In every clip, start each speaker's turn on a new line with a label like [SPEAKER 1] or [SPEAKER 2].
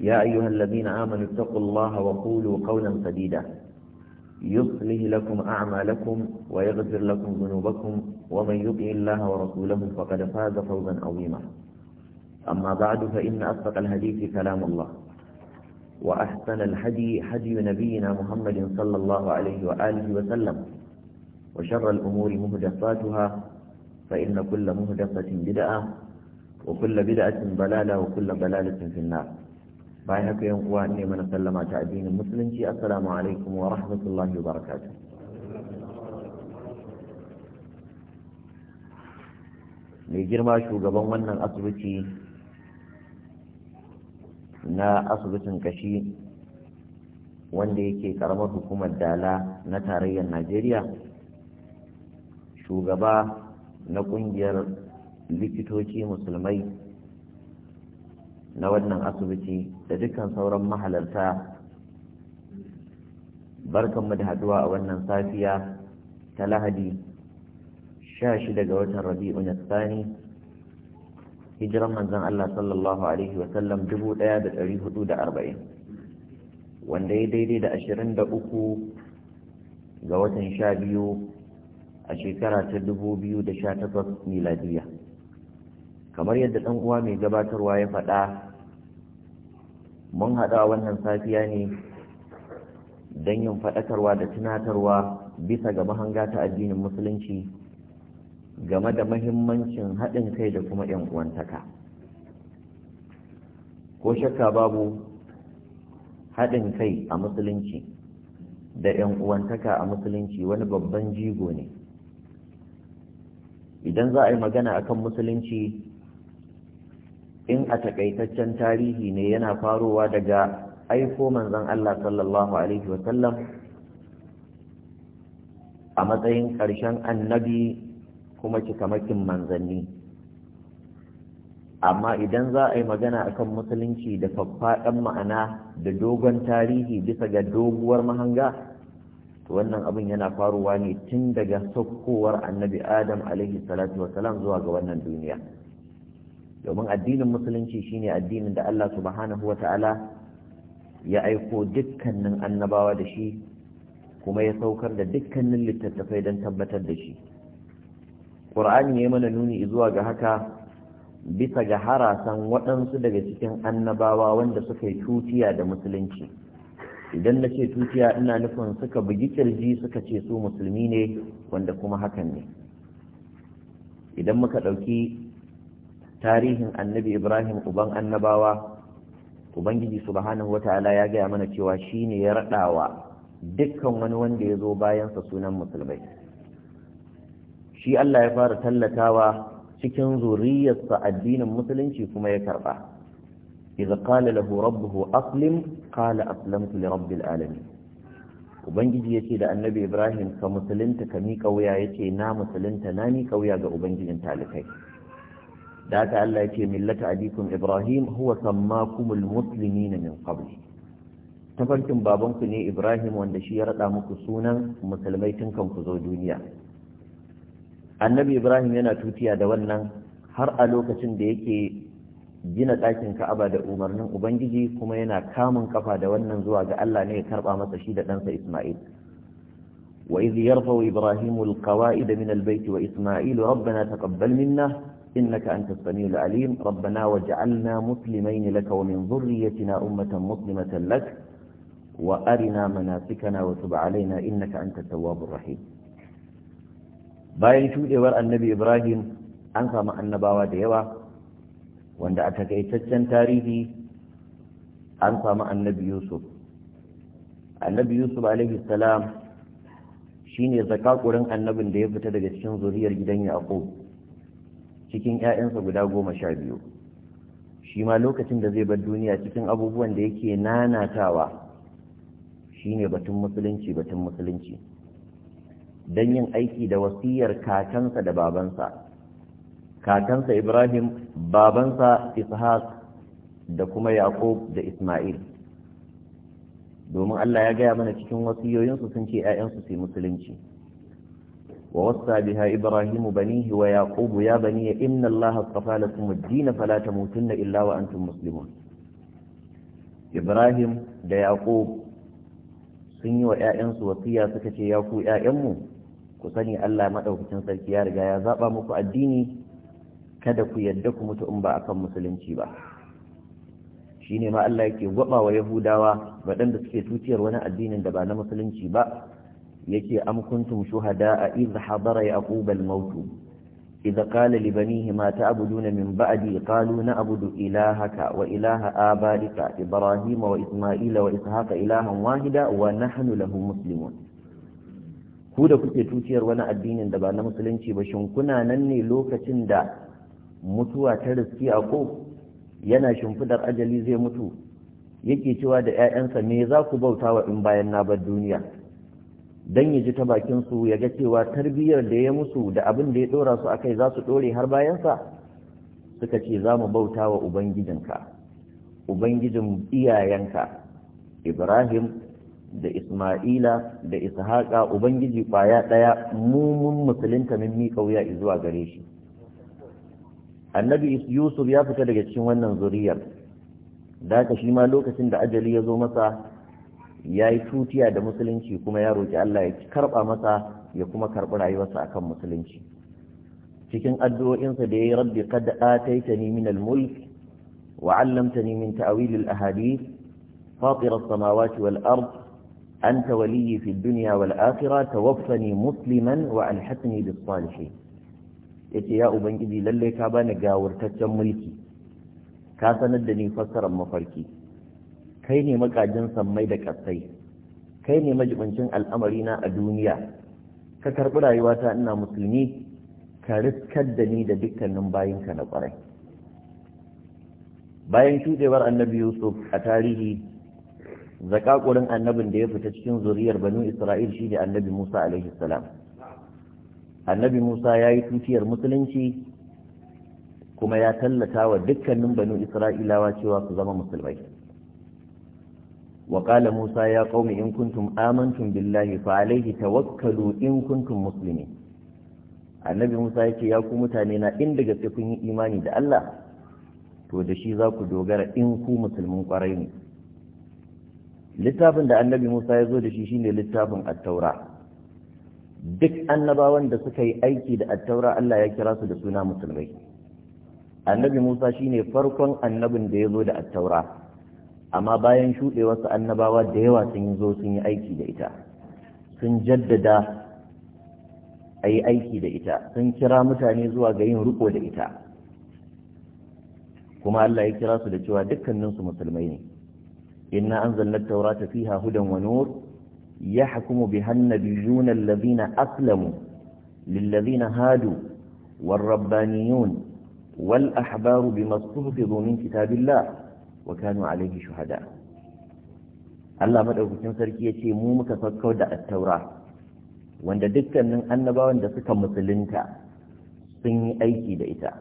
[SPEAKER 1] يا أيها الذين آمنوا اتقوا الله وقولوا قولا سديدا يصلح لكم أعمالكم ويغفر لكم ذنوبكم ومن يطع الله ورسوله فقد فاز فوزا عظيما أما بعد فإن أصدق الحديث كلام الله وأحسن الهدي هدي نبينا محمد صلى الله عليه وآله وسلم وشر الأمور مهدفاتها فإن كل مهدفة بدعة وكل بدعة ضلالة وكل ضلالة في النار bayan haka yan uwa ne mana sallama ta addinin musulunci assalamu alaikum wa rahmatullahi wa barakatuh mai girma shugaban wannan asibiti na asibitin kashi wanda yake karamar hukumar dala na tarayyar najeriya shugaba na kungiyar likitoci musulmai na wannan asibiti da dukkan sauran mahalarta barkanmu da haduwa a wannan safiya ta lahadi sha shida ga watan rabi'u na hijiran manzan Allah sallallahu Alaihi wasallam arba'in, wanda ya daidai da ashirin da uku ga watan sha biyu a shekara ta dubu biyu da sha takwas miladiya kamar yadda ɗan uwa mai gabatarwa ya faɗa mun haɗa wannan safiya ne don yin faɗakarwa da tunatarwa bisa ga mahanga ta addinin musulunci game da mahimmancin haɗin kai da kuma 'yan uwantaka ko shakka babu haɗin kai a musulunci da 'yan uwantaka a musulunci wani babban jigo ne idan za a yi magana akan musulunci in a takaitaccen tarihi ne yana farowa daga aiko manzon Allah sallallahu alaihi wasallam a matsayin ƙarshen annabi kuma cikamakin manzanni amma idan za a yi magana akan musulunci da faffaɗan ma'ana da dogon tarihi bisa ga doguwar mahanga to wannan abin yana faruwa ne tun daga saukowar annabi adam alaihi zuwa ga wannan duniya domin addinin musulunci shine addinin da Allah subhanahu wata'ala ya aiko dukkanin annabawa da shi kuma ya saukar da dukkanin littattafai don tabbatar da shi ƙur'ani ya mana nuni zuwa ga haka bisa ga harasan waɗansu daga cikin annabawa wanda suka yi tutiya da musulunci idan na ce tutiya ina nufin suka bugi kirji suka ce su musulmi ne wanda kuma hakan ne idan muka ɗauki tarihin annabi ibrahim uban annabawa ubangiji subhanahu wata'ala ya gaya mana cewa shine ya raɗawa dukkan wani wanda ya zo bayansa sunan musulmai shi allah ya fara tallatawa cikin zuriyarsa addinin musulunci kuma ya karɓa idza qala lahu rabbuhu aslim qala aslamtu li rabbil alamin ubangiji yace da annabi ibrahim ka musulunta ka miƙa wuya yace na musulunta na miƙa wuya ga ubangijin talikai da haka Allah ya ce millata abikum Ibrahim huwa sammakumul muslimin min qabl tafarkin babanku ne Ibrahim wanda shi ya rada muku sunan musulmai tun kan ku zo duniya annabi Ibrahim yana tutiya da wannan har a lokacin da yake gina ɗakin Ka'aba da umarnin Ubangiji kuma yana kamun kafa da wannan zuwa ga Allah ne ya karba masa shi da ɗansa Isma'il وإذ يرفع إبراهيم القواعد من wa وإسماعيل rabbana تقبل minna إنك أنت السميع العليم ربنا وجعلنا مسلمين لك ومن ذريتنا أمة مسلمة لك وأرنا مناسكنا وتب علينا إنك أنت التواب الرحيم bayan shudewar annabi Ibrahim an samu annabawa da yawa wanda a takaitaccen tarihi an samu annabi Yusuf annabi Yusuf alaihi salam shine zakakurin annabin da ya fita daga cikin zuriyar gidan Yaqub cikin 'ya'yansa guda goma sha biyu shi ma lokacin da zai bar duniya cikin abubuwan da yake nanatawa shi ne batun musulunci batun musulunci don yin aiki da wasiyar kakansa da babansa kakansa ibrahim babansa ishaq da kuma yaqub da isma'il domin allah ya gaya mana cikin wasiyoyinsu sun ce 'ya'yansu su yi musulunci ووصى بها إبراهيم بنيه ويعقوب يا بني إن الله اصطفى لكم الدين فلا تموتن إلا وأنتم مسلمون إبراهيم da Yaƙub sun yi wa ‘ya'yansu wasiya suka ce ya ku ‘ya'yanmu ku sani Allah maɗaukacin sarki ya riga ya zaɓa muku addini kada ku yadda ku mutu in ba a kan musulunci ba shi ne ma Allah yake gwaɓa wa Yahudawa waɗanda suke tutiyar wani addinin da ba na musulunci ba yake am kuntum shuhada'a idh hadara yaqub al-maut idh qala li banihi ma ta'buduna min ba'di qalu na'budu ilahaka wa ilaha abaika ibrahim wa isma'ila wa ishaqa ilahan wahida wa nahnu lahu muslimun ku da kuke tuciyar wani addinin da ba na musulunci ba shin kuna nan ne lokacin da mutuwa ta riski a ko yana shimfidar ajali zai mutu yake cewa da 'ya'yansa me za ku bauta wa in bayan na bar duniya don ya ji ta bakinsu ya ga cewa tarbiyyar da ya musu da abin da ya ɗora su akai za su ɗore har bayansa suka ce za mu bauta wa ubangijinka ubangijin iyayenka ibrahim da isma'ila da ishaqa ubangiji ƙwaya ɗaya mumun musulunta min miƙa wuya zuwa gare shi annabi yusuf ya fita daga cikin wannan zuriyar da ka shi ma lokacin da ajali ya zo masa ya yi tutiya da musulunci kuma ya roƙi Allah ya karɓa masa ya kuma karɓi rayuwarsa akan musulunci cikin addu'o'insa da ya yi rabbi qad ataitani min al-mulk wa 'allamtani min ta'wil al-ahadith fatir as-samawati wal-ard anta waliyyi fi ad-dunya wal-akhirah tawaffani musliman wa alhiqni bis-salihin yace ya ubangiji lalle ka bani gawurtaccen mulki ka sanar da ni fassarar mafarki kai ne makajin sammai da kasai kai ne majibincin al'amari na a duniya ka karɓi rayuwa ta ina musulmi ka riskar da ni da dukkanin bayinka na ƙwarai bayan shuɗewar annabi yusuf a tarihi zakakurin annabin da ya fita cikin zuriyar banu isra'il shine annabi musa alaihi salam annabi musa ya yi tutiyar musulunci kuma ya tallata wa dukkanin banu isra'ilawa cewa su zama musulmai وقال موسى يا قوم إن كنتم آمنتم بالله فعليه توكلوا إن كنتم مسلمين annabi Musa ya ce ya ku mutane na in daga gaske kun yi imani da Allah to da shi za ku dogara in ku musulmin kwarai ne littafin da annabi Musa ya zo da shi shine littafin attaura. duk annabawan da suka yi aiki da attaura Allah ya kira su da suna musulmai annabi Musa shine farkon annabin da ya zo da attaura. amma bayan shuɗewarsa annabawa da yawa sun yi zo sun yi aiki da ita sun jaddada a yi aiki da ita sun kira mutane zuwa ga yin riko da ita kuma Allah ya kira su da cewa dukkaninsu musulmai ne inna anzalna taurata fiha hudan wa nur yahkumu biha an-nabiyuna alladhina aslamu lilladhina hadu warrabbaniyun wal ahbaru bi من domin kitabillah wa kanu alaihi shuhada Allah madaukakin sarki ya ce mu muka saukar da attaura wanda dukkanin annabawan da suka musulunta sun yi aiki da ita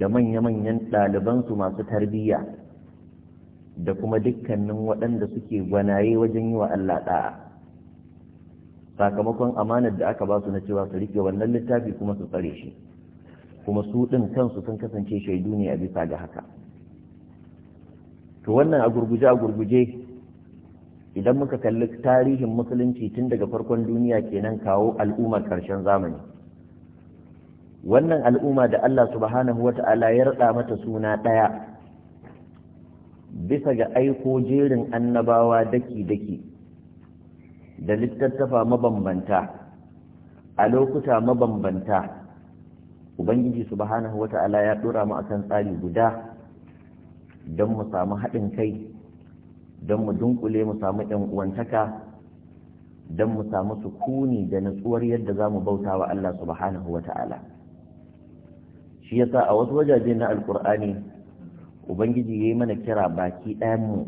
[SPEAKER 1] da manya-manyan ɗalibansu masu tarbiyya da kuma dukkanin waɗanda suke gwanaye wajen yi wa Allah ɗa'a sakamakon amanar da aka ba su na cewa su rike wannan littafi kuma su tsare shi kuma su ɗin kansu sun kasance shaidu ne a bisa ga haka to wannan a gurguje a gurguje idan muka kalli tarihin musulunci tun daga farkon duniya kenan kawo al'ummar karshen zamani wannan al'umma da Allah subhanahu wata'ala ya rada mata suna ɗaya bisa ga aiko jerin annabawa daki-daki da littattafa mabambanta a lokuta mabambanta ubangiji subhanahu wata'ala ya dora mu akan tsari guda don mu samu haɗin kai don mu dunkule mu samu ‘yan uwantaka don mu samu sukuni da natsuwar yadda za mu bauta wa Allah subhanahu wa ta'ala shi yasa a wasu wajaje na alkur'ani ubangiji ya yi mana kira baki mu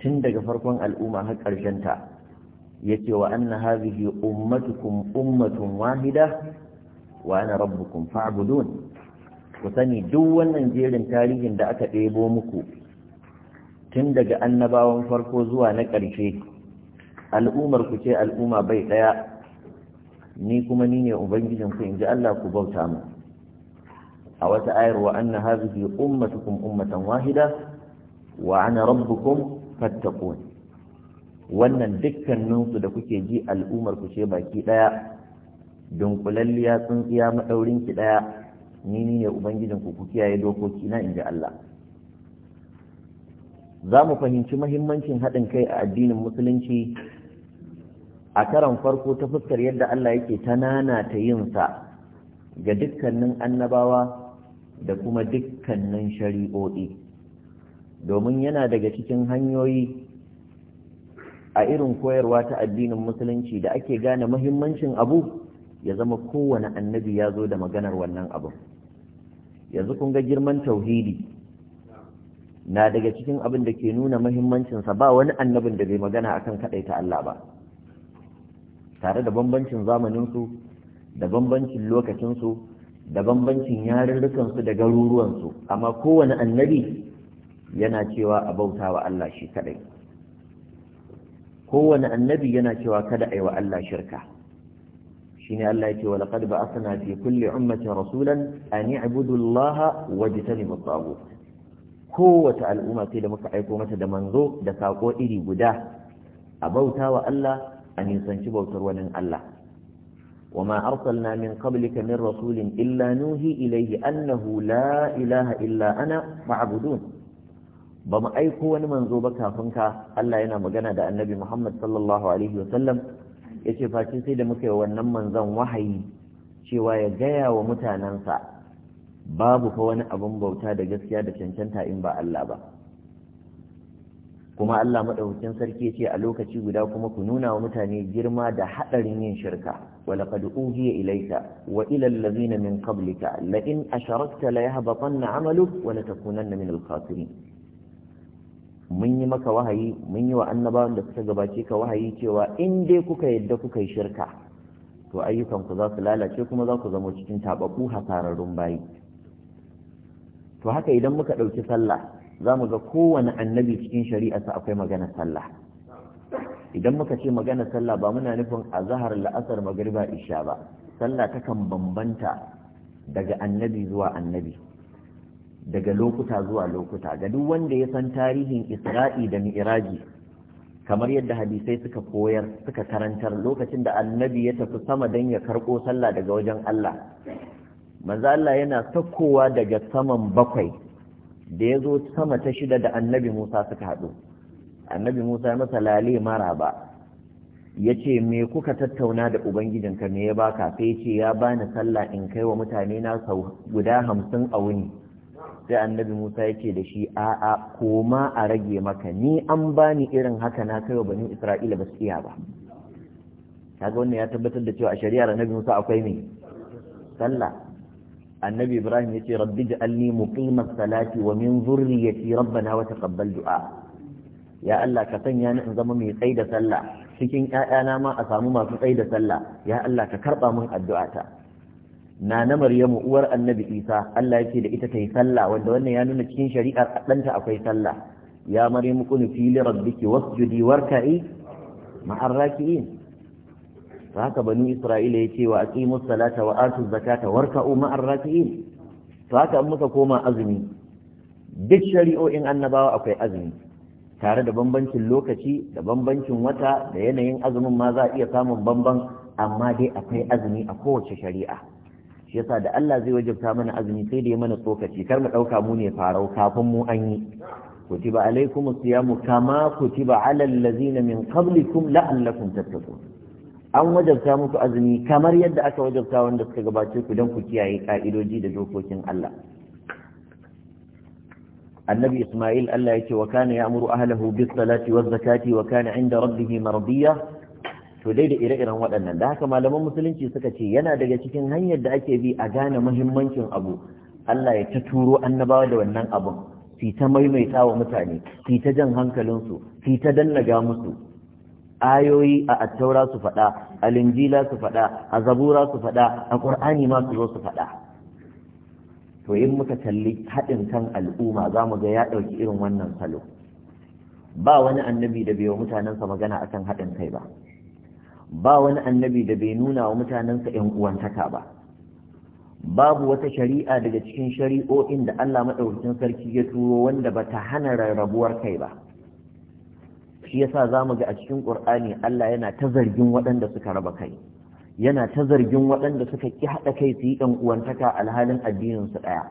[SPEAKER 1] tun daga farkon al'umma har ta ya ce wa anna hazihi ummatukum ummatun wahida wa ana rabbukum fa'budun ku sani duk wannan jerin tarihin da aka ɗebo muku tun daga annabawan farko zuwa na ƙarshe al'ummar ku ce al'umma bai ɗaya ni kuma ni ne ubangijin ku in ji Allah ku bauta mu a wata ayar wa anna hadhihi ummatukum ummatan wahida wa ana rabbukum fattaqun wannan dukkaninsu da kuke ji al'ummar ku ce baki ɗaya dunkulalliya tsintsiya maɗaurin ki ɗaya ni ni ne ubangijin ku ku kiyaye dokoki na inji Allah za mu fahimci mahimmancin haɗin kai a addinin musulunci a karan farko ta fuskar yadda Allah yake tanana ta yin yinsa ga dukkanin annabawa da kuma dukkanin shari'o'i domin yana daga cikin hanyoyi a irin koyarwa ta addinin musulunci da ake gane mahimmancin abu ya zama kowane annabi ya zo da maganar wannan abun. yanzu kun ga girman tauhidi na daga cikin abin da ke nuna mahimmancinsa ba wani annabin da bai magana akan kaɗaita Allah ba tare da bambancin zamaninsu da bambancin lokacinsu da bambancin yarurrukansu da garuruwansu amma kowane annabi yana cewa a bauta wa Allah shi kaɗai kowane annabi yana cewa kada a yi wa Allah shirka shine Allah yake wala qad ba'athna fi kulli ummatin rasulan an i'budu Allah wajtanibu at-taghut kowace al'umma sai da muka aiko mata da manzo da sako iri guda a bauta wa Allah a nisanci bautar wani Allah وما أرسلنا من قبلك من رسول إلا نوهي إليه أنه لا إله إلا أنا فاعبدون بما أيكو ونمن زوبك هفنك ألا ينام جند النبي محمد صلى الله عليه وسلم ya ce facin sai da muka yi wannan manzon wahayi cewa ya gaya wa mutanensa babu fa wani abin bauta da gaskiya da cancanta in ba Allah ba kuma Allah madaukakin sarki ce a lokaci guda kuma ku nuna wa mutane girma da hadarin yin shirka walaqad uhiya ilayka wa ila allazina min qablika la in asharakta la yahbatanna 'amaluk wa la takunanna min al-khasirin mun yi maka wahayi mun yi wa annabawan da suka gabace ka wahayi cewa in dai kuka yadda kuka yi shirka to ayyukanku za su lalace kuma za ku zama cikin tababbu hasararrun bayi to haka idan muka ɗauki sallah za mu ga kowane annabi cikin shari'arsa akwai magana sallah idan muka ce magana sallah ba muna nufin a zahar la'asar magariba isha ba sallah takan bambanta daga annabi zuwa annabi daga lokuta zuwa lokuta ga duk wanda ya san tarihin isra'i da mi'raji kamar yadda hadisai suka koyar suka karantar lokacin da annabi ya tafi sama don ya karɓo sallah daga wajen Allah manzo Allah yana sakkowa daga saman bakwai da ya zo sama ta shida da annabi Musa suka haɗu annabi Musa ya masa lale mara ba ya ce me kuka tattauna da ubangijinka me ya baka sai yace ce ya bani sallah in kai wa mutane na sau guda hamsin a wuni sai annabi Musa yake da shi a'a koma a rage maka ni an bani irin haka na kai wa bani Isra'ila ba su iya ba kaga wannan ya tabbatar da cewa a shari'ar annabi Musa akwai me sallah annabi Ibrahim yace rabbi ja'alni muqimas salati wa min dhurriyyati rabbana wa taqabbal du'a ya Allah ka sanya ni in zama mai tsayi da sallah cikin ƴaƴana ma a samu masu tsayi da sallah ya Allah ka karba min addu'ata na na maryamu uwar annabi isa allah ya ce da ita ta yi sallah wanda wannan ya nuna cikin shari'ar ɗanta akwai sallah ya maryamu kunu fili rabbiki wasjudi warka'i ma'ar raki'in haka bani isra'ila ya ce wa aqimus salata wa atuz zakata warka'u ma'ar raki'in to haka muka koma azumi duk shari'o'in annabawa akwai azumi tare da bambancin lokaci da bambancin wata da yanayin azumin ma za a iya samun bamban amma dai akwai azumi a kowace shari'a shi yasa da Allah zai wajabta mana azumi sai da ya mana tsokaci kar mu ɗauka mu ne farau kafin mu an yi kutiba alaikum siyamu kama kutiba alal ladzina min qablikum la'allakum tattaqun an wajabta muku azumi kamar yadda aka wajabta wanda suka gabace ku don ku kiyaye ka'idoji da dokokin Allah annabi Ismail Allah yake wa kana ya'muru ahlihi bis salati waz zakati wa kana 'inda rabbih mardiya to dai da ire-iren waɗannan da haka malaman musulunci suka ce yana daga cikin hanyar da ake bi a gane muhimmancin abu Allah ya ta turo annabawa da wannan abun Fita maimaita wa mutane fita jan hankalinsu fi ta ga musu ayoyi a attaura su faɗa a linjila su faɗa a zabura su faɗa a ƙur'ani ma su zo su faɗa to in muka talli haɗin kan al'umma za mu ga ya ɗauki irin wannan salo ba wani annabi da bai wa mutanensa magana akan haɗin kai ba ba wani annabi da bai nuna wa mutanensa ‘yan uwantaka ba babu wata shari'a daga cikin shari'o'in da Allah maɗaukakin sarki ya turo wanda ba ta hana rarrabuwar kai ba shi sa za mu ga a cikin ƙur'ani Allah yana ta zargin waɗanda suka raba kai yana ta zargin waɗanda suka ƙi haɗa kai su yi ɗan uwantaka alhalin addininsu ɗaya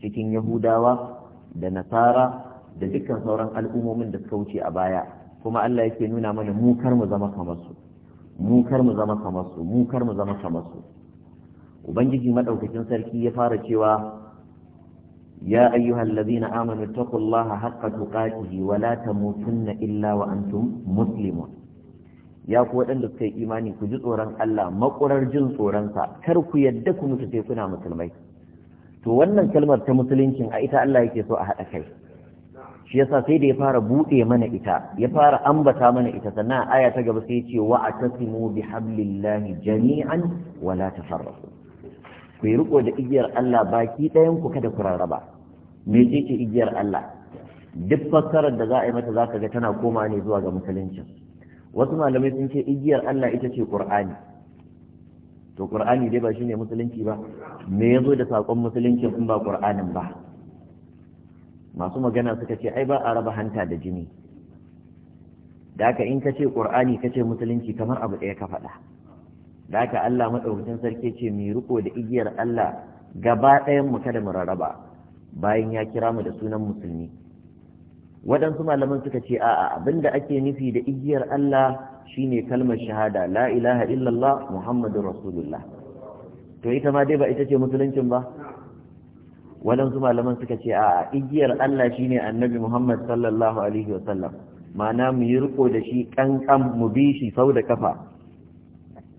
[SPEAKER 1] cikin yahudawa da nasara da dukkan sauran al'ummomin da suka wuce a baya kuma Allah yake nuna mana mu kar mu zama kamar su mu kar mu zama kamar su mu kar mu zama kamar su ubangiji madaukakin sarki ya fara cewa ya ayyuhal ladina amanu taqullaha haqqa tuqatihi wa la tamutunna illa wa antum muslimun ya ku waɗanda suka yi imani ku ji tsoron Allah makurar jin tsoronsa kar ku yadda ku mutu sai kuna musulmai to wannan kalmar ta musuluncin a ita Allah yake so a haɗa kai shi yasa sai da ya fara buɗe mana ita ya fara ambata mana ita sannan aya ta gaba sai ya ce wa atasimu bi hablillahi jami'an wa la tafarraqu ku yi riko da igiyar Allah baki ɗayan ku kada ku rarraba me ce ce igiyar Allah duk fassarar da za a yi mata zaka ga tana koma ne zuwa ga musulunci wasu malamai sun ce igiyar Allah ita ce Qur'ani to Qur'ani dai ba shine musulunci ba me yazo da sakon musulunci in ba Qur'anin ba masu magana suka ce ai ba a raba hanta da jini da haka in ka ce ƙur'ani ka ce musulunci kamar abu ɗaya ka faɗa da haka Allah maɗaukacin sarki ce mai riko da igiyar Allah gaba ɗayan mu kada mu rarraba bayan ya kira mu da sunan musulmi waɗansu malaman suka ce a'a abinda ake nufi da igiyar Allah shine kalmar shahada la ilaha illallah muhammadur rasulullah to ita ma dai ba ita ce musuluncin ba waɗansu malaman suka ce a igiyar Allah shine annabi Muhammad sallallahu alaihi wasallam ma'ana mu yi riko da shi kankan mu bi shi sau da kafa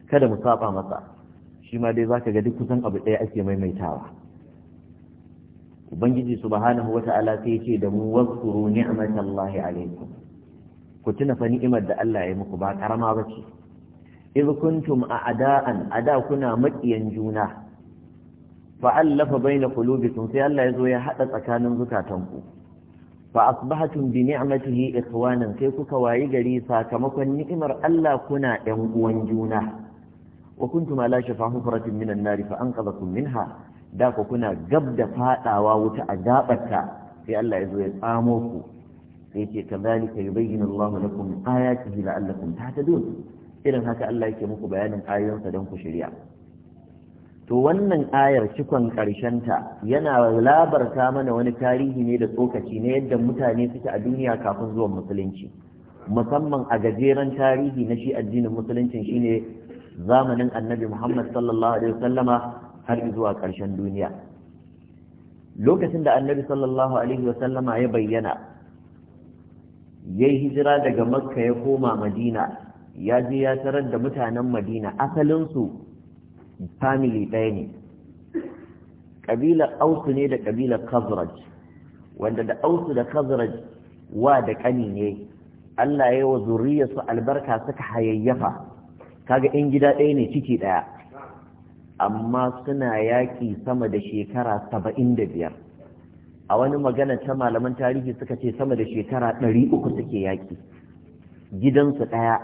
[SPEAKER 1] kada mu saba masa shi ma dai zaka ga duk kusan abu ɗaya ake maimaitawa ubangiji subhanahu wata'ala sai ce da mu wazkuru ni'matallahi alaikum ku tuna fa ni'imar da Allah ya muku ba karama bace idh kuntum a'da'an ada kuna maƙiyan juna fa'allafa baina qulubikum sai Allah yazo ya haɗa tsakanin zukatanku fa asbahatum bi ni'matihi ikhwanan sai kuka wayi gari sakamakon ni'imar Allah kuna ɗan uwan juna wa kuntum ala shafa hufratin minan nar fa anqadhakum minha da ku kuna gab da fadawa wuta a gabarta sai Allah zo ya tsamo ku sai ce kadhalika yubayyinu Allahu lakum ayatihi la'allakum tahtadun irin haka Allah yake muku bayanin ayoyinsa don ku shirya to wannan ayar cikon ta yana labarta mana wani tarihi ne da tsokaci na yadda mutane suke a duniya kafin zuwan musulunci musamman a gajeren tarihi na shi addinin musulunci shine zamanin annabi muhammad sallallahu alaihi wasallama har zuwa ƙarshen duniya lokacin da annabi sallallahu alaihi wasallama ya bayyana ya yi hijira daga makka ya koma madina ya je ya tarar da mutanen madina asalinsu family ɗaya ne ƙabilar ausu ne da ƙabilar khazraj wanda da ausu da khazraj wa da ƙani ne Allah ya yi wa su albarka suka hayayyafa kaga in gida ɗaya ne ciki ɗaya amma suna yaƙi sama da shekara saba'in da biyar a wani magana ta malaman tarihi suka ce sama da shekara ɗari uku suke yaƙi gidansu ɗaya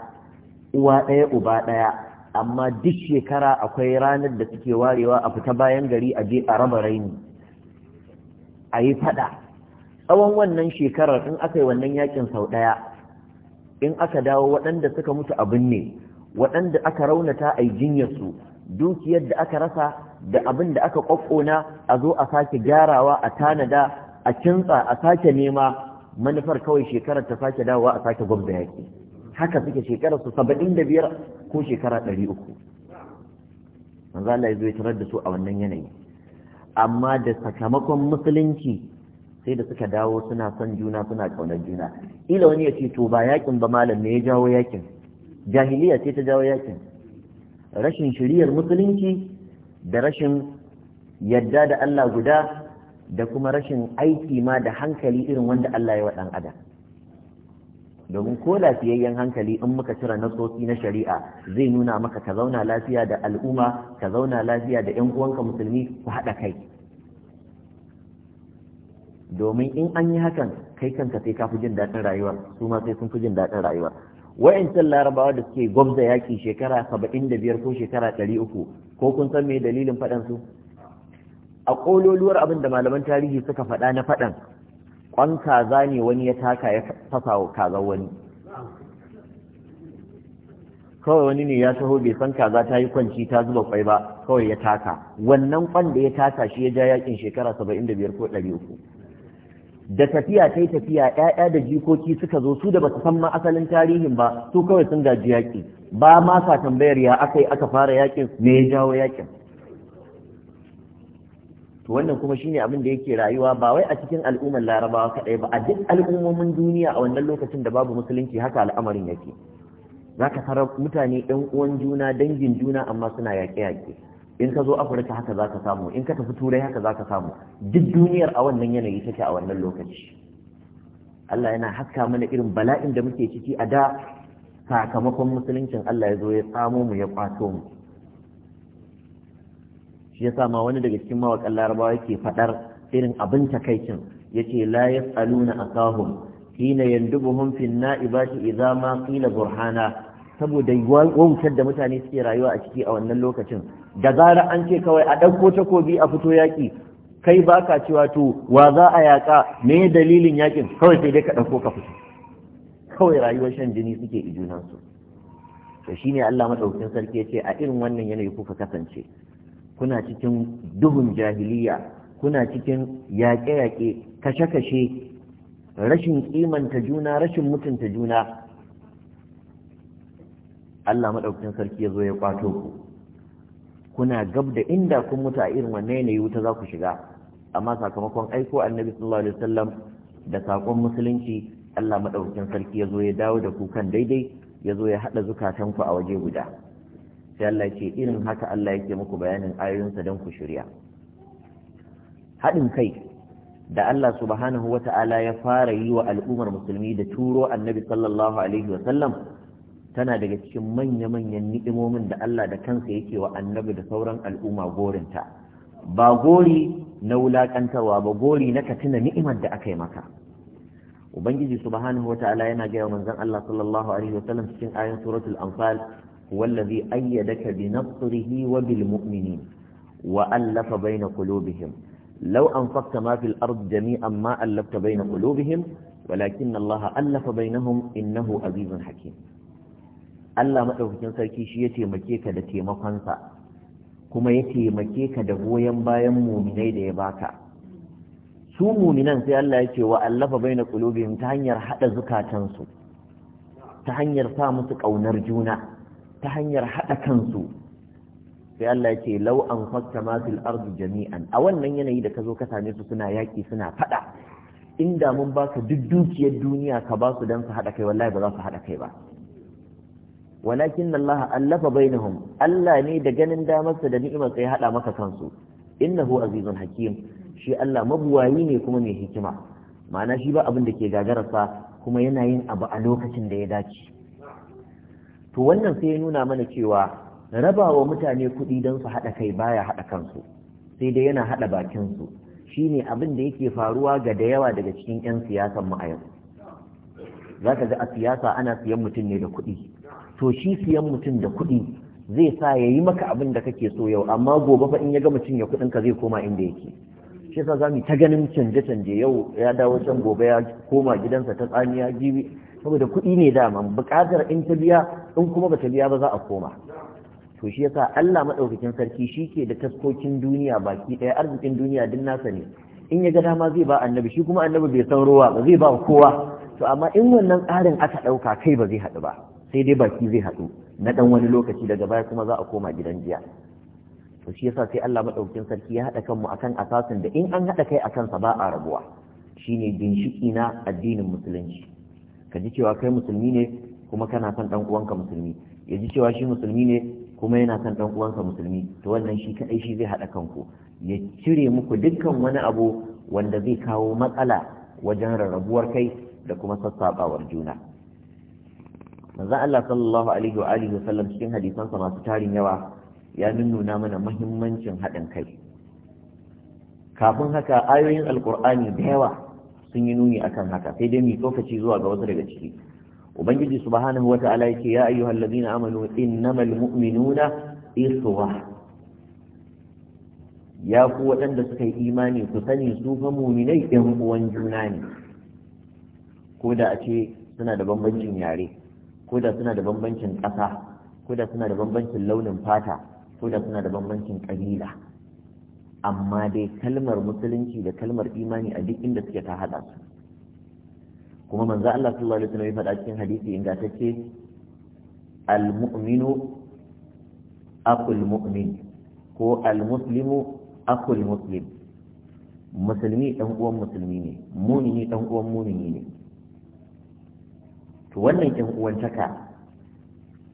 [SPEAKER 1] uwa ɗaya uba ɗaya amma duk shekara akwai ranar da suke warewa a fita bayan gari a je a raba raini a yi fada tsawon wannan shekarar in aka yi wannan yakin sau ɗaya in aka dawo waɗanda suka mutu abin ne waɗanda aka raunata a yi su, dukiyar da aka rasa da abin da aka ƙwaƙona a zo a sake gyarawa a tanada a kintsa a sake nema manufar kawai shekarar ta sake dawowa a sake gwamnati yaƙi haka suke shekarar su saba'in da biyar ko shekara ɗari uku manzo Allah ya zo ya tarar da su a wannan yanayi amma da sakamakon musulunci sai da suka dawo suna son juna suna ƙaunar juna ila wani ya ce to ba yakin ba malam ne ya jawo yakin jahiliya ce ta jawo yakin rashin shiriyar musulunci da rashin yadda da Allah guda da kuma rashin aiki ma da hankali irin wanda Allah ya wa ɗan adam domin ko lafiyayyen hankali in muka cire nasosi na shari'a zai nuna maka ka zauna lafiya da al'umma ka zauna lafiya da yan uwanka musulmi ku haɗa kai domin in an yi hakan kai kanka sai ka fi jin daɗin rayuwar, su ma sai sun fi jin daɗin rayuwa wa'ancan larabawa da suke gwabza yaƙi shekara saba'in da biyar ko shekara ɗari uku ko kun san me dalilin faɗansu a ƙololuwar abin da malaman tarihi suka faɗa na faɗan ƙwan kaza ne wani ya taka ya fasa kaza wani kawai wani ne ya taho bai san kaza ta yi kwanci ta zuba kwai ba kawai ya taka wannan kwan da ya taka shi ya ja yakin shekara saba'in da biyar ko ɗari uku da tafiya ta yi tafiya ‘ya'ya da jikoki suka zo su da ba su san ma asalin tarihin ba su kawai sun gaji yaƙi ba ma sa tambayar ya aka yi aka fara yaƙin me ya jawo yaƙin to wannan kuma shine abin da yake rayuwa ba wai a cikin al'ummar larabawa kaɗai ba a duk al'ummomin duniya a wannan lokacin da babu musulunci haka al'amarin yake zaka fara mutane ɗan uwan juna dangin juna amma suna yaƙe-yaƙe in ka zo afirka haka za ka samu in ka tafi turai haka za ka samu duk duniyar a wannan yanayi take a wannan lokaci Allah yana haska mana irin bala'in da muke ciki a da sakamakon musuluncin Allah ya zo ya tsamo mu ya kwato mu shi yasa ma wani daga cikin mawaƙan larabawa yake faɗar irin abin takaicin yace la yas'aluna asahum hina yandubuhum fi na'ibati idza ma qila burhana saboda wautar da mutane suke rayuwa a ciki a wannan lokacin da zarar an ce kawai a ɗauko takobi a fito yaƙi kai ba ka cewa to wa za a yaƙa me dalilin yaƙin kawai sai dai ka ɗauko ka fito kawai rayuwar shan jini suke i junansu shi ne Allah madaukakin sarki ya ce a irin wannan yanayi kuka kasance kuna cikin duhun jahiliya kuna cikin yaƙe-yaƙe kashe-kashe rashin kimanta juna rashin mutunta juna Allah maɗaukakin sarki ya zo ya kwato ku kuna gab da inda kun mutu a irin wannan yanayi wuta za ku shiga amma sakamakon aiko annabi sallallahu alaihi wasallam da sakon musulunci Allah maɗaukakin sarki ya zo ya dawo da ku kan daidai ya zo ya haɗa zukatanku a waje guda sai Allah ce irin haka Allah yake muku bayanin ayoyinsa don ku shirya haɗin kai da Allah subhanahu wa ta'ala ya fara yi wa al'ummar musulmi da turo annabi sallallahu alaihi wa sallam tana daga cikin manya-manyan ni'imomin da Allah da kansa yake wa annabi da sauran al'umma gorinta ba gori na wulakantarwa ba gori na ka tuna ni'imar da aka yi maka ubangiji subhanahu wa ta'ala yana gaya manzon Allah sallallahu alaihi wa sallam cikin ayan suratul anfal wallazi ayyada bi nasrihi wa bil mu'minin wa allafa baina qulubihim ma fil ard jami'an ma allafta baina qulubihim walakin Allah allafa bainahum innahu azizun hakim Allah madaukakin sarki shi ya taimake ka da taimakonsa kuma ya taimake ka da goyon bayan muminai da ya baka su muminan sai Allah ya ce wa allafa baina qulubihim ta hanyar hada su ta hanyar sa musu kaunar juna ta hanyar haɗa kansu sai Allah ce lau an fakta masu ardi jami'an a wannan yanayi da ka zo ka same su suna yaƙi suna faɗa inda mun baka duk dukiyar duniya ka ba su don su haɗa kai wallahi ba za su haɗa kai ba walakin Allah allafa bainahum Allah ne da ganin damarsa da ni'imar sai haɗa maka kansu innahu azizun hakim shi Allah mabuwayi ne kuma mai hikima ma'ana shi ba abin da ke gagararsa kuma yana yin abu a lokacin da ya dace to wannan sai ya nuna mana cewa raba wa mutane kuɗi don su haɗa kai baya haɗa kansu sai dai yana haɗa bakinsu shi ne abin da yake faruwa ga da yawa daga cikin 'yan siyasan mu a za ka ga a siyasa ana siyan mutum ne da kuɗi to shi siyan mutum da kuɗi zai sa ya yi maka abin da kake so yau amma gobe fa in ya ga mutum ya kuɗin ka zai koma inda yake shi yasa ta ganin canje canje yau ya dawo can gobe ya koma gidansa ta tsamiya jibi saboda kuɗi ne dama buƙatar in ta biya in kuma bata biya ba za a koma to shi yasa Allah madaukakin sarki shike da taskokin duniya baki ɗaya arzikin duniya duk nasa ne in ya ga dama zai ba annabi shi kuma annabi bai san ruwa ba zai ba kowa to amma in wannan tsarin aka ɗauka kai ba zai haɗu ba sai dai baki zai haɗu na ɗan wani lokaci daga baya kuma za a koma gidan jiya to shi yasa sai Allah madaukakin sarki ya haɗa kanmu akan asasin da in an haɗa kai akan sa ba a rabuwa shine ginshiki na addinin musulunci ka ji cewa kai musulmi ne kuma kana son dan uwanka musulmi ya ji cewa shi musulmi ne kuma yana son dan uwanka musulmi to wannan shi kadai shi zai hada kanku ya cire muku dukkan wani abu wanda zai kawo matsala wajen rarrabuwar kai da kuma sassabawar juna manzo Allah sallallahu alaihi wa alihi wa sallam cikin hadisansa masu tarin yawa ya nuna mana muhimmancin haɗin kai kafin haka ayoyin alkur'ani da yawa sun yi nuni akan haka sai dai mu tsokaci zuwa ga wasu daga ciki ubangiji subhanahu wata'ala yake ya ayyuhal ladina amanu innamal mu'minuna ikhwa ya ku waɗanda suka yi imani ku sani su fa mu'minai ɗan uwan juna ne koda da a ce suna da bambancin yare koda da suna da bambancin ƙasa ko da suna da bambancin launin fata koda da suna da bambancin ƙabila amma dai kalmar musulunci da kalmar imani a duk inda suke ta haɗa su kuma manzo Allah sallallahu alaihi wasallam ya faɗa cikin hadisi ingantacce al-mu'minu aqul mu'min ko al-muslimu aqul muslim musulmi dan uwan musulmi ne mumini dan uwan mumini ne to wannan yan uwantaka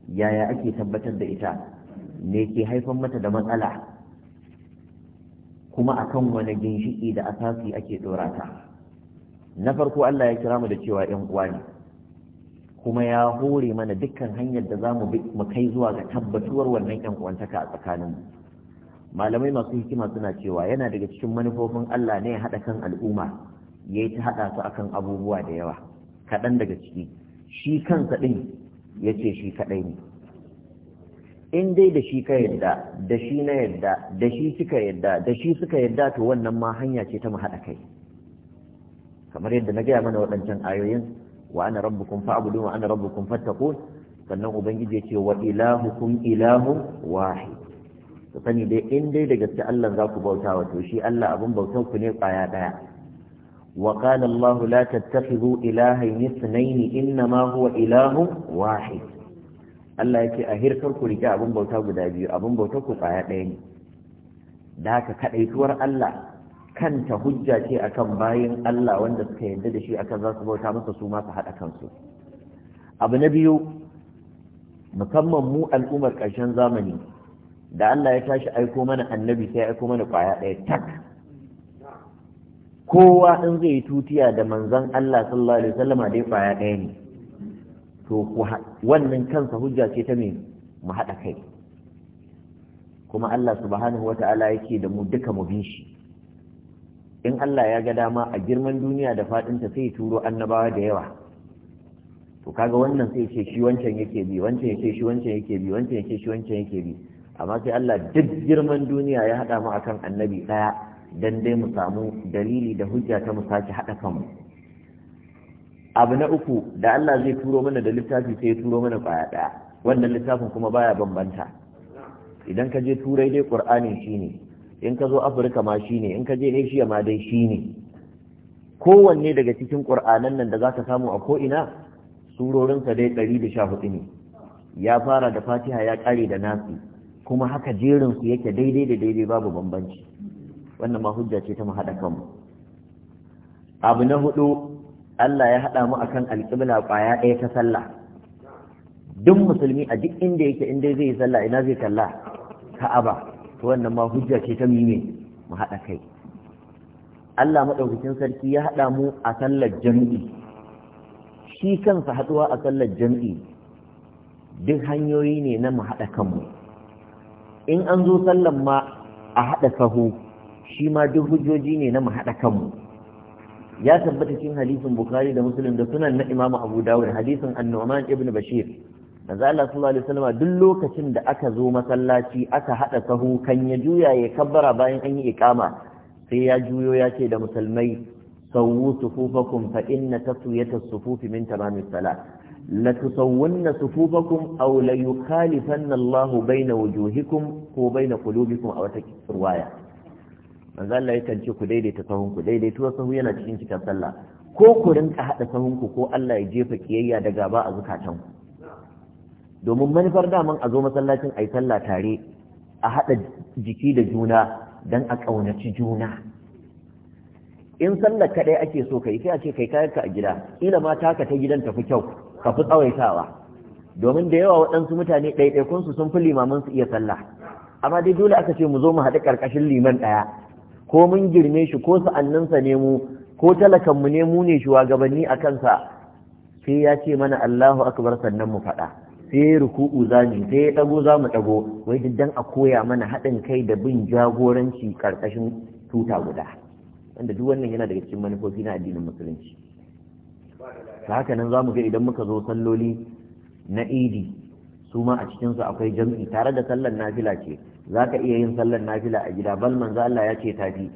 [SPEAKER 1] yaya ake tabbatar da ita ne ke haifar mata da matsala kuma akan wani ginshiki da asasi ake ɗora ta na farko Allah ya kira mu da cewa 'yan uwa ne kuma ya hore mana dukkan hanyar da zamu bi mu kai zuwa ga tabbatuwar wannan 'yan uwantaka a tsakanin mu malamai masu hikima suna cewa yana daga cikin manufofin Allah ne ya haɗa kan al'umma ya yi ta haɗa su akan abubuwa da yawa kaɗan daga ciki shi kansa ɗin ya ce shi kaɗai ne in dai da shi ka yadda da shi na yadda da shi kika yadda da shi suka yadda to wannan ma hanya ce ta mu haɗa kai kamar yadda na gaya mana waɗancan ayoyin wa ana rabbukum fa'budu wa ana rabbukum fattaqun sannan ubangiji ce wa ilahukum ilahu wahid to sani dai in dai da gaske Allah za ku bauta wa to shi Allah abin bautan ku ne kwaya daya wa qala Allah la tattakhidhu ilahayn ithnayn inma huwa ilahu wahid Allah ya ce a hirkar ku rike abin bauta guda biyu abin bauta ku kwaya ɗaya ne da haka kaɗaituwar Allah kanta hujja ce akan bayin Allah wanda suka yarda da shi akan za su bauta masa su ma su haɗa kansu abu na biyu musamman mu al'ummar ƙarshen zamani da Allah ya tashi aiko mana annabi sai aiko mana kwaya ɗaya tak kowa in zai tutiya da manzon Allah sallallahu alaihi wasallama dai kwaya ɗaya ne to wannan kansa hujja ce ta me mu haɗa kai kuma Allah subhanahu wata'ala yake da mu duka mu bin shi in Allah ya ga dama a girman duniya da faɗinta sai turo annabawa da yawa to kaga wannan sai ce shi wancan yake bi wancan yake shi wancan yake bi wancan yake shi wancan yake bi amma sai Allah duk girman duniya ya haɗa mu akan annabi ɗaya dan dai mu samu dalili da hujja ta mu sake haɗa kanmu abu na uku da Allah zai turo mana da littafi sai ya turo mana kwaya daya wannan littafin kuma baya bambanta idan ka je turai dai qur'ani shine in ka zo afirka ma shine in ka je asia ma dai shine kowanne daga cikin qur'anan nan da zaka samu a ko ina surorinsa dai 114 ne ya fara da fatiha ya kare da nasi kuma haka jerin su yake daidai da daidai babu bambanci wannan ma hujja ce ta mu hada kanmu abu na hudu Allah ya haɗa mu akan alƙibla ƙwaya ɗaya ta sallah duk musulmi a duk inda yake inda zai yi sallah ina zai kalla ka'aba to wannan ma hujja ce ta mime mu haɗa kai Allah maɗaukakin sarki ya haɗa mu a sallar jam'i shi kansa haɗuwa a sallar jam'i duk hanyoyi ne na mu haɗa kanmu in an zo sallan ma a haɗa sahu shi ma duk hujjoji ne na mu haɗa kanmu ya tabbata cikin hadisin bukhari da muslim da sunan na imamu abu dawud hadisin annu'man ibn bashir manzo Allah sallallahu alaihi wasallam duk lokacin da aka zo masallaci aka hada sahu kan ya juya ya kabbara bayan an yi iqama sai ya juyo ya ce da musulmai sawu sufufakum fa inna taswiyata sufufi min tamamis salat la tusawwunna sufufakum aw la yukhalifanna Allah baina wujuhikum ko baina qulubikum aw takfir waya manzo Allah yakan ce ku daidaita sahun ku daidaituwa sahu yana cikin cikin sallah ko ku rinka hada sahun ku ko Allah ya jefa kiyayya da gaba a zukatan ku domin manufar daman a zo masallacin ayi sallah tare a hada jiki da juna dan a kaunaci juna in sallar kaɗai ake so kai sai a ce kai kayanka a gida ila ma taka ta gidan tafi kyau ka fi tsawaitawa domin da yawa waɗansu mutane ɗaiɗaikunsu sun fi limamin su iya sallah amma dai dole aka ce mu zo mu haɗu ƙarƙashin liman ɗaya ko mun girme shi ko sa'anninsa ne mu ko talakanmu ne mu ne shugabanni a kansa sai ya ce mana Allahu akbar sannan mu faɗa sai ruku'u zami sai ya ɗago za mu ɗago wai dan a koya mana haɗin kai da bin jagoranci ƙarƙashin tuta guda wanda duk wannan yana daga cikin manufofi na addinin musulunci ta haka nan za mu ga idan muka zo salloli na idi su ma a cikinsu akwai jam'i tare da sallar nafila ce za ka iya yin sallar nafila a gida bal manzo Allah ya ce tafi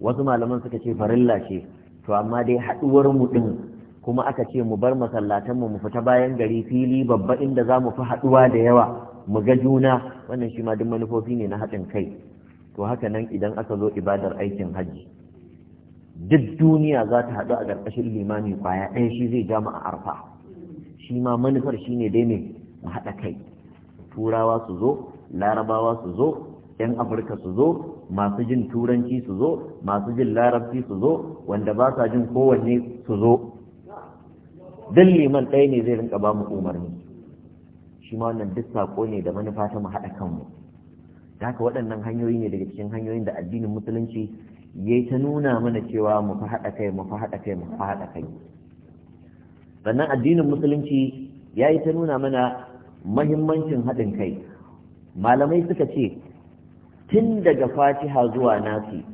[SPEAKER 1] wasu malaman suka ce farilla ce to amma dai haɗuwar mu ɗin kuma aka ce mu bar masallatan mu mu fita bayan gari fili babba inda za mu fi haɗuwa da yawa mu ga juna wannan shi ma duk manufofi ne na haɗin kai to haka nan idan aka zo ibadar aikin hajji duk duniya za ta haɗu a ƙarƙashin limami kwaya ɗaya shi zai ja mu a arfa shi ma manufar shi ne dai ne mu haɗa kai turawa su zo larabawa su zo yan afirka su zo masu jin turanci su zo masu jin larabci su zo wanda ba sa jin kowanne su zo duk liman ɗaya ne zai rinka ba mu umarni shi ma wannan duk saƙo ne da manufa ta mu haɗa kanmu da haka waɗannan hanyoyi ne daga cikin hanyoyin da addinin musulunci ya ta nuna mana cewa mu fa haɗa kai mu fa haɗa kai mu fa haɗa kai sannan addinin musulunci ya yi ta nuna mana mahimmancin haɗin kai malamai suka ce tun daga fatiha zuwa nasi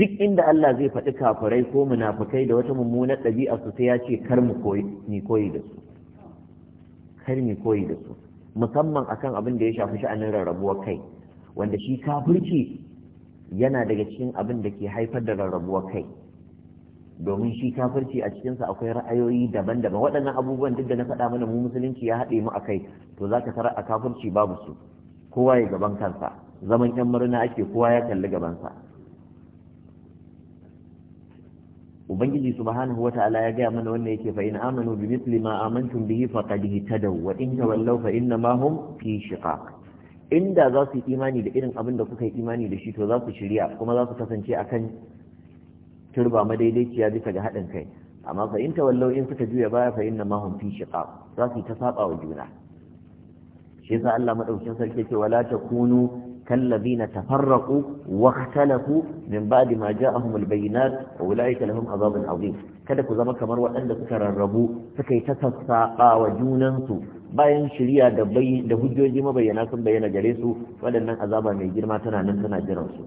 [SPEAKER 1] duk inda Allah zai faɗi kafirai ko munafukai da wata mummunar ɗabi'a su sai ya ce kar mu koyi da su kar mu koyi da su musamman akan abin da ya shafi sha'anin rarrabuwar kai wanda shi kafirci yana daga cikin abin da ke haifar da rarrabuwar kai domin shi kafirci a cikinsa akwai ra'ayoyi daban-daban waɗannan abubuwan duk da na faɗa mana mu musulunci ya haɗe mu a kai to za ka tara a kafirci babu su kowa ya gaban kansa zaman yan murna ake kowa ya kalli gabansa ubangiji subhanahu wata'ala ya gaya mana wannan yake fa in amanu bi mithli ma amantum bihi faqad ihtadaw wa in tawallaw fa inna ma hum fi shiqaq inda za su yi imani da irin abin da kuka yi imani da shi to za ku shirya kuma za su kasance akan turba madaidaiciya bisa ga haɗin kai amma fa in in suka juya baya fa inna ma hum fi shiqaq za su ta saba wa juna shi yasa Allah madaukakin sarki ke wala takunu kallazina tafarraqu wa ikhtalafu min ba'di ma ja'ahum al-bayyinat wa ulaika lahum adhabun adhim kada ku zama kamar waɗanda suka rarrabu suka yi ta sassaɓa wa junansu bayan shirya da da hujjoji mabayyana sun bayyana gare su waɗannan azaba mai girma tana nan tana jiran su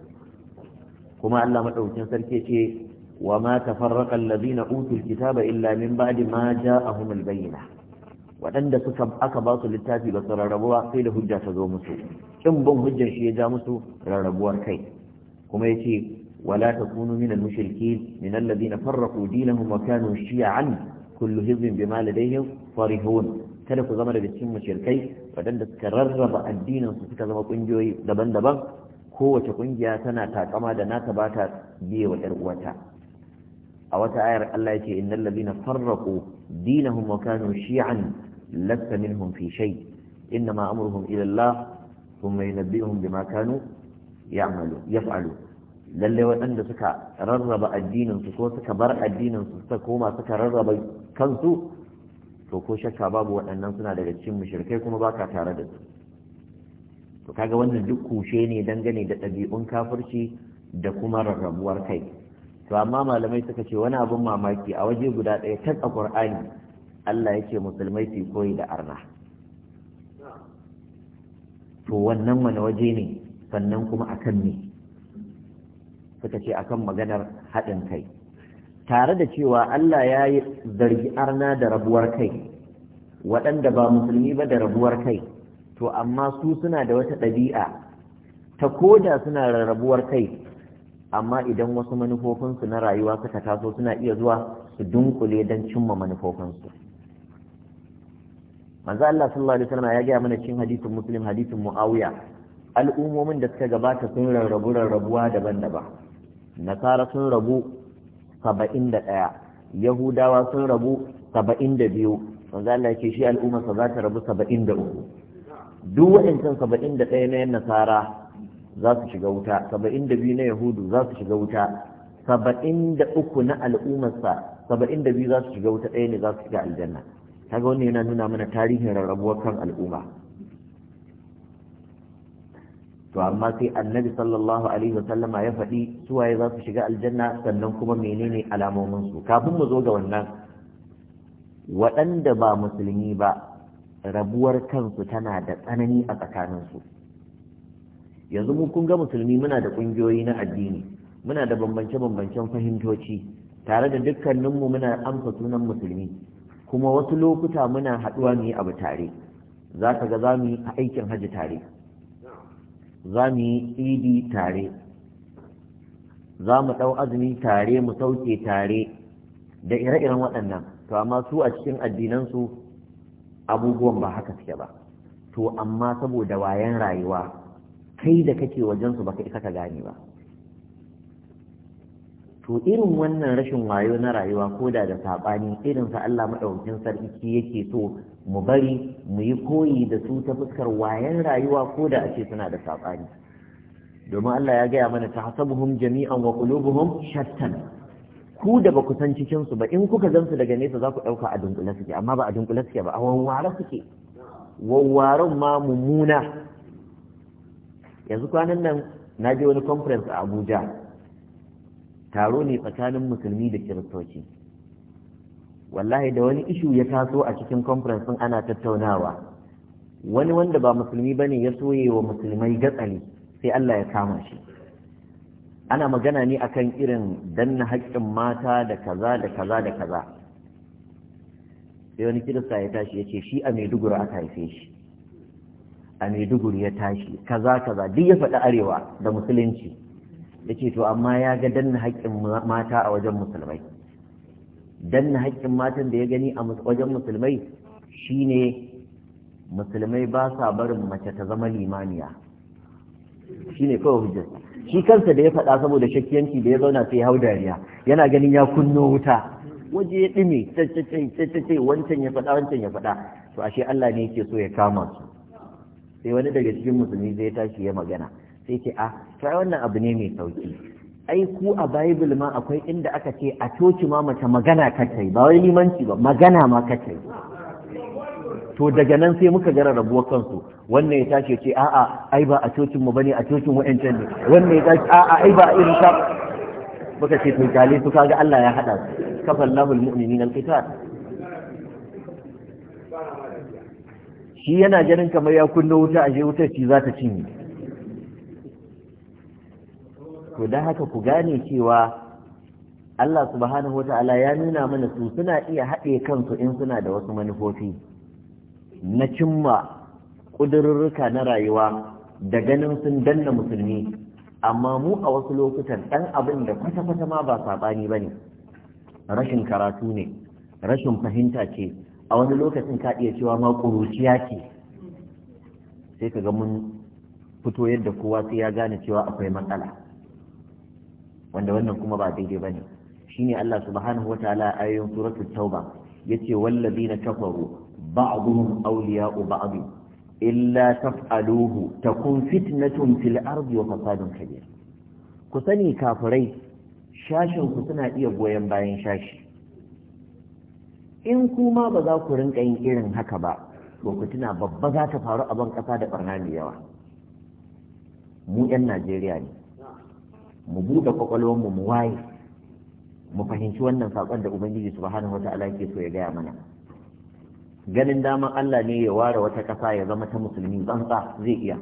[SPEAKER 1] kuma Allah maɗaukin sarki yake وما تفرق الذين أوتوا الكتاب إلا من بعد ما جاءهم البينة waɗanda suka aka ba littafi ba su rarrabuwa sai da hujja ta zo musu in bin hujjar shi ya ja musu rarrabuwar kai kuma yace wala takunu minal mushrikeen min alladhina farraqu dinahum wa kanu shi'an kullu hizbin bima ladayhim farihun kada ku zama da daga cikin mushrikai waɗanda suka rarraba addinin su suka zama ƙungiyoyi daban-daban kowace ƙungiya tana takama da nata bata ta biye 'yar uwata a wata ayar Allah ya ce innal ladina farraqu dinahum wa kanu shi'an lasta minhum fi shay innama amruhum ila Allah thumma yunabbi'uhum bima kanu ya'malu yaf'alu lalle waɗanda suka rarraba addinin su ko suka bar addinin su suka koma suka rarraba kansu to ko shakka babu waɗannan suna daga cikin mushrikai kuma baka tare da su to kaga wannan duk kushe ne dangane da ɗabi'un kafirci da kuma rarrabuwar kai to amma malamai suka ce wani abin mamaki a waje guda ɗaya ta a ƙur'ani Allah ya ce musulmai su koyi da arna to wannan wani waje ne sannan kuma akan ne suka ce akan maganar haɗin kai tare da cewa Allah ya yi zargi arna da rabuwar kai waɗanda ba musulmi ba da rabuwar kai to amma su suna da wata ɗabi'a ta koda suna rarrabuwar kai amma idan wasu manufofinsu na rayuwa suka taso suna iya zuwa su dunkule don cimma manufofinsu manzo Allah sallallahu alaihi wasallam ya gaya mana cikin hadisin muslim hadisin muawiya al'ummomin da suka gabata sun rarrabu rarrabuwa daban-daban nasara sun rabu saba'in da ɗaya yahudawa sun rabu saba'in da biyu manzo Allah ya ce shi al'ummarsa za ta rabu saba'in da uku duk waɗancan saba'in da ɗaya na nasara za su shiga wuta saba'in da biyu na yahudu za su shiga wuta saba'in da uku na al'ummarsa saba'in da biyu za su shiga wuta ɗaya ne za su shiga aljanna kaga wannan yana nuna mana tarihin rarrabuwar kan al'umma to amma sai annabi sallallahu alaihi wasallama ya faɗi suwaye za su shiga aljanna sannan kuma menene alamomin su kafin mu zo ga wannan waɗanda ba musulmi ba rabuwar kansu tana da tsanani a tsakaninsu yanzu mu kun ga musulmi muna da ƙungiyoyi na addini muna da bambance-bambancen fahimtoci tare da dukkaninmu muna amsa sunan musulmi kuma wasu lokuta muna haɗuwa mu yi abu tare za ka ga za mu yi aikin hajji tare za mu yi idi tare za mu ɗau azumi tare mu sauke tare da ire-iren waɗannan to amma su a cikin addinansu abubuwan ba haka suke ba to amma saboda wayan rayuwa kai da kake wajensu baka isa ka gane ba to irin wannan rashin wayo na rayuwa ko da da saɓani irin sa Allah maɗaukin sarki yake so mu bari mu yi koyi da su ta fuskar wayan rayuwa ko da a ce suna da saɓani domin Allah ya gaya mana ta buhum jami'an wa qulubuhum shattan ku da ba ku san cikin su ba in kuka gansu daga nesa za ku ɗauka a dunkule suke amma ba a dunkule suke ba a wawware suke wawwaren ma mummuna yanzu kwanan nan na je wani conference a abuja taro ne tsakanin musulmi da kiristoci wallahi da wani ishu ya taso a cikin conference ana tattaunawa wani wanda ba musulmi ba ne ya soye wa musulmai gatsali sai allah ya kama shi ana magana ne akan irin danna haƙƙin mata da kaza da kaza da kaza sai wani kirista ya tashi ya ce shi a maiduguri aka haife shi a maiduguri ya tashi kaza kaza duk ya faɗi arewa da musulunci yake to amma ya ga danna haƙƙin mata a wajen musulmai danna haƙƙin matan da ya gani a wajen musulmai shine musulmai ba sa barin mace ta zama limaniya shine kawai hujjar shi kansa da ya faɗa saboda shakkiyanci da ya zauna sai hau dariya yana ganin ya kunno wuta waje ya ɗume wancan ya faɗa wancan ya faɗa to ashe Allah ne yake so ya kama su sai wani daga cikin musulmi zai tashi ya magana sai ce a ah, sai wannan abu ne mai sauki ai ku a bible ma akwai inda aka ce a coci ma mace magana kace, ba wai limanci ba magana ma kace. to daga nan sai muka gara rabuwar kansu wannan ya tashi ce a'a ai ba a cocin mu bane a cocin wa'ancan ne wannan ya tashi a'a ai ba a irin ka muka ce to kale su kaga Allah ya hada su kafallahu almu'minina alqital shi yana ganin kamar ya kunna wuta a wutar shi za ta cinye Ku da haka ku gane cewa Allah subhanahu ta'ala ya nuna mana su suna iya haɗe kansu in suna da wasu manufofi na cimma ƙudurruka na rayuwa da ganin sun danna musulmi amma mu a wasu lokutan ɗan abin da kwata-kwata ma ba saɓani ba ne rashin karatu ne rashin fahimta ce a wani lokacin ka iya cewa ma ƙuruciya ce sai ka ga mun fito yadda kowa sai ya gane cewa akwai matsala wanda wannan kuma ba daidai ba ne. Shi ne Allah subhanahu a ayoyin suratu tauba ya ce yace na kafaru ba'dhum awliya'u ba'd illa taf'aluhu takun fitnatun fil ardi wa fasadun kabir ku sani kafirai shashin ku suna iya goyon bayan shashi in kuma ba za ku rinka yin irin haka ba to ku tuna babba za ta faru a ban kasa da barna mai yawa mu 'yan najeriya ne mu buɗe kwakwalwarmu mu waye mu fahimci wannan saƙon da ubangiji subhanahu wata'ala yake so ya gaya mana ganin daman Allah ne ya ware wata ƙasa ya zama ta musulmi tsantsa zai iya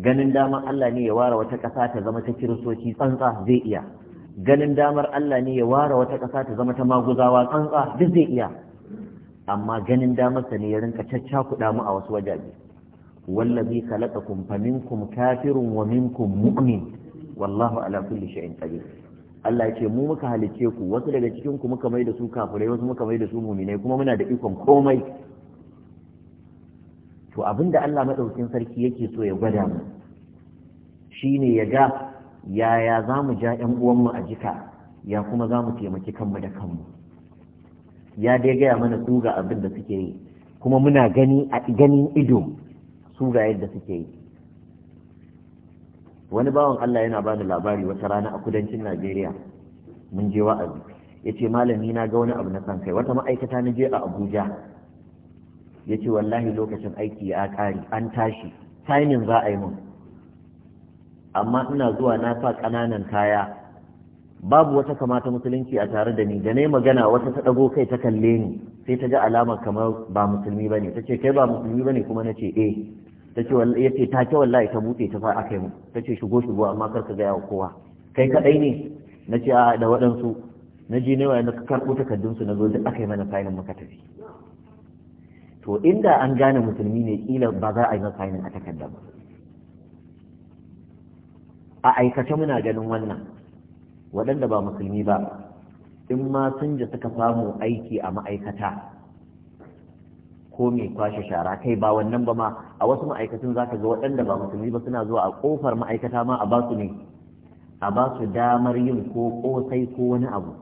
[SPEAKER 1] ganin daman Allah ne ya ware wata ƙasa ta zama ta kiristoci tsantsa zai iya ganin damar Allah ne ya ware wata ƙasa ta zama ta maguzawa tsantsa duk zai iya amma ganin damarsa ne ya rinka kuɗa mu a wasu wajaje wallazi khalaqakum faminkum kafirun wa minkum mu'min wallahu ala kulli shay'in qadir Allah ya ce mu muka halice ku wasu daga cikin ku muka mai da su kafirai wasu muka mai su mu'minai kuma muna da ikon komai to abinda Allah madaukin sarki yake so ya gwada mu shine ya ga yaya za mu ja 'yan uwanmu a jika ya kuma za mu taimaki kanmu da kanmu ya dai gaya mana su ga abin da suke yi kuma muna gani a ganin ido su ga yadda suke yi wani bawan Allah yana bani labari wata rana a kudancin Najeriya mun je wa'azi ya ce malami na ga wani abu na san kai wata ma'aikata na je a Abuja ya ce wallahi lokacin aiki ya kare. an tashi timing za a yi mun amma ina zuwa na sa ƙananan kaya babu wata kamata musulunci a tare da ni da ne magana wata ta ɗago kai ta kalle ni sai ta ga alama kamar ba musulmi ba ne ta ce kai ba musulmi ba ne kuma na ce eh ta ce ya ce wallahi ta buɗe ta fara aka yi ta ce shigo shigo amma kar ka gaya wa kowa kai kaɗai ne na ce a da waɗansu na ji ne wayan ka karɓo takardunsu na zo duk aka yi mana fainin muka tafi to inda an gane musulmi ne kila ba za a yi masa a takardar ba a aikace muna ganin wannan waɗanda ba musulmi ba in ma sun ji suka samu aiki a ma'aikata ko mai kwashe shara kai ba wannan ba ma a wasu ma'aikatan za ka ga waɗanda ba musulmi ba suna zuwa a ƙofar ma'aikata ma a ba su ne a ba su damar yin ko ƙosai ko wani abu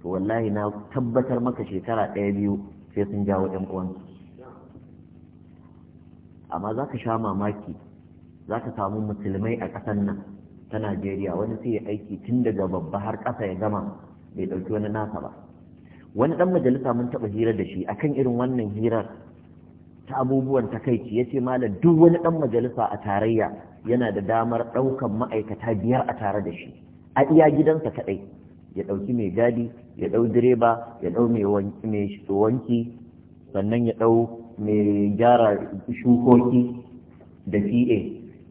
[SPEAKER 1] to wallahi na tabbatar maka shekara ɗaya biyu sai sun jawo ɗan uwansu amma za ka sha mamaki za ka samu musulmai a ƙasar nan ta najeriya wani sai ya aiki tun daga babba har ƙasa ya gama bai ɗauki wani nasa ba wani ɗan majalisa mun taɓa hira da shi akan irin wannan hirar ta abubuwan takaici ya ce malam duk wani ɗan majalisa a tarayya yana da damar ɗaukan ma'aikata biyar a tare da shi a iya gidansa kaɗai ya ɗauki mai gadi ya ɗau direba ya ɗau mai wanki sannan ya ɗau mai gyara shukoki da pa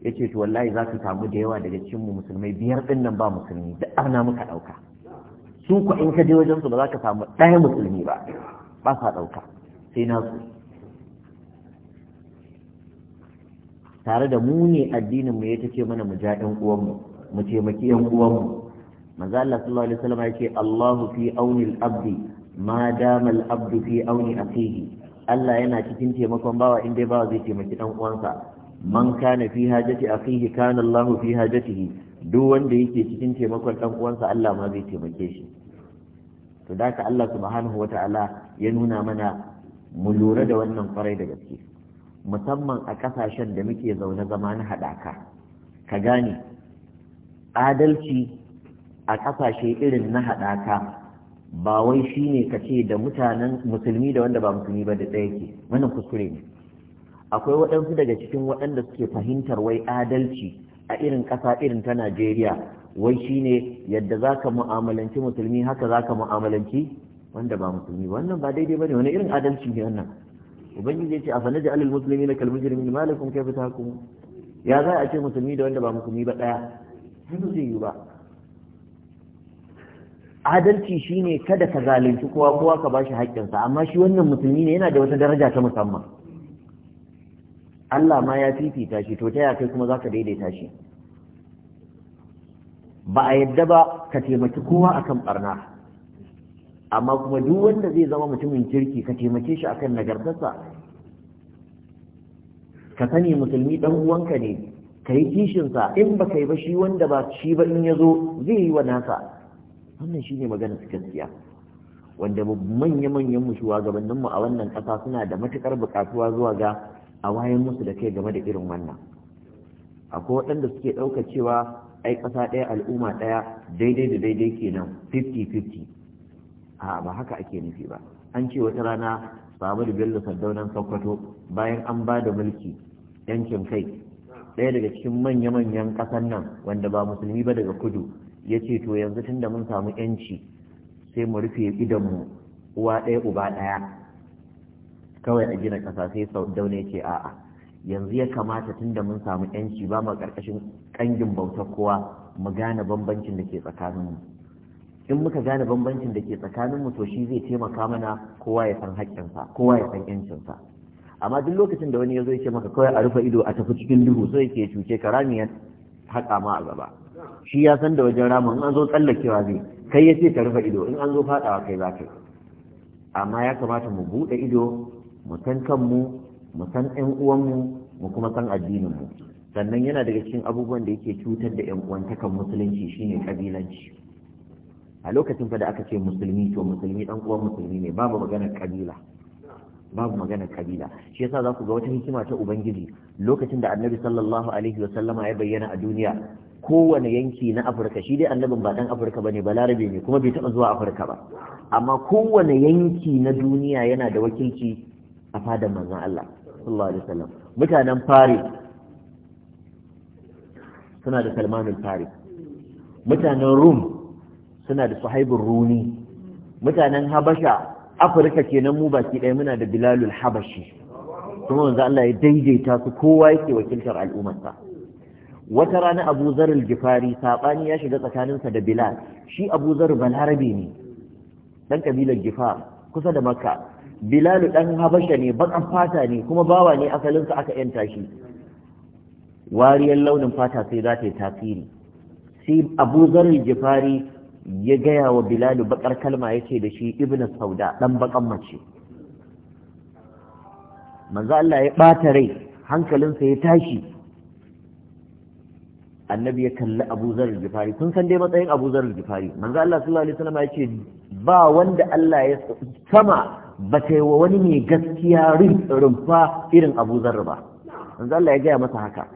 [SPEAKER 1] ya ce to wallahi za su samu da yawa daga cikinmu musulmai biyar ɗin nan ba musulmi da arna muka ɗauka su ku in ka je wajensu ba za ka samu ɗaya musulmi ba ba sa ɗauka sai na su tare da mu ne addinin mu ya ce mana mu ja ɗan uwanmu mu taimaki ɗan mu manzo Allah sallallahu alaihi wasallam ya ce Allahu fi auni abdi ma dama al-abdu fi auni akhihi Allah yana cikin taimakon bawa in dai bawa zai taimaki dan uwansa man kana fi hajati akhihi kana Allah fi hajatihi duk wanda yake cikin taimakon dan uwansa Allah ma zai taimake shi to da Allah subhanahu wata'ala ya nuna mana mu lura da wannan kwarai da gaske musamman a kasashen da muke zaune zama na haɗaka ka gane adalci a kasashe irin na hadaka ba wai shine kace da mutanen musulmi da wanda ba musulmi ba da ɗaya ke wannan kuskure ne akwai waɗansu daga cikin waɗanda suke fahimtar wai adalci a irin ƙasa irin ta najeriya wai shine yadda za ka mu'amalanci musulmi haka za ka mu'amalanci wanda ba musulmi wannan ba daidai ba ne wani irin adalci ne wannan ubangiji ya ce a da alil musulmi na kalmujirmi malakun kai fita kuma ya za a ce musulmi da wanda ba musulmi ba ɗaya ba zai yi ba adalci shine kada ka zalunci kowa kowa ka bashi haƙƙinsa amma shi wannan musulmi ne yana da wata daraja ta musamman Allah ma ya fifita shi to ta ya kai kuma za ka daidaita shi ba a yadda ba ka taimaki kowa akan barna amma kuma duk wanda zai zama mutumin kirki ka taimake shi akan nagartarsa ka sani musulmi dan uwanka ne ka yi kishinsa in ba kai ba shi wanda ba shi ba in yazo zai yi wa nasa wannan shine magana gaskiya wanda manya-manyan mu shugabanninmu a wannan kasa suna da matukar bukatuwa zuwa ga a wayan musu da kai game da irin wannan akwai waɗanda suke ɗauka cewa ai ƙasa ɗaya al'umma ɗaya daidai da daidai kenan 50-50 a ba haka ake nufi ba an ce wata rana samu da bello sardaunan sokoto bayan an ba da mulki yankin kai ɗaya daga cikin manya-manyan ƙasan nan wanda ba musulmi ba daga kudu ya ce to yanzu tun da mun samu yanci sai mu rufe idonmu uwa ɗaya uba ɗaya kawai a gina ƙasa sai sau daune ce a'a yanzu ya kamata tun da mun samu yanci ba mu ƙarƙashin ƙangin bauta kowa mu gane bambancin da ke tsakaninmu in muka gane bambancin da ke tsakaninmu to shi zai taimaka mana kowa ya san haƙƙinsa kowa ya san yancinsa amma duk lokacin da wani ya zo ya ce maka kawai a rufe ido a tafi cikin duhu so yake cuce ka rami ya haƙa ma a gaba shi ya san da wajen ramin in an zo tsallakewa zai kai ya ce ka rufe ido in an zo faɗawa kai za ka amma ya kamata mu buɗe ido mu san kanmu mu san ƴan uwanmu mu kuma san addininmu sannan yana daga cikin abubuwan da yake cutar da ƴan uwantakan musulunci shine kabilanci a lokacin fa da aka ce musulmi to musulmi dan uwan musulmi ne babu maganar kabila babu maganar kabila shi yasa za ku ga wata hikima ta ubangiji lokacin da annabi sallallahu alaihi wa sallama ya bayyana a duniya kowane yanki na afirka shi dai annabin ba dan afirka bane balarabe ne kuma bai taɓa zuwa afirka ba amma kowane yanki na duniya yana da wakilci a fadar manzon Allah sallallahu alaihi wasallam mutanen Faris suna da Salmanul Faris mutanen Rum suna da Suhaibul Rumi mutanen Habasha Afirka kenan mu baki ɗaya muna da Bilalul Habashi kuma manzo Allah ya daidaita su kowa yake wakiltar al'ummarsa wata rana abu gifari saɓani ya shiga tsakaninsa da bilal shi abu zarar ne ɗan kabilar gifar kusa da makka bilalu ɗan habasha ne baƙan fata ne kuma bawa ne asalinsa aka yanta shi wariyar launin fata sai za ta yi tasiri sai abu zarri jifari ya gaya wa bilalu baƙar kalma ya ce da shi ibn sauda ɗan baƙan mace manzo Allah ya ɓata rai hankalinsa ya tashi annabi ya kalli Abu zarri jifari kun san dai matsayin Abu zarri jifari manzo Allah sallallahu alaihi wasallam ya ce ba wanda Allah ya sama ba ta yi wa wani mai gaskiya rumfa irin abu zarra ba yanzu Allah ya gaya masa haka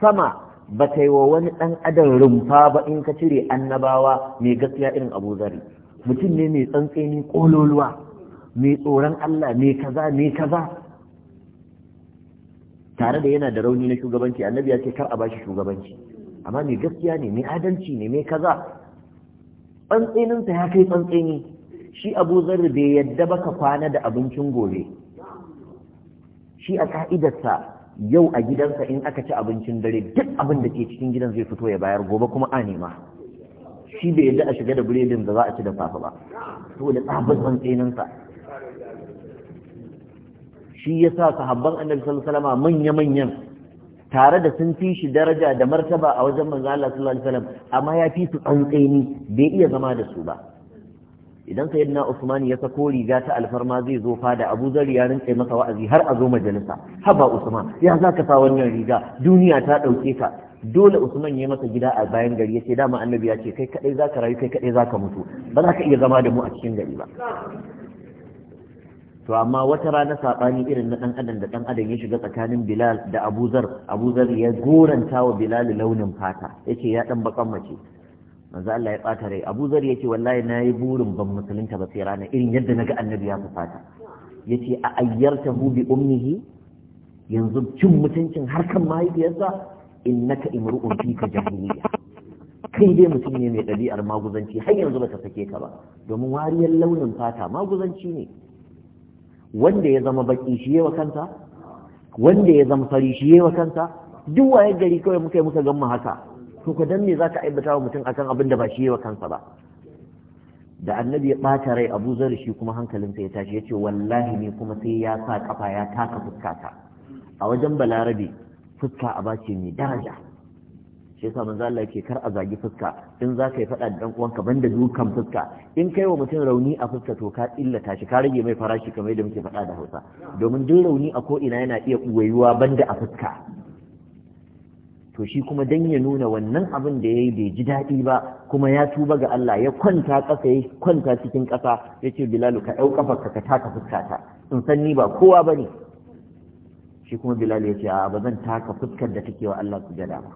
[SPEAKER 1] sama ba ta yi wa wani ɗan adam rumfa ba in ka cire annabawa mai gaskiya irin abu zarri mutum ne mai tsantseni ƙololuwa mai tsoron Allah mai kaza mai kaza tare da yana da rauni na shugabanci annabi ya ce kar a bashi shugabanci amma mai gaskiya ne mai adalci ne mai kaza tsantseninsa ya kai tsantseni shi abu zarri bai yadda ba ka kwana da abincin gobe shi a ka'idarsa yau a gidansa in aka ci abincin dare duk abin da ke cikin gidan zai fito ya bayar gobe kuma a nema shi bai yadda a shiga da biredin da za a ci da safe ba saboda tsabin tsinansa shi ya sa sahabban annabi sallallahu manya-manyan tare da sun fi shi daraja da martaba a wajen manzo Allah sallallahu alaihi wasallam amma ya fi su tsantseni bai iya zama da su ba idan na Usman ya sako riga ta alfarma zai zo fada Abu Zar ya rinke masa wa'azi har a zo majalisa haba Usman ya za ka sa wannan riga duniya ta dauke ka dole Usman ya masa gida a bayan gari ya ce dama annabi ya ce kai kadai zaka rayu kai kadai zaka mutu ba za ka iya zama da mu a cikin gari ba to amma wata rana sabani irin na dan adam da dan adam ya shiga tsakanin Bilal da Abu Zar Abu Zar ya goranta wa Bilal launin fata yace ya dan bakan mace manzo Allah ya bata rai Abu Zar yace wallahi nayi burin ban musulunta ba sai rana irin yadda naga annabi ya fata yace a ayyartahu bi ummihi yanzu cin mutuncin harkan mahaifiyarsa innaka imru'un fika jahiliya kai dai mutum ne mai ɗabi'ar maguzanci har yanzu ta sake ka ba domin wariyar launin fata maguzanci ne wanda ya zama baki shi yawa kanta, wanda ya zama fari shi yawa kansa duk waye gari kawai muka yi muka gan mu haka to ku dan me zaka aibata wa mutum akan abin da ba shi yawa kansa ba da annabi ya bata rai Abu Zar shi kuma hankalinsa ya tashi yace wallahi ne kuma sai ya sa kafa ya taka fuskata a wajen Balarabe fuska a bace mai daraja shi yasa manzo Allah yake kar a zagi fuska in za ka yi faɗa da ɗan uwanka banda dukan fuska in kai wa mutum rauni a fuska to ka illata shi ka rage mai farashi kamar yadda muke faɗa da Hausa domin duk rauni a ko ina yana iya ɓoyuwa banda a fuska to shi kuma dan ya nuna wannan abin da yayi bai ji daɗi ba kuma ya tuba ga Allah ya kwanta ƙasa ya kwanta cikin ƙasa ya ce Bilalu ka ɗau ƙafarka ka taka fuskata in san ni ba kowa ba ne shi kuma Bilal ya ce a ba zan taka fuskar da take wa Allah su gada ba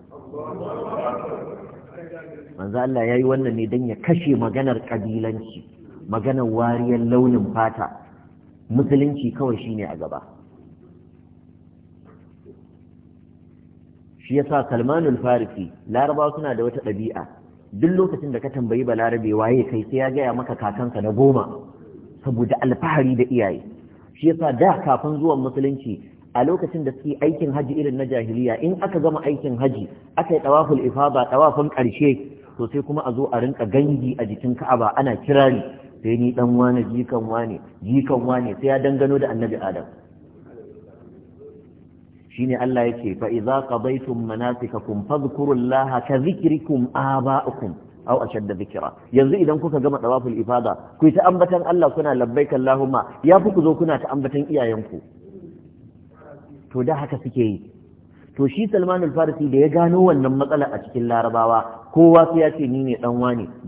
[SPEAKER 1] manzo Allah yayi wannan ne dan ya kashe maganar kabilanci maganar wariyar launin fata musulunci kawai shine a gaba shi yasa Kalmanul farisi laraba suna da wata ɗabi'a duk lokacin da ka tambayi balarabe waye kai sai ya gaya maka kakanka na goma saboda alfahari da iyaye shi yasa da kafin zuwan musulunci a lokacin da suke aikin haji irin na jahiliya in aka gama aikin haji aka yi tawaful ifada tawafin ƙarshe to sai kuma a zo a rinka gangi a jikin ka'aba ana kirari sai ni dan wane jikan wane jikan wane sai ya dangano da annabi adam shine Allah yake fa idza qadaytum manasikakum fadhkurullaha ka dhikrikum aba'akum aw ashadda dhikra yanzu idan kuka gama tawaful ifada ku ta ambatan Allah kuna labbaik Allahumma ya fi ku zo kuna ta ambatan iyayenku to da haka suke yi to shi Salman al-Farisi da ya gano wannan matsala a cikin Larabawa kowa sai ya ce ni ne dan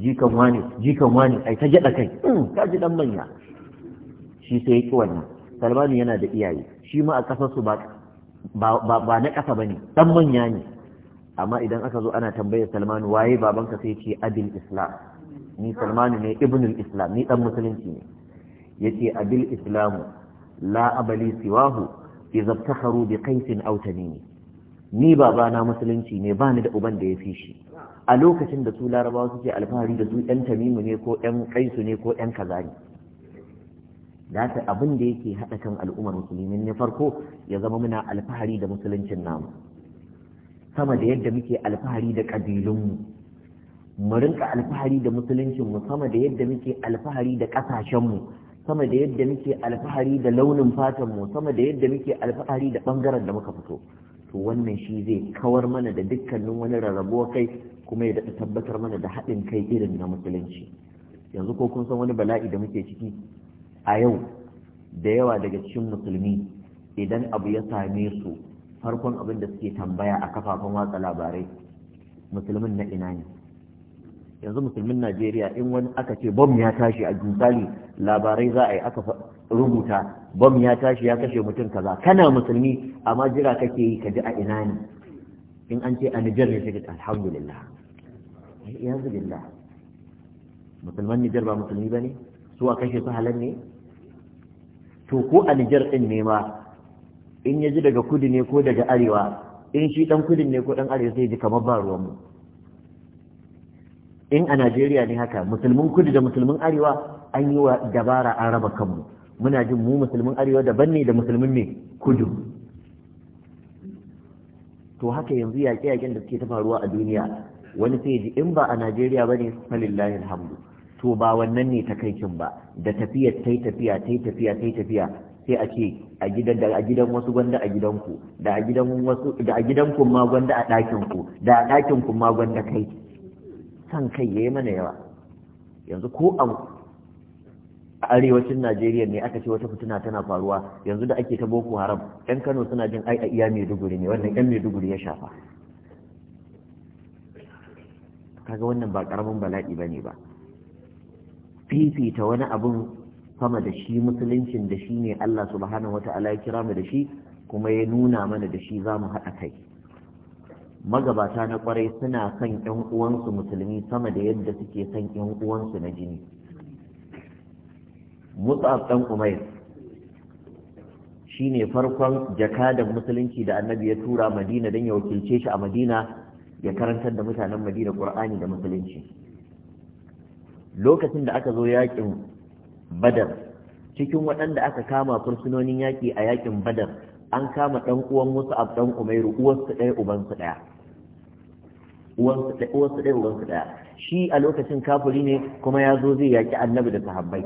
[SPEAKER 1] jikan wani jikan wani ai ta jada kai hmm, ka ji dan manya shi sai ya ki wannan Salman yana da iyaye shi ma a kasar su ba ba na ƙasa ba ne ɗan manya ne amma idan aka zo ana tambayar salmanu waye babanka sai ce abil islam ni salmanu ne ibnul islam ni ɗan musulunci ne ya ce abil islamu la abali siwahu idza ibtakharu bi kaifin auta ne ni na musulunci ne bani da uban da ya fi shi a lokacin da su larabawa suke alfahari da su ɗan tamimu ne ko ɗan kaisu ne ko ɗan kaza ne da ta abin da yake haɗa kan al'ummar musulmi na farko ya zama muna alfahari da musuluncin namu sama da yadda muke alfahari da ƙabilunmu mu rinka alfahari da musuluncinmu sama da yadda muke alfahari da ƙasashenmu sama da yadda muke alfahari da launin fatanmu sama da yadda muke alfahari da ɓangaren da muka fito to wannan shi zai kawar mana da dukkanin wani rarrabuwa kai kuma ya tabbatar mana da haɗin kai irin na musulunci yanzu ko kun san wani bala'i da muke ciki a yau da yawa daga cikin musulmi idan abu ya same su farkon abin da suke tambaya a kafafen watsa labarai musulmin na ina ne yanzu musulmin najeriya in wani aka ce bom ya tashi a misali labarai za a yi aka rubuta bom ya tashi ya kashe mutum kaza kana musulmi amma jira kake yi ka ji a ina ne in an ce a nijar ne shiga alhamdulillah ya billah musulman nijar ba musulmi ba ne su a kashe su halar ne to ko a Nijar ɗin ne ma in ya ji daga kudu ne ko daga arewa in shi ɗan kudin ne ko ɗan arewa zai ji kamar ba ruwanmu in a Najeriya ne haka musulmin kudu da musulmin arewa an yi wa dabara an raba kanmu muna jin mu musulmin arewa daban ne da musulmin ne kudu to haka yanzu yaƙe-yaƙen da suke ta faruwa a duniya wani sai ji in ba a Najeriya ba ne falillahi alhamdu to ba wannan ne takaicin ba da tafiyar tai tafiya tai tafiya tai tafiya sai a ce a gidan da a gidan wasu gwanda a gidanku da a gidan wasu da a gidanku ma gwanda a ɗakinku da a ɗakinku ma gwanda kai san kai yayi mana yawa yanzu ko a arewacin Najeriya ne aka ce wata fituna tana faruwa yanzu da ake ta Boko Haram ɗan Kano suna jin ai a iya Maiduguri ne wannan ɗan Maiduguri ya shafa kaga wannan ba ƙaramin bala'i bane ba, ne ba. fifita wani abun sama da shi musuluncin da shi ne Allah subhanahu wata'ala ya kira mu da shi kuma ya nuna mana da shi za mu haɗa kai
[SPEAKER 2] magabata
[SPEAKER 1] na kwarai suna son ƴan uwansu musulmi sama da yadda suke son ƴan uwansu na jini mutsaf ɗan umair shi ne farkon jakadan musulunci da annabi ya tura madina don ya wakilce shi a madina ya karantar da mutanen madina ƙur'ani da musulunci lokacin da aka zo yakin badar cikin waɗanda aka kama fursunonin yaƙi a yakin badar an kama ɗan uwan musu a ɗan umairu uwarsu ɗaya ubansu ɗaya ɗaya shi a lokacin kafuri ne kuma ya zo zai yaƙi annabi da sahabbai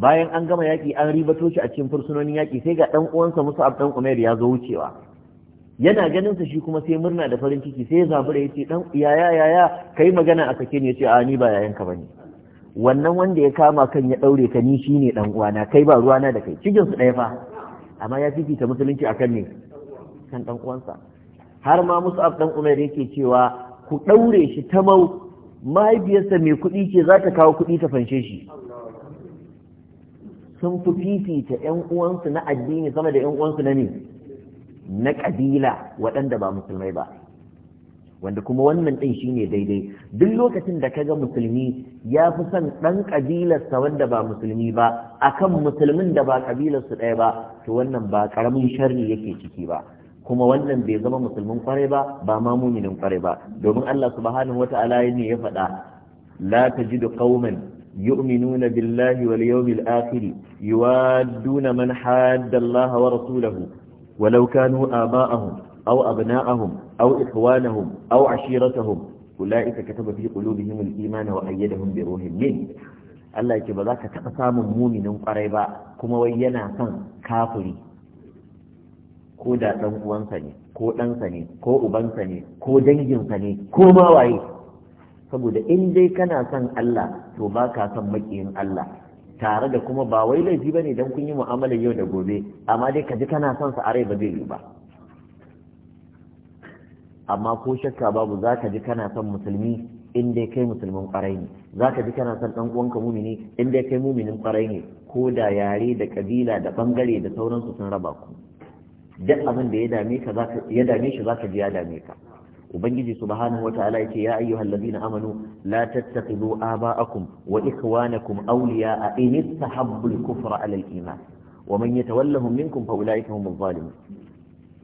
[SPEAKER 1] bayan an gama yaƙi an ribato shi a cikin fursunonin yaƙi sai ga ɗan uwansa musu a ɗan umairu ya zo wucewa yana ganin sa shi kuma sai murna da farin ciki sai ya zabura yace dan yaya yaya kai magana a sake ne yace a ni ba yayan ka bane wannan wanda ya kama kan ya daure ka ni shine dan uwana kai ba ruwana da kai cikin su daya fa amma ya fifita musulunci akan ne kan dan uwansa har ma Mus'ab dan Umar yake cewa ku daure shi ta mau mahaifiyarsa mai kuɗi ce za ta kawo kuɗi ta fanshe shi sun fi fifita 'yan uwansu na addini sama da 'yan uwansu na ne na ƙabila waɗanda ba musulmai ba wanda kuma wannan ɗin shi ne daidai duk lokacin da kaga musulmi ya fi son ɗan ƙabilarsa wanda ba musulmi ba akan musulmin da ba ƙabilarsu ɗaya ba to wannan ba ƙaramin sharri yake ciki ba kuma wannan bai zama musulmin kwarai ba ba ma muminin kwarai ba domin Allah subhanahu wata'ala ne ya faɗa la tajidu qauman يؤمنون بالله واليوم الآخر يوادون من حاد الله ورسوله ولو كانوا آباءهم أو أبناءهم أو إخوانهم أو عشيرتهم أولئك كتب في قلوبهم الإيمان وأيدهم بروح منه Allah yake ba za ka taɓa samun muminin ƙwarai ba kuma wai yana son kafuri ko da ɗan uwansa ne ko ɗansa ne ko ubansa ne ko danginsa ne ko ma waye saboda in dai kana son Allah to ba ka son maƙiyin Allah tare da kuma ba wai laifi ba ne dan kun yi mu'amalar yau da gobe amma dai kaji kana son sa a rai ba zai yi ba amma ko shakka babu za ka ji kana son musulmi in dai kai musulmin kwarai ne za ka ji kana son dan uwanka mumini inda dai kai muminin kwarai ne ko da yare da kabila da bangare da sauransu sun raba ku duk abin da ya dame ka ya dame shi za ka ji ya dame ka ubangiji subhanahu wataala yace ya ayyuhal ladina amanu la tattakhidhu aba'akum wa ikhwanakum awliya'a in istahabbu al-kufra 'ala al-iman wa man yatawallahum minkum fa ulaika humuz zalimun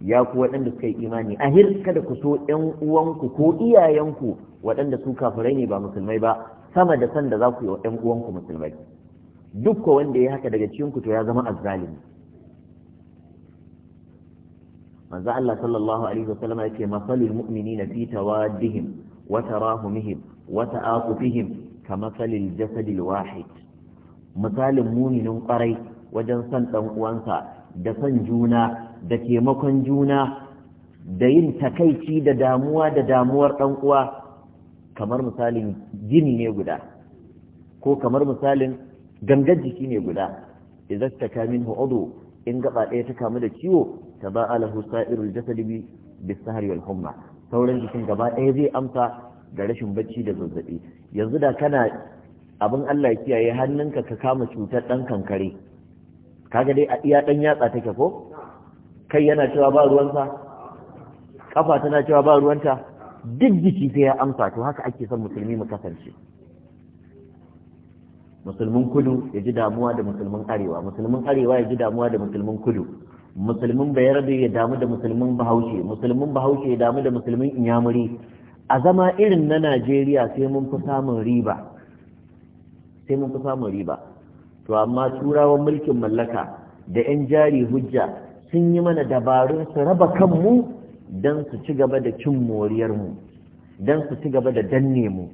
[SPEAKER 1] ya ku waɗanda suka yi imani ahir da ku so ƴan uwanku ko iyayenku waɗanda su kafirai ne ba musulmai ba sama da san da za ku yi wa ƴan uwanku musulmai duk wanda ya haka daga cikin ku to ya zama azzalimi manzo Allah sallallahu alaihi wasallam yake masalul mu'minina fi tawaddihim wa tarahumihim wa ta'aqufihim kamasalil jasadil wahid misalin muminin kwarai wajen son dan uwansa da son juna da taimakon juna da yin takaici da damuwa da damuwar dan uwa kamar misalin jini ne guda ko kamar misalin gangan jiki ne guda idan ta kamin hudu in gaba ɗaya ta kamu da ciwo taba'alahu sa'irul jasadi bi bisahri wal humma sauran jikin gaba ɗaya zai amsa da rashin bacci da zazzabi yanzu da kana abin Allah ya kiyaye hannunka ka kama cutar dan kankare kaga dai a iya dan yatsa take ko kai yana cewa ba ruwansa kafa tana cewa ba ruwanta duk jiki sai ya amsa to haka ake son musulmi mu kasance musulmin kudu ya ji damuwa da musulmin arewa musulmin arewa ya ji damuwa da musulmin kudu musulmin bayarbe ya damu da musulmin bahaushe musulmin bahaushe ya damu da musulmin inyamuri a zama irin na najeriya sai mun fi samun riba sai mun fi samun riba to amma turawan mulkin mallaka da 'yan jari hujja sun yi mana dabarun su raba kanmu don su ci gaba da cin moriyarmu don su ci gaba da danne mu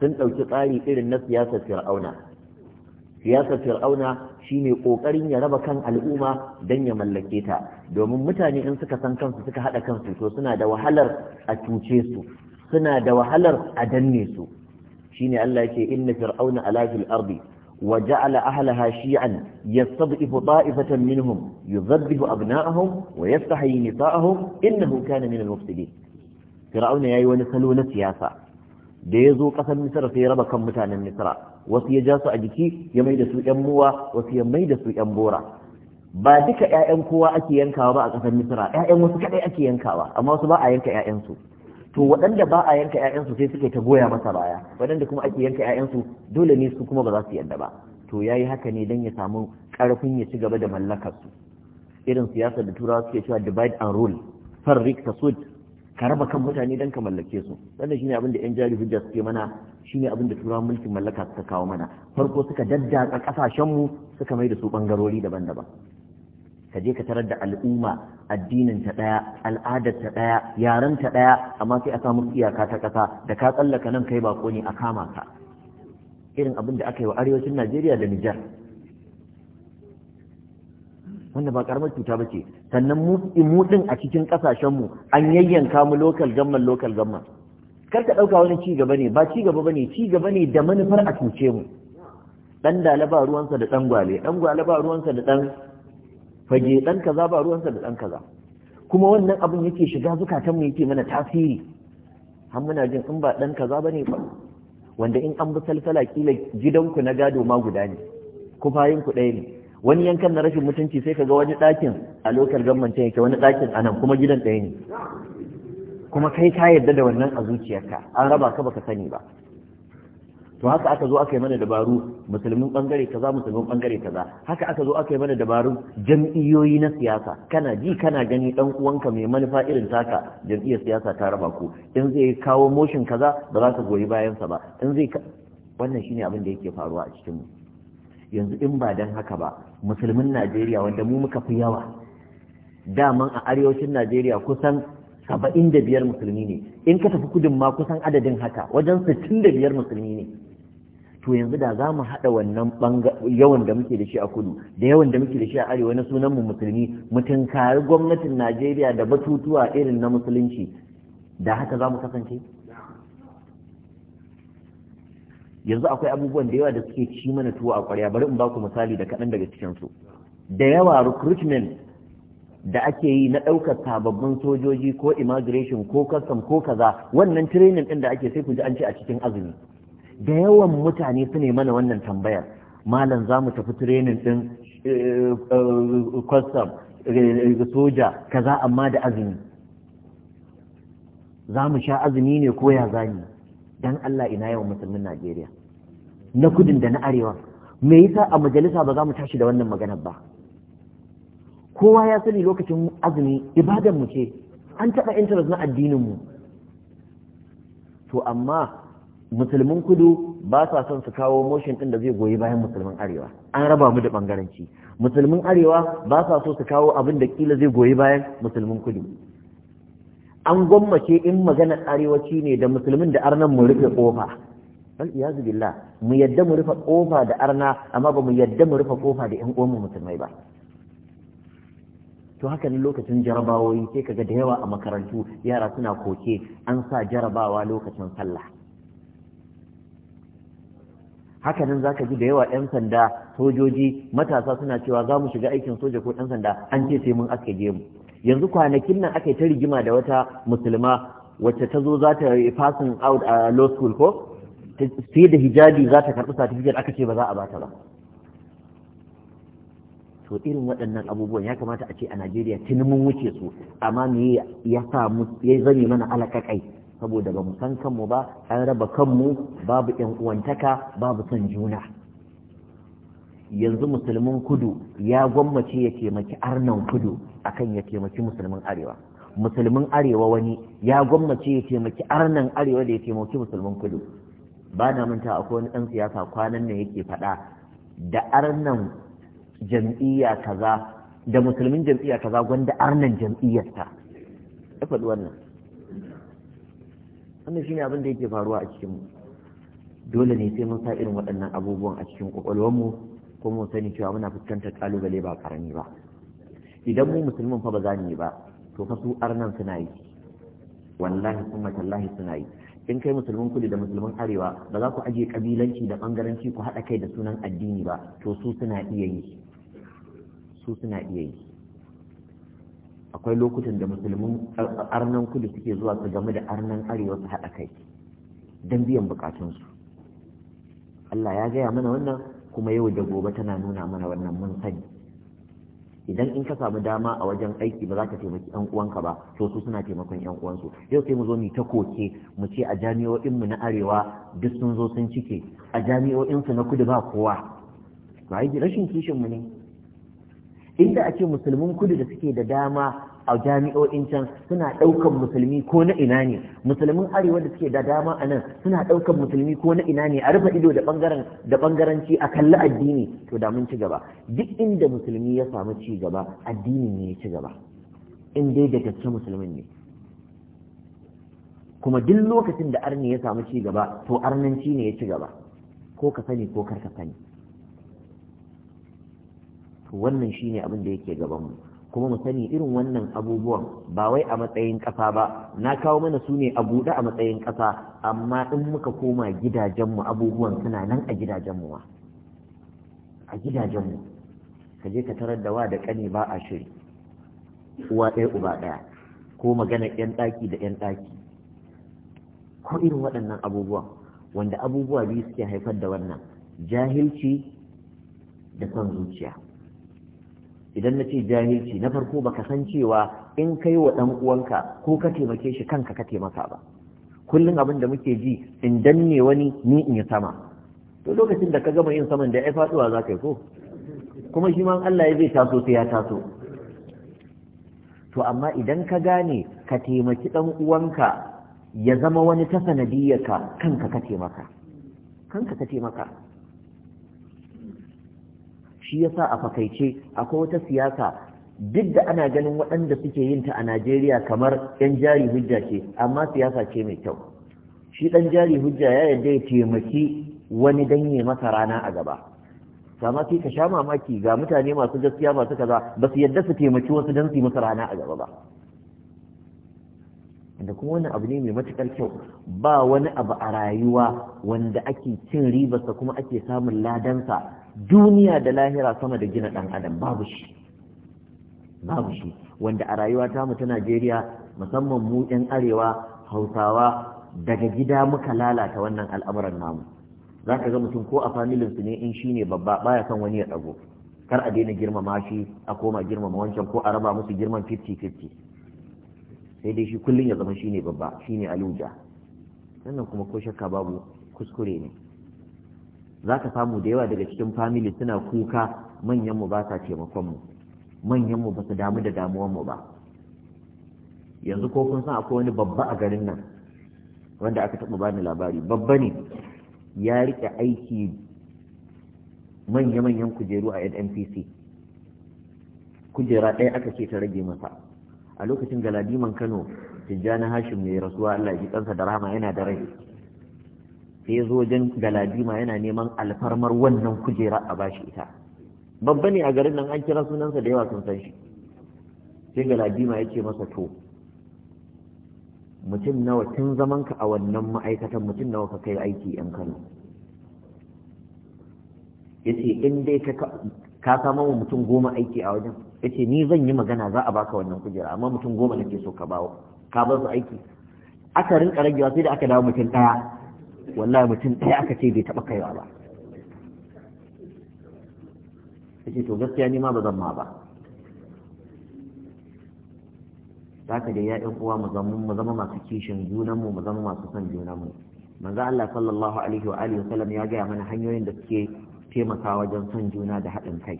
[SPEAKER 1] sun ɗauki tsari irin na siyasar fir'auna siyasar fir'auna shine kokarin ya raba kan al'umma don ya mallake ta domin mutane in suka san kansu suka hada kansu to suna da wahalar a cuce su suna da wahalar a danne su shine Allah ce inna fir'auna ala fil ardi wa ja'ala ahlaha shi'an yastad'ifu ta'ifatan minhum yudhabbihu abna'ahum wa yastahyi nisa'ahum innahu kana min al-mufsidin fir'auna yayi wani salo na siyasa da ya zo ƙasar misra sai raba kan mutanen misra wasu ya ja su a jiki ya mai da su yan muwa wasu ya mai da su yan bora ba duka ƴaƴan kowa ake yankawa ba a ƙasar misira ƴaƴan wasu kaɗai ake yankawa amma wasu ba a yanka ƴaƴansu to waɗanda ba a yanka ƴaƴansu sai suke ta goya masa baya waɗanda kuma ake yanka ƴaƴansu dole ne su kuma ba za su yarda ba to yayi haka ne dan ya samu ƙarfin ya ci gaba da mallakar su irin siyasar da turawa suke cewa divide and rule farrik tasud ka raba kan mutane don ka mallake su wannan shine abin da yan jari hujja suke mana shine abin da turawan mulkin mallaka suka kawo mana farko suka daddatsa kasashen mu suka mai da su bangarori daban-daban ka je ka tarar da al'umma addinin ta daya al'adar ta daya yaren ta daya amma sai a samu iyaka ta kasa da ka tsallaka nan kai bako ne a kama ka irin abin da aka yi wa arewacin Najeriya da Nijar wanda ba karamar cuta ba ce sannan mu a cikin kasashenmu an yayyanka mu lokal gamman lokal gamman kar ka ɗauka wani ci gaba ne ba ci gaba ba ne ci gaba ne da manufar a cuce mu ɗan dala ba ruwansa da ɗan gwale ɗan gwale ba ruwansa da ɗan fage ɗan kaza ba ruwansa da ɗan kaza kuma wannan abin yake shiga mu yake mana tasiri har muna jin in ba ɗan kaza ba ne ba wanda in an bi salsala kila gidanku na gado ma guda ne kufayinku ku ɗaya ne wani yankan na rashin mutunci sai kaga wani ɗakin a lokal gammancin yake wani ɗakin anan kuma gidan ɗaya ne kuma kai ka yarda da wannan a zuciyarka an raba ka baka sani ba to haka aka zo aka yi mana dabaru musulmin bangare kaza musulmin bangare kaza haka aka zo aka yi mana dabarun jam'iyyoyi na siyasa kana ji kana gani dan uwanka mai manufa irin taka jam'iyyar siyasa ta raba ku in zai kawo motion kaza ba za ka goyi bayansa ba in zai wannan shine abin da yake faruwa a cikin mu yanzu in ba dan haka ba musulmin najeriya wanda mu muka fi yawa daman a arewacin najeriya kusan saba'in da biyar musulmi ne in ka tafi kudin ma kusan adadin haka wajen sittin da biyar musulmi ne to yanzu da za mu haɗa wannan yawan da muke da shi a kudu da yawan da muke da shi a arewa na sunan mu musulmi mu tunkari gwamnatin najeriya da batutuwa irin na musulunci da haka za mu kasance yanzu akwai abubuwan da yawa da suke ci mana tuwo a kwarya bari in ba ku misali da kaɗan daga cikinsu da yawa recruitment da ake yi na ɗaukar sababbin sojoji ko immigration ko custom ko kaza wannan training ɗin da ake sai ku ji an ce a cikin azumi da yawan mutane su ne mana wannan tambayar malam za mu tafi training ɗin eh, eh, custom eh, soja kaza amma da azumi za mu sha azumi ne ko ya zani dan Allah ina yawan musulmin Najeriya na kudin da na arewa me yasa a majalisa ba za mu tashi da wannan magana ba kowa ya sani lokacin azumi ibadan mu ce an taba interest na addinin mu to amma musulmin kudu ba sa son su kawo motion ɗin da zai goyi bayan musulmin arewa an raba mu da bangaranci musulmin arewa ba sa so su kawo abin da kila zai goyi bayan musulmin kudu an gwammace in magana arewaci ne da musulmin da arnan mu rufe kofa bal iyazu billah mu yadda mu rufe kofa da arna amma ba mu yadda mu rufe kofa da yan uwan musulmai ba to haka ne lokacin jarabawoyi sai kaga da yawa a makarantu yara suna koke an sa jarabawa lokacin sallah haka nan zaka ji da yawa yan sanda sojoji matasa suna cewa za mu shiga aikin soja ko yan sanda an ce sai mun aske gemu yanzu kwanakin nan aka yi ta rigima da wata musulma wacce ta zo za ta yi passing out a law school ko sai da hijabi za ta karɓi satifikar aka ce ba za a bata ba to irin waɗannan abubuwan ya kamata a ce a Najeriya tuni mun wuce su amma me ya samu ya zame mana kai saboda ba mu san kanmu ba an raba kanmu babu ƴan uwantaka babu son juna yanzu musulmin kudu ya gwammace ya taimaki arnan kudu akan ya taimaki musulmin arewa musulmin arewa wani ya gwammace ya taimaki arnan arewa da ya taimaki musulmin kudu ba na manta akwai wani ɗan siyasa kwanan nan yake faɗa da arnan jam'iyya kaza da musulmin jam'iyya kaza gwanda arnan jam'iyyarta ya faɗi wannan wannan shine abin da yake faruwa a cikin mu dole ne sai mun sa irin waɗannan abubuwan a cikin mu ko mun sani cewa muna fuskantar kalubale ba karami ba idan mu musulmin fa ba za mu yi ba to fa su arnan suna yi wallahi kuma tallahi suna yi in kai musulmin kudu da musulmin arewa ba za ku ajiye kabilanci da bangaranci ku haɗa kai da sunan addini ba to su suna iya yi su suna iya yi akwai lokutan da musulmin arnan kudu suke zuwa su game da arnan arewa su haɗa kai don biyan bukatunsu Allah ya gaya mana wannan kuma yau da gobe tana nuna mana wannan mun sani idan in ka samu dama a wajen aiki ba za ka taimaki yan uwanka ba to su suna taimakon yan uwansu yau sai mu zo mu ta koke mu ce a jami'o'in mu na arewa duk sun zo sun cike a jami'o'in su na kudu ba kowa ba rashin kishin mu ne inda a ce musulmin kudu da suke da dama a jami'o'in can suna ɗaukan musulmi ko na ina ne musulmin arewa da suke da dama a nan suna ɗaukan musulmi ko na ina ne a rufe ido da ɓangaren da ɓangaranci a kalli addini to da mun ci gaba duk inda musulmi ya samu ci gaba addini ne ya ci gaba in dai da gaske musulmin ne kuma duk lokacin da arni ya samu ci gaba to arnanci ne ya ci gaba ko ka sani ko kar ka sani wannan shine abin da yake gaban mu kuma mu sani irin wannan abubuwan ba wai a matsayin ƙasa ba na kawo mana su ne a buɗe a matsayin ƙasa amma in muka koma gidajenmu abubuwan suna nan a gidajenmu ma a gidajenmu ka je ka tarar da wa da ƙani ba a shiri uwa ɗaya uba ɗaya ko magana ƴan ɗaki da ƴan ɗaki ko irin waɗannan abubuwan wanda abubuwa biyu suke haifar da wannan jahilci da son zuciya idan na ce jahilci na farko baka san cewa in kai wa ɗan uwanka ko ka taimake shi kanka ka taimaka ba kullum abin da muke ji in danne wani ni in yi sama to lokacin da ka gama yin saman da ya faɗuwa za ka yi ko kuma shi ma Allah ya zai taso sai ya taso to amma idan ka gane ka taimaki ɗan uwanka ya zama wani ta sanadiyyarka kanka ka taimaka kanka ka taimaka shi yasa a fakaice akwai wata siyasa duk da ana ganin waɗanda suke yin ta a Najeriya kamar yan jari hujja ce amma siyasa ce mai kyau shi ɗan jari hujja ya yadda ya taimaki wani danye masa rana a gaba sama sai ka sha mamaki ga mutane masu gaskiya masu kaza ba su yadda su taimaki wasu don su yi masa rana a gaba ba da kuma wani abu ne mai matuƙar kyau ba wani abu a rayuwa wanda ake cin ribarsa kuma ake samun ladansa duniya da lahira sama da gina ɗan adam babu shi babu shi wanda a rayuwa ta mu ta Najeriya musamman mu yan arewa hausawa daga gida muka lalata wannan al'amuran namu za ka ga mutum ko a familin su ne in shi ne babba baya son wani ya ɗago kar a daina girmama shi a koma girmama wancan ko a raba musu girman 50-50 sai dai shi kullum ya zama shi ne babba shi ne aluja sannan kuma ko shakka babu kuskure ne za ka samu da yawa daga cikin famili suna kuka manyanmu ba sa taimakonmu manyanmu ba su damu da damuwanmu ba yanzu ko kun san akwai wani babba a garin nan wanda aka taɓa bani labari babba ne ya riƙe aiki manya-manyan kujeru a NNPC kujera ɗaya aka ce ta rage masa a lokacin galadiman kano tijjani hashim mai rasuwa allah ji kansa da rahama yana da rai sai ya zo wajen galadima yana neman alfarmar wannan kujera a bashi ita babba ne a garin nan an kira sunansa da yawa sun san shi sai galadima ya ce masa to mutum nawa tun zaman ka a wannan ma'aikatan mutum nawa ka kai aiki yan kano ya ce in dai ka samu wa mutum goma aiki a wajen ya ce ni zan yi magana za a baka wannan kujera amma mutum goma nake so ka bawo ka ba su aiki aka rinka ragewa sai da aka dawo mutum ɗaya wallahi mutum ɗaya aka ce bai taɓa kaiwa ba ya to gaskiya ni ma ba zan ma ba haka da ya'yan uwa mu zama masu kishin junanmu mu zama masu son junanmu manzo Allah sallallahu alaihi wa alihi wasallam ya gaya mana hanyoyin da suke taimaka wajen son juna da haɗin kai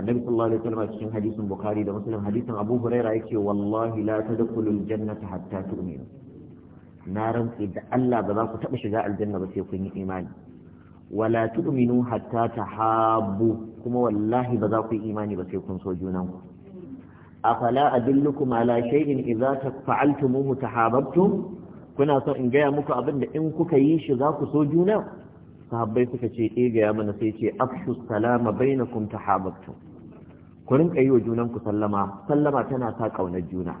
[SPEAKER 1] annabi sallallahu alaihi wasallam cikin hadisin bukhari da muslim hadisin abu huraira yake wallahi la tadkhulul jannata hatta tu'minu na rantse da Allah ba za ku taɓa shiga aljanna ba sai kun yi imani wala tu'minu hatta tahabbu kuma wallahi ba za ku yi imani ba sai kun so junan ku afala adullukum ala shay'in idza fa'altumuhu tahabbtum kuna so in gaya muku abin da in kuka yi shi za ku so juna sahabbai suka ce eh gaya mana sai ce afshu salama bainakum tahabbtum ku rinka yi wa junan ku sallama sallama tana sa kaunar juna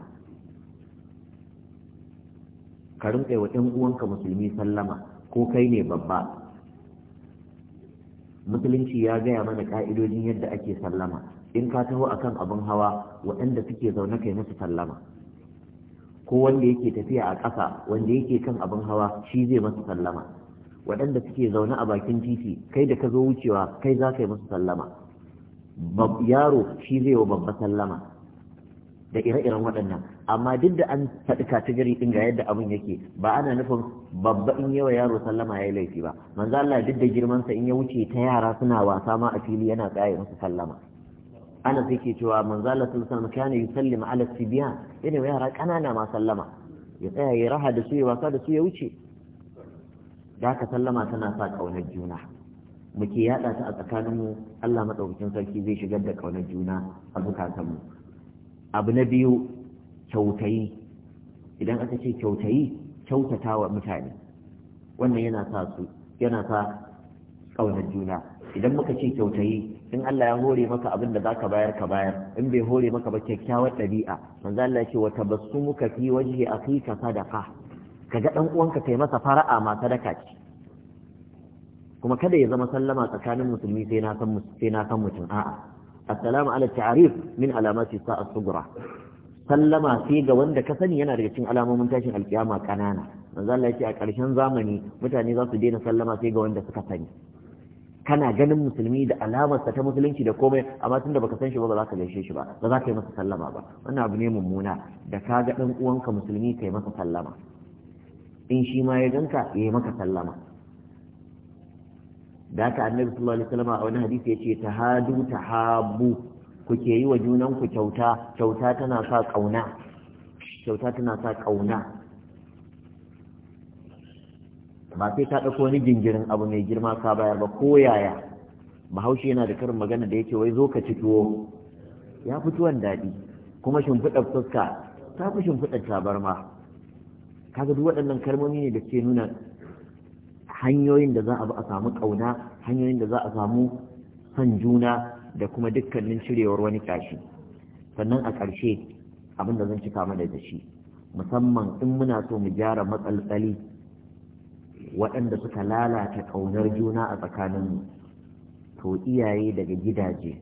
[SPEAKER 1] ka rinƙa wa ɗan uwanka musulmi sallama ko kai ne babba musulunci ya gaya mana ka'idojin yadda ake sallama in ka taho akan abin hawa waɗanda suke zaune kai musu sallama ko wanda yake tafiya a ƙasa wanda yake kan abin hawa shi zai masa sallama waɗanda suke zaune a bakin titi kai da ka zo wucewa kai za ka yi musu sallama yaro shi zai wa babba sallama da ire-iren waɗannan amma duk da an faɗi kategori ɗin ga yadda abin yake ba ana nufin babba in yawa yaro sallama ya yi laifi ba manzo Allah duk da girmansa in ya wuce ta yara suna wasa ma a fili yana tsaye musu sallama ana sai ke cewa manzo Allah sallallahu alaihi wasallam kana yusallimu ala sibyan yana yara kanana ma sallama ya tsaya ya raha da su ya wasa da su ya wuce da ka sallama tana sa kaunar juna muke yada ta a tsakaninmu Allah madaukakin sarki zai shigar da kaunar juna a mu abu na biyu kyautayi idan aka ce kyautayi kyautata wa mutane wannan yana sa su yana sa ƙaunar juna idan muka ce kyautayi in Allah ya hore maka abin da zaka bayar ka bayar in bai hore maka ba kyakkyawar ɗabi'a manzo Allah ce wa tabassumuka fi wajhi akhika sadaqa kaga dan uwanka kai masa fara'a ma sadaka ce kuma kada ya zama sallama tsakanin musulmi sai na san sai na san mutum a'a assalamu ala ta'rif min alamati sa'a sughra sallama sai ga wanda ka sani yana daga cikin alamomin tashin alkiyama kanana manzo Allah yace a ƙarshen zamani mutane za su daina sallama sai ga wanda suka sani kana ganin musulmi da alamarsa ta musulunci da komai amma tunda baka san shi ba ba za ka gaishe shi ba ba za ka yi masa sallama ba wannan abu ne mummuna da ka ga dan uwanka musulmi kai masa sallama in shi ma ya ganka ya yi maka sallama da haka annabi sallallahu alaihi wasallam a wani hadisi yace tahadu tahabu Kuke yi wa junanku kyauta kyauta tana sa ƙauna kyauta tana sa ƙauna ba sai ta ɗauko wani gingirin abu mai girma ka bayar ba ko yaya bahaushe yana da karin magana da yake wai zo ka ci tuwo ya fi tuwon daɗi kuma shimfiɗar fuska ta fi shimfiɗar tabarma kaga duk waɗannan kalmomi ne da ke nuna hanyoyin da za a bi a samu ƙauna hanyoyin da za a samu son juna da kuma dukkanin cirewar wani kashi sannan a ƙarshe abin da zan ci kama da shi musamman in muna so mu gyara matsaltsali waɗanda suka lalata ƙaunar juna a tsakaninmu to iyaye daga gidaje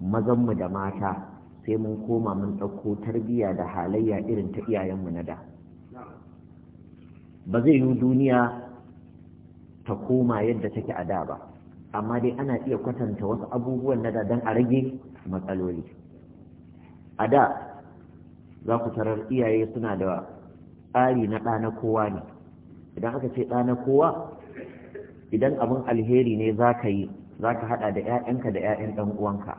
[SPEAKER 1] mazanmu da mata sai mun koma mun ɗauko tarbiyya da halayya irin ta iyayenmu na da ba zai yi duniya ta koma yadda take a da ba amma dai ana iya kwatanta wasu abubuwan na da don a rage matsaloli a da za ku tarar iyaye suna da tsari na ɗa na kowa ne idan aka ce ɗa na kowa idan abin alheri ne za ka yi za ka haɗa da 'ya'yanka da 'ya'yan ɗan uwanka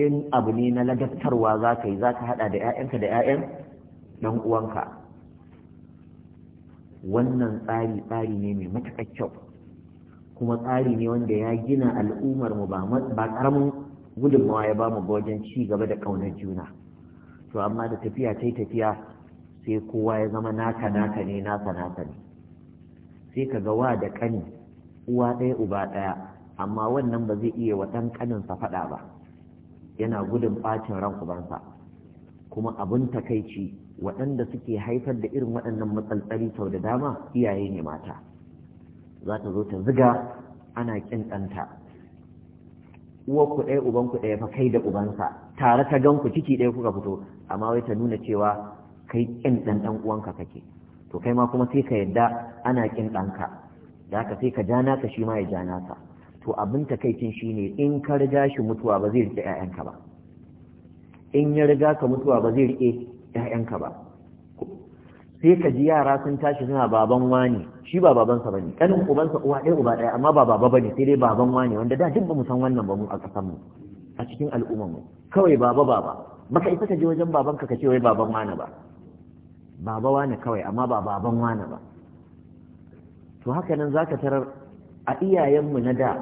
[SPEAKER 1] in abu ne na ladabtarwa za ka yi za ka haɗa da 'ya'yanka da 'ya'yan ɗan uwanka wannan tsari tsari ne mai matuƙar kyau kuma tsari ne wanda ya gina al'ummar mu ba karamin gudunmawa ya bamu mu wajen ci gaba da ƙaunar juna to amma da tafiya ta tafiya sai kowa ya zama naka naka ne naka naka ne sai ka ga wa da ƙani uwa ɗaya uba ɗaya amma wannan ba zai iya wa ɗan ƙaninsa faɗa ba yana gudun ɓacin ran ubansa kuma abun takaici waɗanda suke haifar da irin waɗannan matsaltsari sau da dama iyaye ne mata za ta zo ta ziga ana ƙinƙanta uwar ku ɗaya uban ku ɗaya fa kai da ubansa tare ta ganku ciki ɗaya kuka fito amma wai ta nuna cewa kai ƙin ɗan uwanka kake to kai ma kuma sai ka yadda ana ƙin ɗanka da ka sai ka ja naka shi ma ya ja naka to abin takaicin shine in ka riga shi mutuwa ba zai rike 'ya'yanka ba in ya riga ka mutuwa ba zai rike 'ya'yanka ba sai ka ji yara sun tashi suna baban wani shi ba babansa bane Ɗanin ubansa uwa ɗaya uba ɗaya amma ba baba bane sai dai baban wani wanda da duk bamu san wannan ba mu a ƙasar mu a cikin al'ummar mu kawai baba baba baka isa ka je wajen babanka ka ce wai baban wani ba baba wani kawai amma ba baban wani ba to haka nan zaka tarar a iyayenmu na da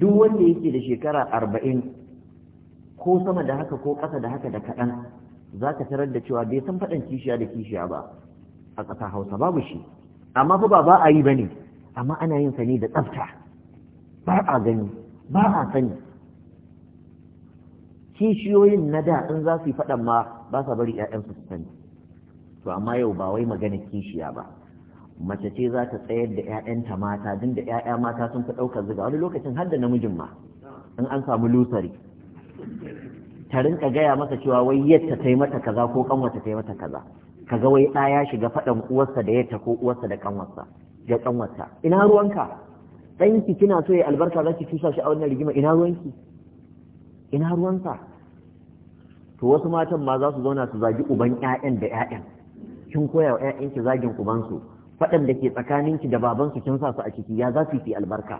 [SPEAKER 1] duk wanda yake da shekara arba'in ko sama da haka ko ƙasa da haka da kaɗan za ka tarar da cewa bai san faɗan kishiya da kishiya ba a ƙasa hausa babu shi amma fa ba ba a yi ba ne amma ana yin sani da tsafta ba a gani ba a sani kishiyoyin na da in za su yi faɗan ma ba sa bari 'ya'yansu su sani to amma yau ba wai magana kishiya ba mace ce za ta tsayar da 'ya'yanta mata din da 'ya'ya mata sun fi ɗaukar ziga wani lokacin har da namijin ma in an samu lusari ta rinka gaya masa cewa wai yadda ta yi mata kaza ko kanwarta ta yi mata kaza kaga wai ɗa ya shiga faɗan uwarsa da yadda ko uwarsa da kanwarsa ya kanwarta ina ruwanka ɗanki kina so ya albarka za ki tusa shi a wannan rigima ina ruwanki ina ruwansa to wasu matan ma za su zauna su zagi uban ƴaƴan da ƴaƴan kin koya wa ƴaƴanki zagin ubansu faɗan da ke tsakaninki da babansu kin sa su a ciki ya za su yi albarka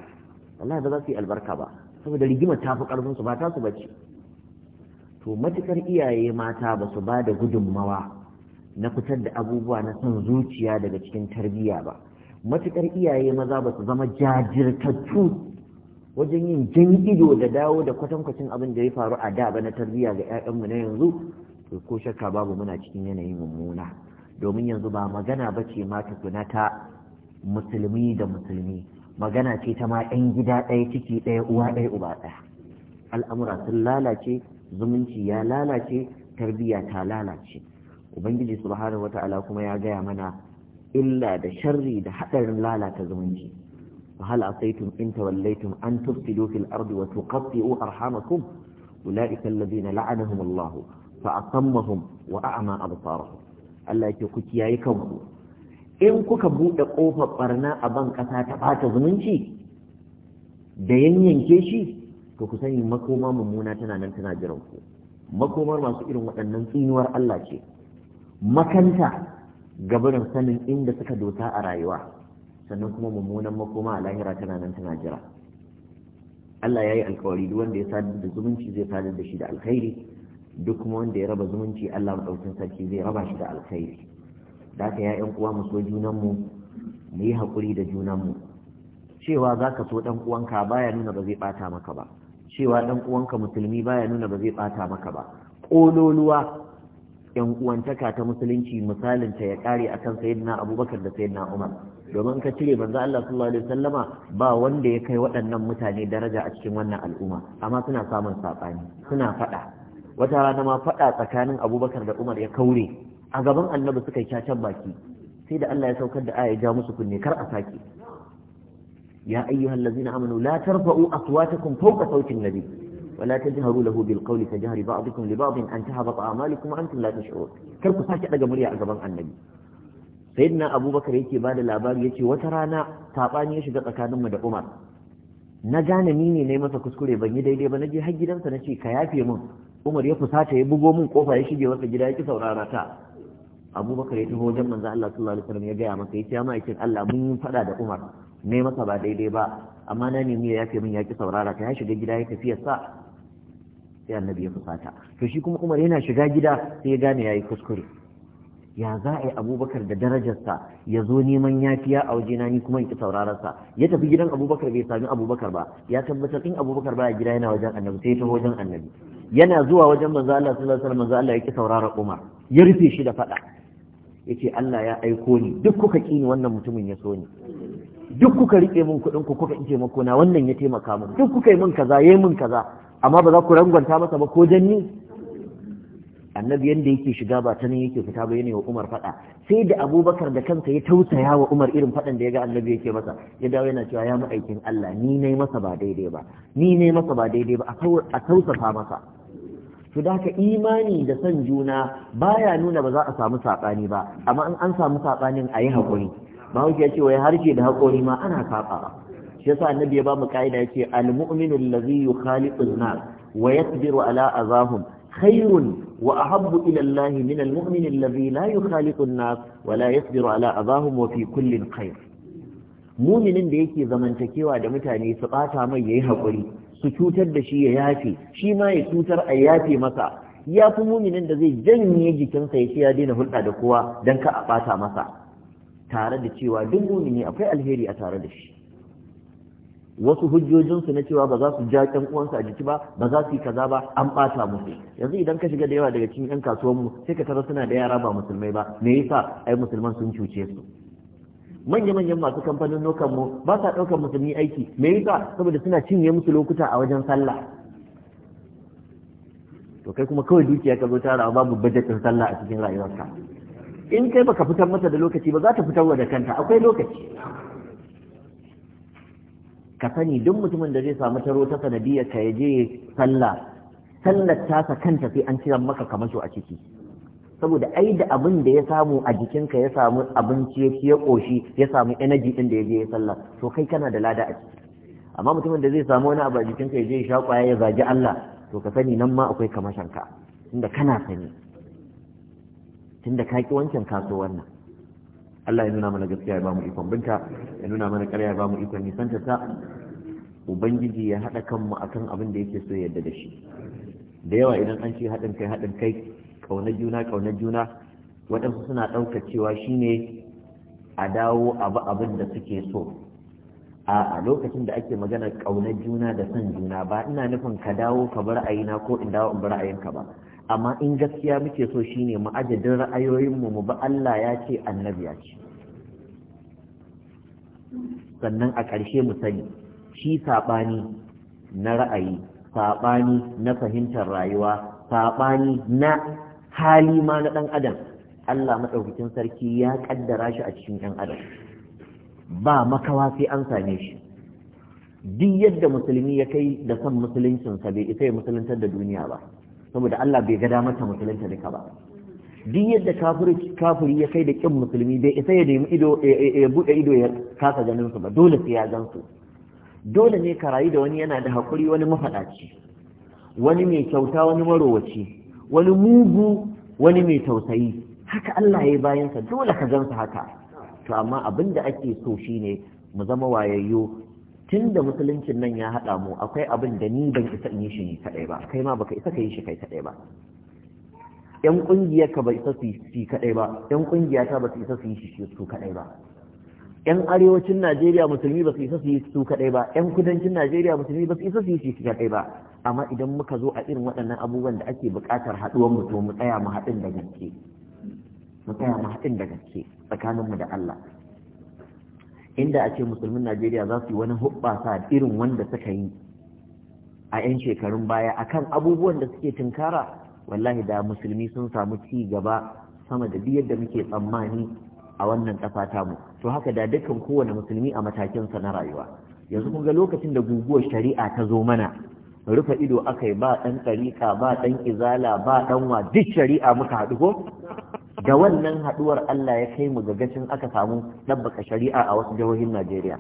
[SPEAKER 1] wallahi ba za su yi albarka ba saboda rigima ta fi ƙarfinsu ba ta su bacci. to matukar iyaye mata ba su ba da gudunmawa na fitar da abubuwa na son zuciya daga cikin tarbiyya ba matukar iyaye maza ba su zama jajirtattu wajen yin jan ido da dawo da kwatankwacin abin da ya faru a da ba na tarbiyya ga 'ya'yanmu na yanzu to ko shakka babu muna cikin yanayin mummuna domin yanzu ba magana ba ce ma tukuna ta musulmi da musulmi magana ce ta ma 'yan gida ɗaya ciki ɗaya uwa ɗaya uba ɗaya al'amura sun lalace zumunci ya lalace tarbiyya ta lalace ubangiji subhanahu wata'ala kuma ya gaya mana illa da sharri da hadarin lalata zumunci فهل عصيتم إن توليتم أن تفسدوا في arhamakum وتقطئوا أرحامكم أولئك الذين fa الله wa ama أبصارهم Allah ya ce ku kiyaye kanku in kuka buɗe ƙofar barna a ban ƙasa ta bata zumunci da yanyanke shi to ku sani makoma mummuna tana nan tana jiran ku makomar masu irin waɗannan tsinuwar Allah ce makanta gabarin sanin inda suka dota a rayuwa sannan kuma mummunan makoma a lahira tana nan tana jira Allah ya yi alkawari duk wanda ya sadar da zumunci zai sadar da shi da alkhairi duk kuma wanda ya raba zumunci Allah maɗaukin sarki zai raba shi da alkhairi da haka ya uwa mu so junanmu mu yi haƙuri da junanmu cewa za ka so ɗan uwanka baya nuna ba zai ɓata maka ba cewa dan uwanka musulmi baya nuna ba zai bata maka ba ƙololuwa yan uwantaka ta musulunci misalin ta ya kare akan sayidina abubakar da sayidina umar domin ka cire banza Allah sallallahu alaihi wasallama ba wanda ya kai waɗannan mutane daraja a cikin wannan al'umma amma suna samun saɓani, suna faɗa. wata rana ma faɗa tsakanin abubakar da umar ya kaure a gaban annabi suka yi cacan baki sai da Allah ya saukar da aya ya ja musu kunne kar a sake يا أيها الذين آمنوا لا ترفعوا أصواتكم فوق صوت النبي ولا تجهروا له بالقول كجهر بعضكم لبعض أن تهبط أعمالكم وأنتم لا تشعرون كركو ساكي أدى مريع عن النبي سيدنا أبو بكر يكي بعد الأبار يكي وترانا تاباني يشد قكان مد عمر نجانا نيني نيمة كسكولي بني ديلي بنجي حج دم سنشي كيافي من عمر يكو ساكي يبقو من قوفا يشجي وسجد يكي سورانا تا أبو بكر يتهو جمع الله صلى الله عليه وسلم يجي عمك يتي أما يتي الله من فدا عمر ne masa ba daidai ba amma na nemi ya yafe min ya ki saurara ta ya shiga gida ya tafi sa sai annabi ya fusata to shi kuma Umar yana shiga gida sai ya gane yayi kuskure ya za a yi abubakar da darajarsa ya zo neman yafiya a wajena ni kuma in ki saurararsa ya tafi gidan abubakar bai sami abubakar ba ya tabbatar in abubakar ba gida yana wajen annabi sai ta wajen annabi yana zuwa wajen manzo Allah sallallahu alaihi wasallam manzo Allah ya ki saurara Umar ya rufe shi da fada yace Allah ya aiko ni duk kuka kini wannan mutumin ya so ni duk kuka rike min kuɗin ku kuka ije mako na wannan ya taimaka min duk kuka yi min kaza yi min kaza amma ba za ku rangwanta masa ba ko janni? annabi yanda yake shiga ba ta nan yake fita ba yana wa Umar fada sai da Abubakar da kansa ya tausaya wa Umar irin faɗan da ya ga annabi yake masa ya dawo yana cewa ya ma'aikin Allah ni yi masa ba daidai ba ni yi masa ba daidai ba a tausasa masa to da haka imani da son juna baya nuna ba za a samu saɓani ba amma in an samu saɓanin a yi hakuri. mahaushi ya ce wai harshe da haƙori ma ana saɓawa shi yasa annabi ya ba mu ka'ida ya ce al-mu'minu allazi yukhaliqu nas wa yasbiru ala azahum khairun wa ahabbu ila Allah min al-mu'min allazi la yukhaliqu an-nas wa la yasbiru ala azahum wa fi kullin khair muminin da yake zamantakewa da mutane su bata mai yayi haƙuri su cutar da shi ya yafe shi ma ya cutar a yafe masa ya fi muminin da zai janye jikinsa ya ce ya daina hulɗa da kowa don ka a ɓata masa tare da cewa duk mumini akwai alheri a tare da shi wasu hujjojinsu na cewa ba za su ja 'yan uwansu a jiki ba ba za su yi kaza ba an ɓata musu yanzu idan ka shiga da yawa daga cikin 'yan mu sai ka tara suna da yara ba musulmai ba me yasa ai musulman sun cuce su manya-manyan masu kamfanin nokan mu ba sa ɗaukar musulmi aiki me yasa saboda suna cinye musu lokuta a wajen sallah to kai kuma kawai dukiya ka zo tara babu bajetin sallah a cikin rayuwarka in kai baka fitar mata da lokaci ba za ta fitar wa da kanta akwai lokaci ka sani duk mutumin da zai samu taro ta sanadiyar ka je sallah sallar tasa kanta sai an ciyar maka kamaso a ciki saboda ai da abin da ya samu a jikinka ya samu abinci ya ya koshi ya samu energy din da ya je ya sallah to kai kana da lada a ciki amma mutumin da zai samu wani abu a jikinka ya je ya sha kwaya ya zagi Allah to ka sani nan ma akwai kamashanka inda kana sani tunda ka ki wancan kaso wannan Allah ya nuna mana gaskiya ya ba mu ikon binta ya nuna mana ƙarya ya ba mu ikon nisanta ta ubangiji ya haɗa kanmu akan abin da yake so yadda da shi da yawa idan an ce haɗin kai haɗin kai ƙauna juna ƙauna juna waɗansu suna ɗauka cewa shine a dawo abu abin da suke so a lokacin da ake magana ƙaunar juna da son juna ba ina nufin ka dawo ka bar ayina ko in dawo in bar ayinka ba amma in gaskiya muke so shine mu ajadin ra'ayoyinmu mu ba Allah ya ce annabi ya ce sannan a ƙarshe mu sani shi saɓani na ra'ayi saɓani na fahimtar rayuwa saɓani na hali ma na ɗan adam Allah maɗaukakin sarki ya ƙaddara shi a cikin ɗan adam ba makawa sai an same shi duk yadda musulmi ya kai da son musuluncinsa bai isa ya musuluntar da duniya ba saboda Allah bai ga damar ta musulunta duka ba duk yadda kafiri ya kai da kin musulmi bai isa ya nemi ido ya buɗe ido ya kasa ganin su ba dole sai ya gan su dole ne ka rayu da wani yana da hakuri wani mafaɗaci, wani mai kyauta wani marowaci wani mugu wani mai tausayi haka Allah ya yi bayansa dole ka gan su haka to amma abin da ake so shine mu zama wayayyo tun da musuluncin nan ya haɗa mu akwai abin da ni ban isa in yi shi kaɗai ba kai ma baka isa ka yi shi kai kaɗai ba yan ƙungiyar ka ba isa su yi kaɗai ba yan ƙungiya ta ba su isa su yi shi su kaɗai ba yan arewacin najeriya musulmi ba su isa su yi su kaɗai ba yan kudancin najeriya musulmi ba su isa su yi shi kaɗai ba amma idan muka zo a irin waɗannan abubuwan da ake buƙatar haɗuwar mu to mu tsaya mu haɗin da gaske mu tsaya mu haɗin da gaske tsakaninmu da Allah inda a ce musulmin najeriya za su yi wani hubbasa irin wanda suka yi a 'yan shekarun baya akan abubuwan da suke tunkara wallahi da musulmi sun samu ci gaba sama da biyar da muke tsammani a wannan ƙasa tamu to haka da dukkan kowane musulmi a matakinsa na rayuwa yanzu kun ga lokacin da guguwar shari'a ta zo mana rufe ido aka yi ba ɗan ɗariƙa ba ɗan izala ba ɗan wa duk shari'a muka haɗu ko da wannan haɗuwar Allah ya kai mu ga gashin aka samu ɗabbaka shari'a a wasu jihohin Najeriya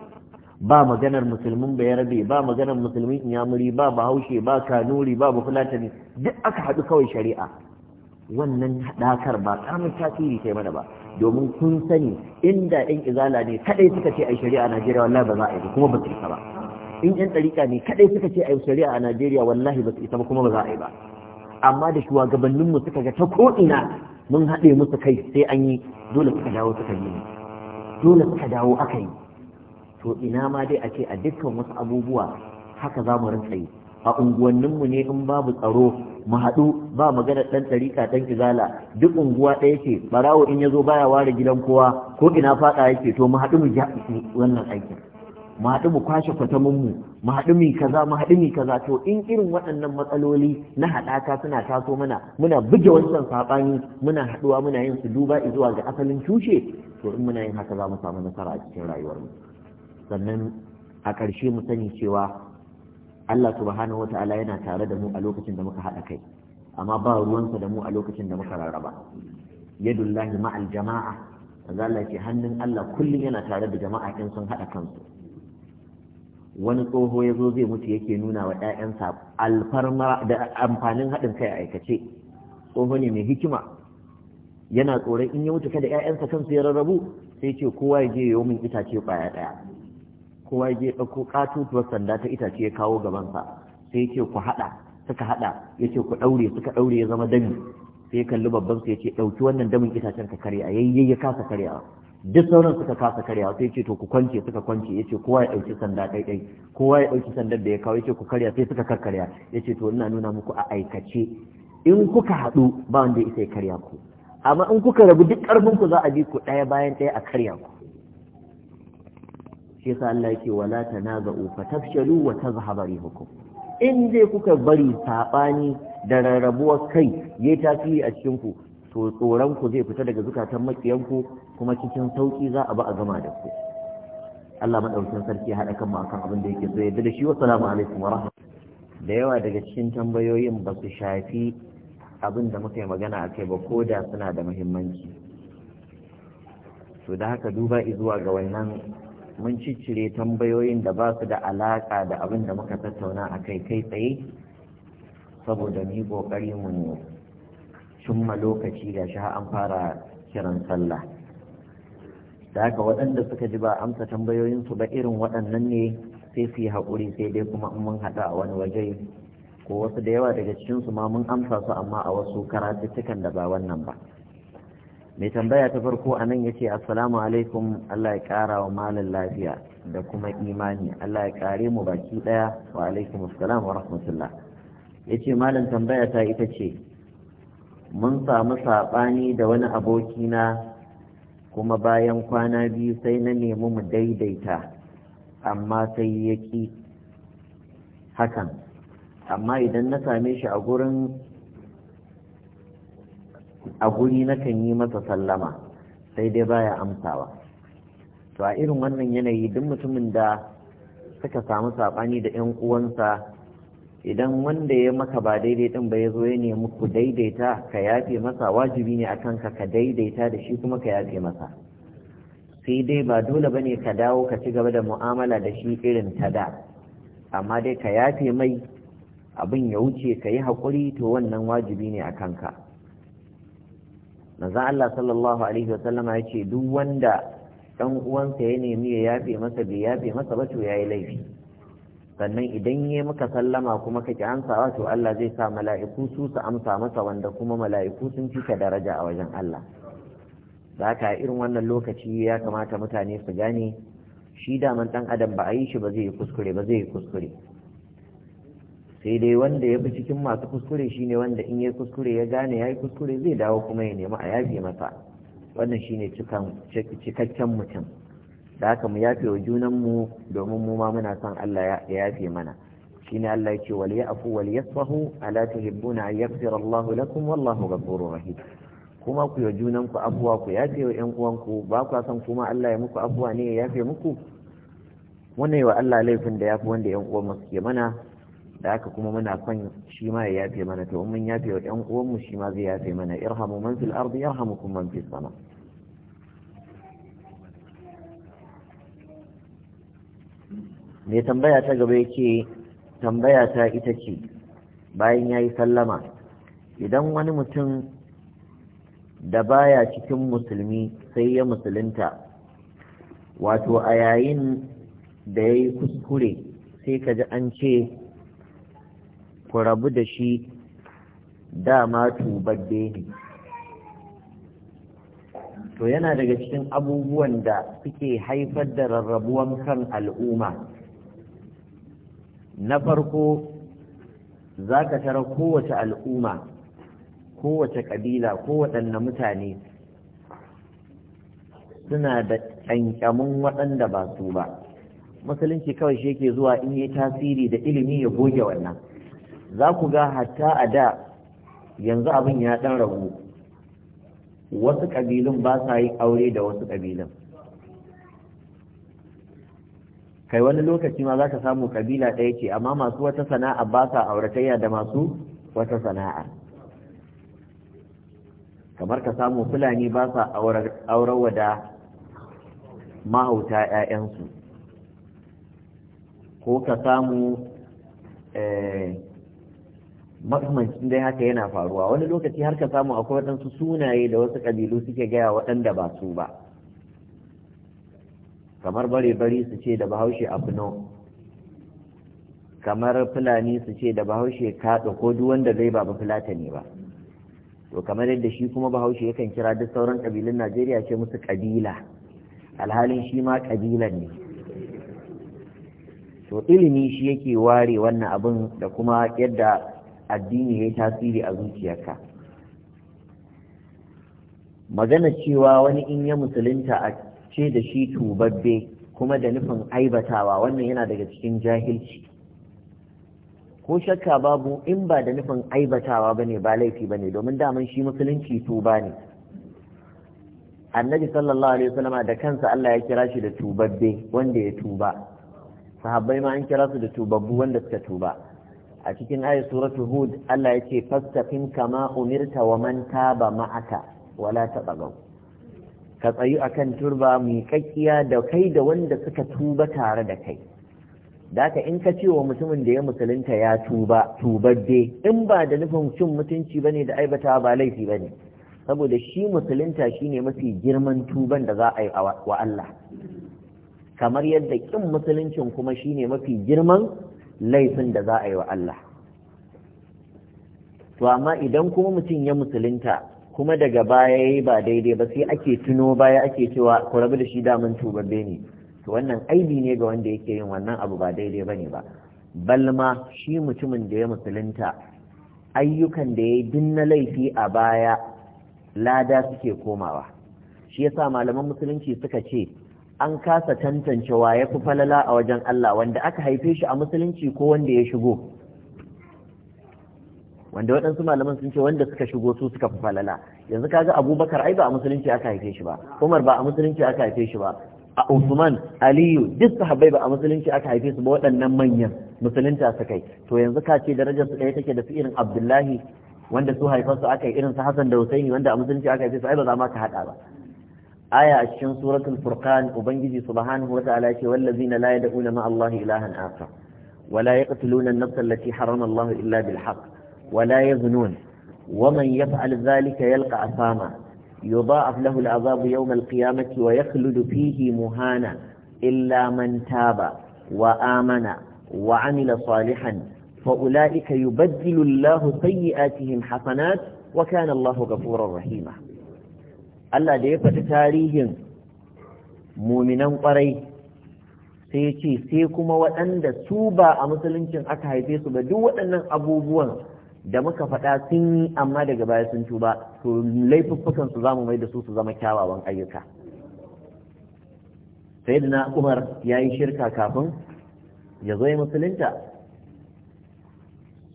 [SPEAKER 1] ba maganar musulmin bayarabe ba maganar musulmin inyamuri ba bahaushe ba kanuri ba bafulatani duk aka haɗu kawai shari'a wannan haɗakar ba samun tasiri sai mana ba domin kun sani inda yan izala ne kadai suka ce ai shari'a a Najeriya wallahi ba za a yi kuma ba su isa ba in yan ɗariƙa ne kadai suka ce ai shari'a a Najeriya wallahi ba su isa ba kuma ba za a yi ba amma da shugabanninmu suka ga ta ko'ina mun haɗe musu kai sai an yi dole suka dawo suka yi dole suka dawo aka yi to ina ma dai a ce a dukkan wasu abubuwa haka za mu rinka yi a unguwanninmu ne in babu tsaro mu haɗu ba magana ɗan ɗarika ɗan kizala duk unguwa ɗaya ce ɓarawo in ya zo baya ware gidan kowa ko ina faɗa yake to mu haɗu mu ji wannan aikin Ma haɗu mu kwashe kwatamin mu haɗu mi kaza mu haɗu mi kaza to in irin waɗannan matsaloli na haɗaka suna taso mana muna buge wancan saɓani muna haɗuwa muna yin su duba zuwa ga asalin tushe to in muna yin haka za mu samu nasara a cikin rayuwarmu sannan a ƙarshe mu sani cewa Allah subhanahu ta'ala yana tare da mu a lokacin da muka haɗa kai amma ba ruwansa da mu a lokacin da muka rarraba yadullahi ma'al jama'a zalla ce hannun Allah kullum yana tare da jama'a in sun haɗa kansu wani tsoho ya zo zai mutu yake nuna wa ‘ya'yansa alfarma da amfanin haɗin kai a aikace tsoho ne mai hikima yana tsoron in ya mutu kada ‘ya'yansa kansu ya rarrabu sai ce kowa ya je ya min itace ƙwaya ɗaya kowa ya je ɗauko ƙatutuwar sanda ta itace ya kawo gabansa sai ya ce ku haɗa suka haɗa ya ce ku ɗaure suka ɗaure ya zama dami sai ya kalli babban yace ya ce ɗauki wannan damin itacen ka karya yayye ya kasa karyawa duk sauran suka kasa karya sai ce to ku kwance suka kwance ya ce kowa ya ɗauki sanda ɗaiɗai kowa ya ɗauki sandar da ya kawo ya ce ku karya sai suka karkarya ya ce to ina nuna muku a aikace in kuka haɗu ba wanda ya isa ya karya ku amma in kuka rabu duk ƙarfin ku za a bi ku ɗaya bayan ɗaya a karya ku shi yasa Allah yake wala tanaza'u tafshalu wa tazhaba rihukum in dai kuka bari saɓani da rarrabuwar kai yayi tasiri a cikin ku to tsoronku zai fita daga zukatan makiyanku kuma cikin sauƙi za a ba a gama da ku Allah madaukakin sarki ya haɗa kan mu akan abin da yake so yadda da shi wa salamu alaikum wa rahmatullahi da yawa daga cikin tambayoyin ba su shafi abin da muka yi magana a kai ba ko da suna da muhimmanci to da haka duba zuwa ga wannan mun ciccire tambayoyin da ba su da alaƙa da abin da muka tattauna a kai kai tsaye saboda ni ƙoƙari mu cimma lokaci ga shi an fara kiran sallah da haka waɗanda suka ji ba amsa tambayoyinsu ba irin waɗannan ne sai su yi haƙuri sai dai kuma in mun haɗa a wani waje ko wasu da yawa daga cikinsu ma mun amsa su amma a wasu karatuttukan da ba wannan ba mai tambaya ta farko a nan ya ce assalamu alaikum allah ya ƙara wa malin lafiya da kuma imani allah ya ƙare mu baki ɗaya wa alaikum assalam wa rahmatullah ya ce malin tambaya ta ita ce mun samu saɓani da wani abokina kuma bayan kwana biyu sai na nemi mu daidaita amma sai ya ƙi hakan amma idan na same shi a gurin a guri nakan yi masa sallama sai dai baya amsawa to a irin wannan yanayi duk mutumin da suka samu saɓani da 'yan uwansa idan wanda ya maka ba daidai din ba ya zo ya nemi ku daidaita ka yafe masa wajibi ne a kanka ka daidaita da shi kuma ka yafe masa sai dai ba dole ba ne ka dawo ka ci gaba da mu'amala da shi irin ta da amma dai ka yafe mai abin ya wuce ka yi haƙuri to wannan wajibi ne a kanka manzo Allah sallallahu alaihi wa sallama ya ce duk wanda ɗan uwansa ya nemi ya yafe masa bai yafe masa ba to yayi laifi sannan idan ya maka sallama kuma ka ki amsawa to Allah zai sa mala'iku su su amsa masa wanda kuma mala'iku sun fi ka daraja a wajen Allah da haka irin wannan lokaci ya kamata mutane su gane shi daman dan adam ba a yi shi ba zai yi kuskure ba zai yi kuskure sai dai wanda ya fi cikin masu kuskure shine wanda in ya kuskure ya gane ya yi kuskure zai dawo kuma ya nemi a yafi masa wannan shine cikakken mutum da haka mu yafe wa mu domin mu ma muna son Allah ya yafe mana shine Allah yake wal ya'fu wal yasfahu ala tuhibbuna an yaghfira Allahu lakum wallahu ghafurur rahim kuma ku yi junanku abuwa ku yafe wa ƴan uwanku ba ku san kuma Allah ya muku abuwa ne ya yafe muku wannan yi wa Allah laifin da yafi wanda ƴan uwan suke mana da haka kuma muna son shi ma ya yafe mana to mun yafe wa ƴan uwanmu shi ma zai yafe mana irhamu man fil ardi yarhamukum man fis sama' mai tambaya ta gaba yake tambaya ta ita ce bayan ya yi sallama idan wani mutum da baya cikin musulmi sai ya musulunta wato a yayin da ya yi kuskure sai ka ji an ce ku rabu da shi dama tubabbe ne to yana daga cikin abubuwan da suke haifar da rarrabuwan kan al'umma na farko za ka tara kowace al'umma kowace ƙabila kowaɗanne mutane suna da ƙanƙamin waɗanda ba su ba musulunci kawai shi yake zuwa in yi tasiri da ilimi ya goge wannan za ku ga hatta a da yanzu abin ya ɗan ragu wasu ƙabilun ba sa yi aure da wasu ƙabilun kai wani lokaci ma za ka samu kabila ɗaya ce amma masu wata sana'a ba sa auratayya da masu wata sana'a kamar ka samu fulani ba sa aurawa da mahauta 'ya'yansu ko ka samu eh, makamancin dai haka yana faruwa wani lokaci har ka samu akwai waɗansu sunaye da wasu ƙabilu suke gaya waɗanda ba su ba kamar bare bari su ce da bahaushe abno kamar fulani su ce da bahaushe kaɗa ko duwanda wanda zai ba fulata ne ba to kamar yadda shi kuma bahaushe yakan kira duk sauran ƙabilun najeriya ce musu ƙabila alhalin shi ma ƙabilan ne to ilimi shi yake ware wannan abin da kuma yadda addini ya yi tasiri a zuciyarka magana cewa wani in ya musulunta a ce da shi tubabbe kuma da nufin aibatawa wannan yana daga cikin jahilci ko shakka babu in ba da nufin aibatawa ba ne ba laifi ba ne domin daman shi musulunci tuba ne annabi sallallahu alaihi wasallama da kansa Allah ya kira shi da tubabbe wanda ya tuba sahabbai ma an kira su da tubabbu wanda suka tuba a cikin ayi suratu hud Allah ya ce fastaqim kama umirta wa man taba ma'aka wala tabagaw ka tsayu kan turba mai kakkiya da kai da wanda suka tuba tare da kai Da daka in ka ce wa mutumin da ya musulunta ya tuba dai? in ba da nufin cin mutunci bane da aibata ba laifi bane saboda shi musulunta shine mafi girman tuban da za a yi wa Allah kamar yadda kin musuluncin kuma shine mafi girman laifin da za a yi wa Allah to amma idan kuma mutum ya musulunta kuma daga baya yayi ba daidai ba sai ake tuno baya ake cewa ku rabu da shi da daman tubabbe ne to wannan aibi ne ga wanda yake yin wannan abu ba daidai bane ba balma shi mutumin da ya musulunta ayyukan da ya din na laifi a baya lada suke komawa shi yasa malaman musulunci suka ce an kasa tantance wa ya fi falala a wajen Allah wanda aka haife shi a musulunci ko wanda ya shigo wanda waɗansu malaman sun ce wanda suka shigo su suka fi falala yanzu kaga abubakar ai ba a musulunci aka haife shi ba umar ba a musulunci aka haife shi ba a usman aliyu duk sahabbai ba a musulunci aka haife su ba waɗannan manyan musulunta su kai to yanzu ka ce darajar su ɗaya take da su irin abdullahi wanda su haifar su aka yi irin su hasan da husaini wanda a musulunci aka haife su ai ba za ma ka haɗa ba aya a cikin suratul furqan ubangiji subhanahu wata'ala ce wallazina la yad'una ma allahi ilahan akhar ولا يقتلون النفس التي حرم الله إلا بالحق ولا يزنون ومن يفعل ذلك يلقى أثاما يضاعف له العذاب يوم القيامة ويخلد فيه مهانا إلا من تاب وآمن وعمل صالحا فأولئك يبدل الله سيئاتهم حسنات وكان الله غفورا رحيما Allah da ya faɗi tarihin muminan ƙwarai sai ce sai kuma waɗanda su ba a musuluncin aka haife su ba duk waɗannan abubuwan da muka faɗa sun yi amma daga baya sun tuba to laifuffukan su zamu mai da su su zama kyawawan ayyuka sayyidina Umar ya yi shirka kafin ya zo musulunta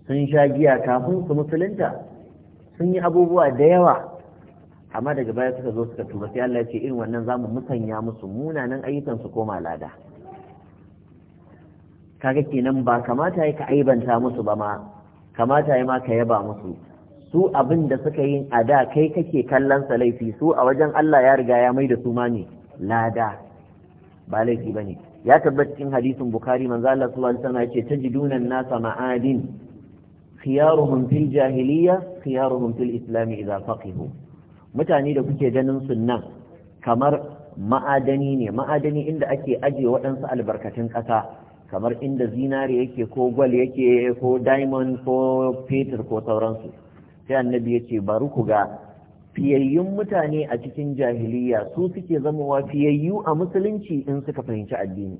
[SPEAKER 1] sun sha giya kafin su musulunta sun yi abubuwa da yawa amma daga baya suka zo suka tuba sai Allah ya ce irin wannan zamu musanya musu munanan ayyukan su koma lada kaga kenan ba kamata ya ka aibanta musu ba ma kamata ya ma ka yaba musu su abin da suka yi a da kai kake kallon sa laifi su a wajen Allah ya riga ya mai da su ma lada ba laifi bane ya tabbata cikin hadisin bukhari manzo Allah sallallahu alaihi wasallam yace tajiduna an-nasa ma'adin khiyaruhum fil jahiliyya khiyaruhum fil islam idza faqihu mutane da kuke ganin sunnan kamar ma'adani ne ma'adani inda ake ajiye waɗansu albarkatun ƙasa kamar inda zinari yake ko gwal yake ko diamond ko fetur ko sauransu sai annabi ya ce bari ku ga fiyayyun mutane a cikin jahiliya su suke zamowa fiyayyu a musulunci in suka fahimci addini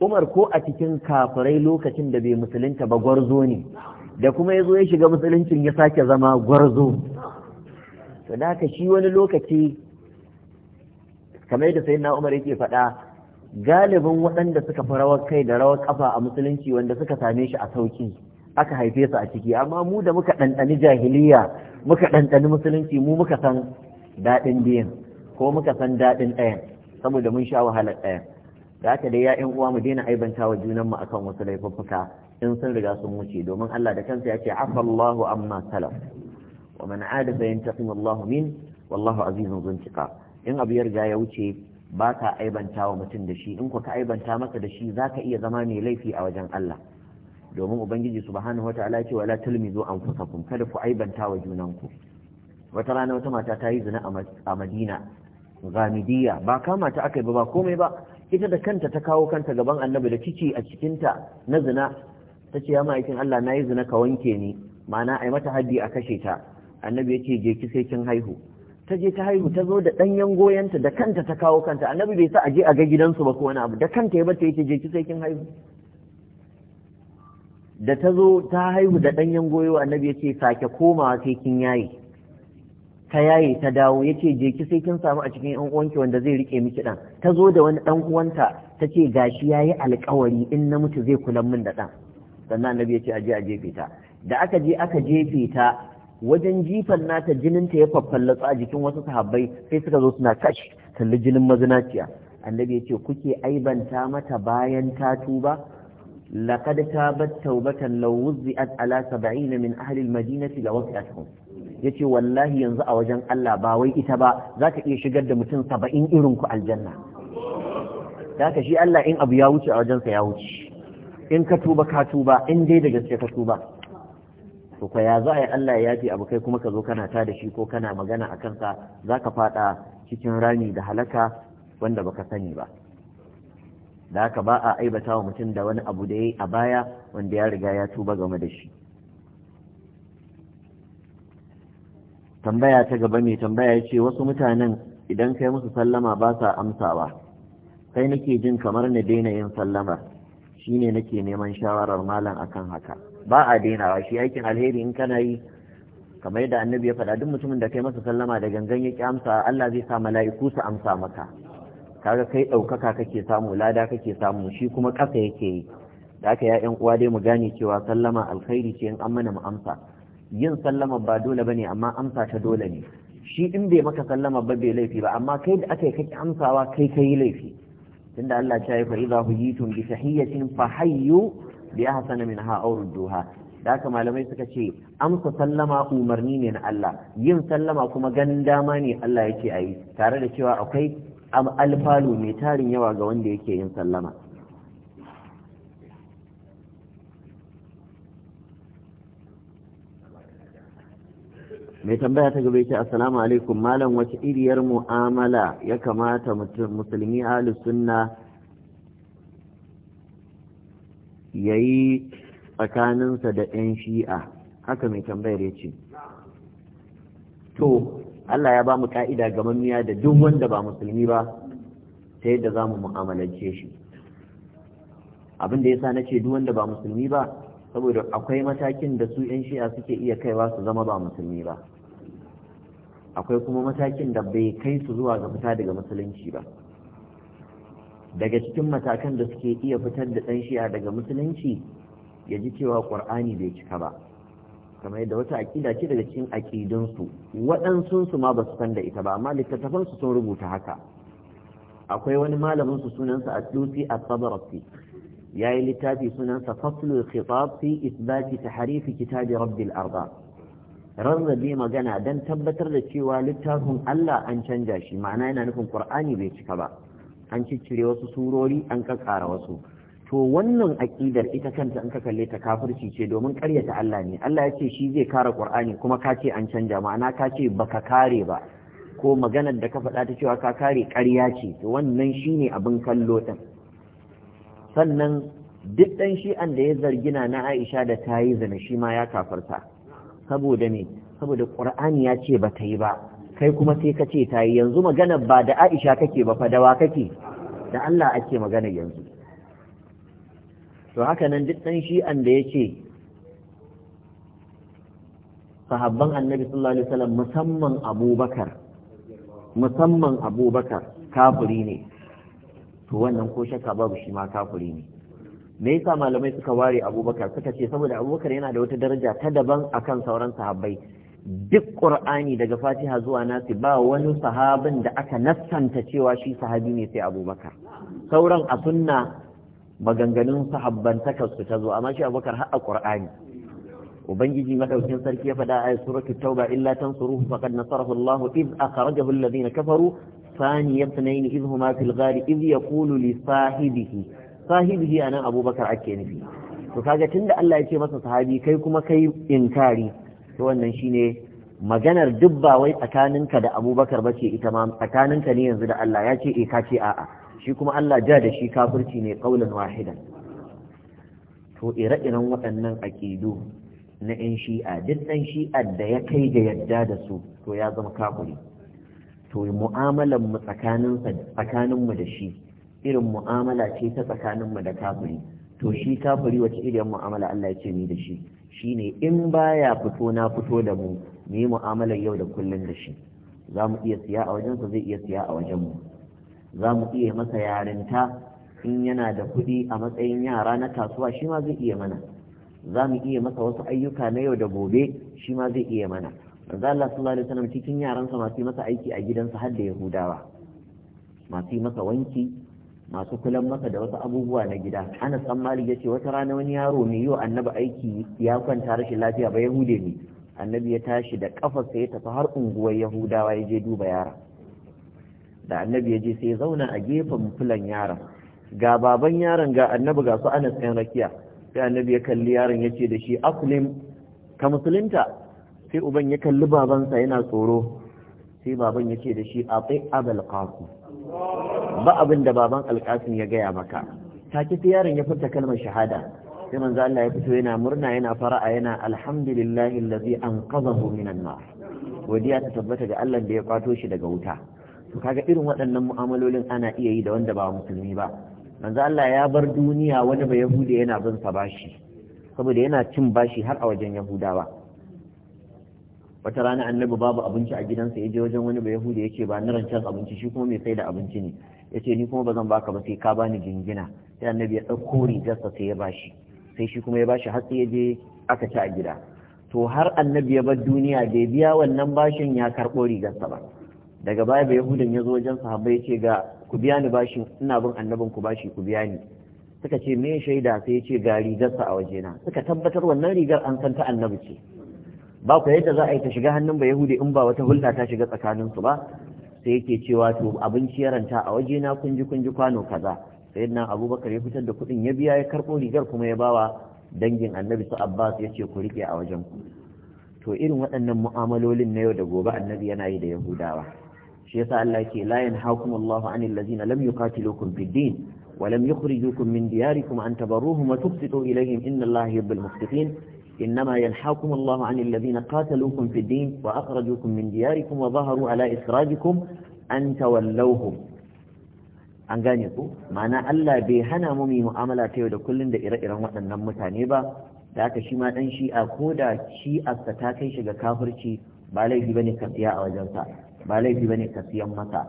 [SPEAKER 1] umar ko a cikin kafirai lokacin da bai musulunta ba gwarzo ne da kuma ya zo ya shiga musuluncin ya sake zama gwarzo to da haka shi wani lokaci kamar yadda na umar yake faɗa galibin waɗanda suka fi rawar kai da rawar kafa a musulunci wanda suka same shi a sauki aka haife su a ciki amma mu da muka ɗanɗani jahiliya muka ɗanɗani musulunci mu muka san daɗin biyan ko muka san daɗin ɗayan saboda mun sha wahalar ɗayan da haka dai ya uwa mu daina aibanta wa junanmu akan wasu laifuffuka in sun riga sun wuce domin Allah da kansa ya ce afallahu amma salaf wa man ada fa min wallahu azizun zuntiqa in abu ya riga ya wuce ba ka aibanta wa mutum da shi in ku ka aibanta masa da shi za ka iya zama mai laifi a wajen Allah domin ubangiji subhanahu wata'ala ya ce wala talmizu anfusakum kada ku aibanta wa junanku wata rana wata mata ta yi zina a Madina ghamidiyya ba kama ta aka yi ba komai ba ita da kanta ta kawo kanta gaban annabi da ciki a cikinta na zina ta ce ya ma'aikin Allah na yi zina ka wanke ni ma'ana ai mata haddi a kashe ta annabi ya ce je ki sai kin haihu ta je ta haihu ta zo da ɗanyen goyonta da kanta ta kawo kanta annabi bai sa a je a ga gidansu ba ko wani abu da kanta ya bata yake je ki sai kin haihu da ta zo ta haihu da ɗanyen goyo annabi ya ce sake komawa sai kin yaye ta yaye ta dawo ya ce je ki sai kin samu a cikin yan uwanki wanda zai rike miki ɗan ta zo da wani ɗan uwanta ta ce gashi ya yi alkawari in na mutu zai kula min da ɗan sannan annabi ya ce a je a jefe ta da aka je aka jefe ta wajen jifan nata jininta ya faffallatsa a jikin wasu sahabbai sai suka zo suna kashi kalli jinin mazinaciya annabi ya ce kuke aibanta mata bayan ta tuba laqad tabat taubatan law wuzzi'at ala 70 min ahli al-madinati la wasi'atuhum yace wallahi yanzu a wajen Allah ba wai ita ba za iya shigar da mutum 70 irin ku aljanna haka shi Allah in abu ya wuce a wajensa ya wuce in ka tuba ka tuba in dai da gaske ka tuba to kwa ya za a yi Allah ya yafi abu kai kuma ka zo kana ta da shi ko kana magana a kansa za ka fada cikin rami da halaka wanda baka sani ba da haka ba a aibata wa mutum da wani abu da ya yi a baya wanda ya riga ya tuba game da shi tambaya ta gaba mai tambaya ya ce wasu mutanen idan kai musu sallama ba sa amsawa kai nake jin kamar na daina yin sallama shine nake neman shawarar malam akan haka ba a dainawa shi aikin alheri in kana yi kamar yadda annabi ya faɗa duk mutumin da kai masa sallama da gangan ya ki amsa Allah zai sa mala'iku su amsa maka kaga kai ɗaukaka kake samu lada kake samu shi kuma ƙasa yake yi da aka ya ƴan uwa dai mu gane cewa sallama alkhairi ce in an mana mu amsa yin sallama ba dole bane amma amsa ta dole ne shi in bai maka sallama ba bai laifi ba amma kai da aka yi kake amsawa kai kai laifi tunda Allah ya ce fa idza huyitum bi sahiyatin fa hayyu bi ahsana min aw duha da haka malamai suka ce amsa sallama umarni ne na Allah yin sallama kuma ganin dama ne Allah yake ayi tare da cewa akwai alfalu mai tarin yawa ga wanda yake yin sallama mai tambaya ta gaba ce assalamu alaikum malam wace iriyar mu'amala ya kamata musulmi ahlus sunna ya yi tsakaninsa da 'yan shi'a haka mai tambayar ya ce to Allah ya ba mu ka'ida gamammiya da duk wanda ba musulmi ba ta yadda za mu mu'amalance shi Abinda da yasa na ce duk wanda ba musulmi ba saboda akwai matakin da su 'yan shi'a suke iya kaiwa su zama ba musulmi ba akwai kuma matakin da bai kai su zuwa ga fita daga musulunci ba daga cikin matakan da suke iya fitar da ɗan shi'a daga musulunci ya ji cewa ƙur'ani bai cika ba kamar yadda wata aƙida ce daga cikin aƙidunsu waɗansunsu ma ba su san da ita ba amma littattafansu sun rubuta haka akwai wani malamin su sunansa at-tusi at ya yi littafi sunansa Faslu khitab fi isbati tahrif kitab rabbil arda rarrabe magana dan tabbatar da cewa littafin Allah an canja shi ma'ana yana nufin Qur'ani bai cika ba an ciccire wasu surori an kakkara wasu to wannan aqidar ita kanta in ka kalle ta kafirci ce domin karyata Allah ne Allah ya ce shi zai kare Qur'ani kuma ka ce an canja ma'ana ka ce baka kare ba ko maganar da ka faɗa ta cewa ka kare ƙarya ce to wannan shine abin kallo din sannan duk ɗan shi'an da ya zargina na Aisha da ta yi zina shi ma ya kafirta saboda ne saboda Qur'ani ya ce ba ta yi ba kai kuma sai ka ce ta yi yanzu maganar ba da Aisha kake ba fa dawa kake da Allah ake magana yanzu to haka nan duk ɗan shi'an da ya ce sahabban annabi sallallahu alaihi wasallam musamman abubakar musamman abubakar kafiri ne to wannan ko shakka babu shi ma kafiri ne me yasa malamai suka ware abubakar suka ce saboda abubakar yana da wata daraja ta daban akan sauran sahabbai duk ƙur'ani daga fatiha zuwa nasi ba wani sahabin da aka nassanta cewa shi sahabi ne sai abubakar sauran a sunna maganganun sahabbantakarsu ta zo amma shi abubakar har a ƙur'ani ubangiji madaukin sarki ya faɗa a suratul tauba illa tansuruhu faqad nasarahu Allah id akhrajahu alladhina kafaru thani yabtanaini id huma fil ghari id yaqulu li sahibihi sahibihi anan abubakar ake nufi to kaga tunda Allah ya ce masa sahabi kai kuma kai inkari to wannan shine maganar duk ba wai tsakaninka da abubakar ba ce ita ma tsakaninka ne yanzu da Allah ya ce e ka ce a'a shi kuma Allah ja da shi kafirci ne kaulan wahidan to ire-iren waɗannan aƙidu na 'yan shi'a duk ɗan shi'a da ya kai ga yadda da su to ya zama kafiri to mu'amalan mu tsakaninmu da shi irin mu'amala ce ta tsakaninmu da kafiri to shi kafiri wace irin mu'amala Allah ya ce ni da shi Shi ne in baya fito na fito da mu mu yi mu'amalar yau da kullum da shi za mu iya siya a wajensa zai iya siya a wajenmu za mu iya masa yarinta in yana da kuɗi a matsayin yara na kasuwa shi ma zai iya mana za mu iya masa wasu ayyuka na yau da gobe shi ma zai iya mana manzo Allah sallallahu alaihi wasallam cikin yaransa masu masa aiki a gidansa har da Yahudawa masu masa wanki masu kulan masa da wasu abubuwa na gida anas an yace wata rana wani yaro ne yau annabi aiki ya kwanta rashin lafiya ba yahude ne annabi ya tashi da sai ya tafi har unguwar yahudawa ya je duba yara da annabi ya je sai ya zauna a gefen fulan yaron ga baban yaron ga annabi ga su anas tsayin rakiya sai annabi ya kalli yaron ya ce da shi aslim ka musulunta sai uban ya kalli babansa yana tsoro sai baban ya ce da shi a abal ba abin da baban alkasin ya gaya maka take ta yaron ya furta kalmar shahada sai manzo Allah ya fito yana murna yana fara'a yana alhamdulillahi allazi anqadhahu minan nar godiya ta tabbata ga Allah da ya kwato shi daga wuta to kaga irin waɗannan mu'amalolin ana iya yi da wanda ba musulmi ba manzo Allah ya bar duniya wani ba yahudi yana bin sa bashi saboda yana cin bashi har a wajen yahudawa wata rana annabi babu abinci a gidansa ya je wajen wani ba yahudi yake ba ni rancen abinci shi kuma mai sai da abinci ne Ya ce ni kuma zan baka ba sai ka bani jingina sai annabi ya dauko rigarsa sai ya bashi sai shi kuma ya bashi har sai ya je aka ci a gida to har annabi ya bar duniya bai biya wannan bashin ya karbo rigarsa ba daga baya bai yahudan ya zo wajen sahabbai ya ce ga ku biya ni bashin ina bin annabin ku bashi ku biya ni suka ce me shaida sai ya ce ga rigarsa a waje na, suka tabbatar wannan rigar an san ta annabi ce ba ku yadda za a yi ta shiga hannun ba yahudi in ba wata hulɗa ta shiga tsakaninsu ba sai yake cewa to abinci ya ranta a waje na kunji kunji kwano kaza sai nan abubakar ya fitar da kuɗin ya biya ya karɓo rigar kuma ya bawa dangin annabi su abbas ya ce ku riƙe a wajen ku to irin waɗannan mu'amalolin na yau da gobe annabi yana yi da yahudawa shi yasa Allah yake la yanhaakum Allahu anil ladzina lam yuqatilukum fid din wa lam yukhrijukum min diyarikum an tabarruhum wa tuqsitu ilayhim inna Allaha yuhibbul muqsitin إنما ينحاكم الله عن الذين قاتلوكم في الدين وأخرجوكم من دياركم وظهروا على إخراجكم أن تولوهم an gane ku ma'ana Allah bai hana mu mu mu'amala ta yau da kullun da ire-iren waɗannan mutane ba da aka shi ma ɗan shi'a ko da shi'arsa ta kai shi ga kafirci ba laifi bane ka siya a wajensa ba laifi bane ka siyan masa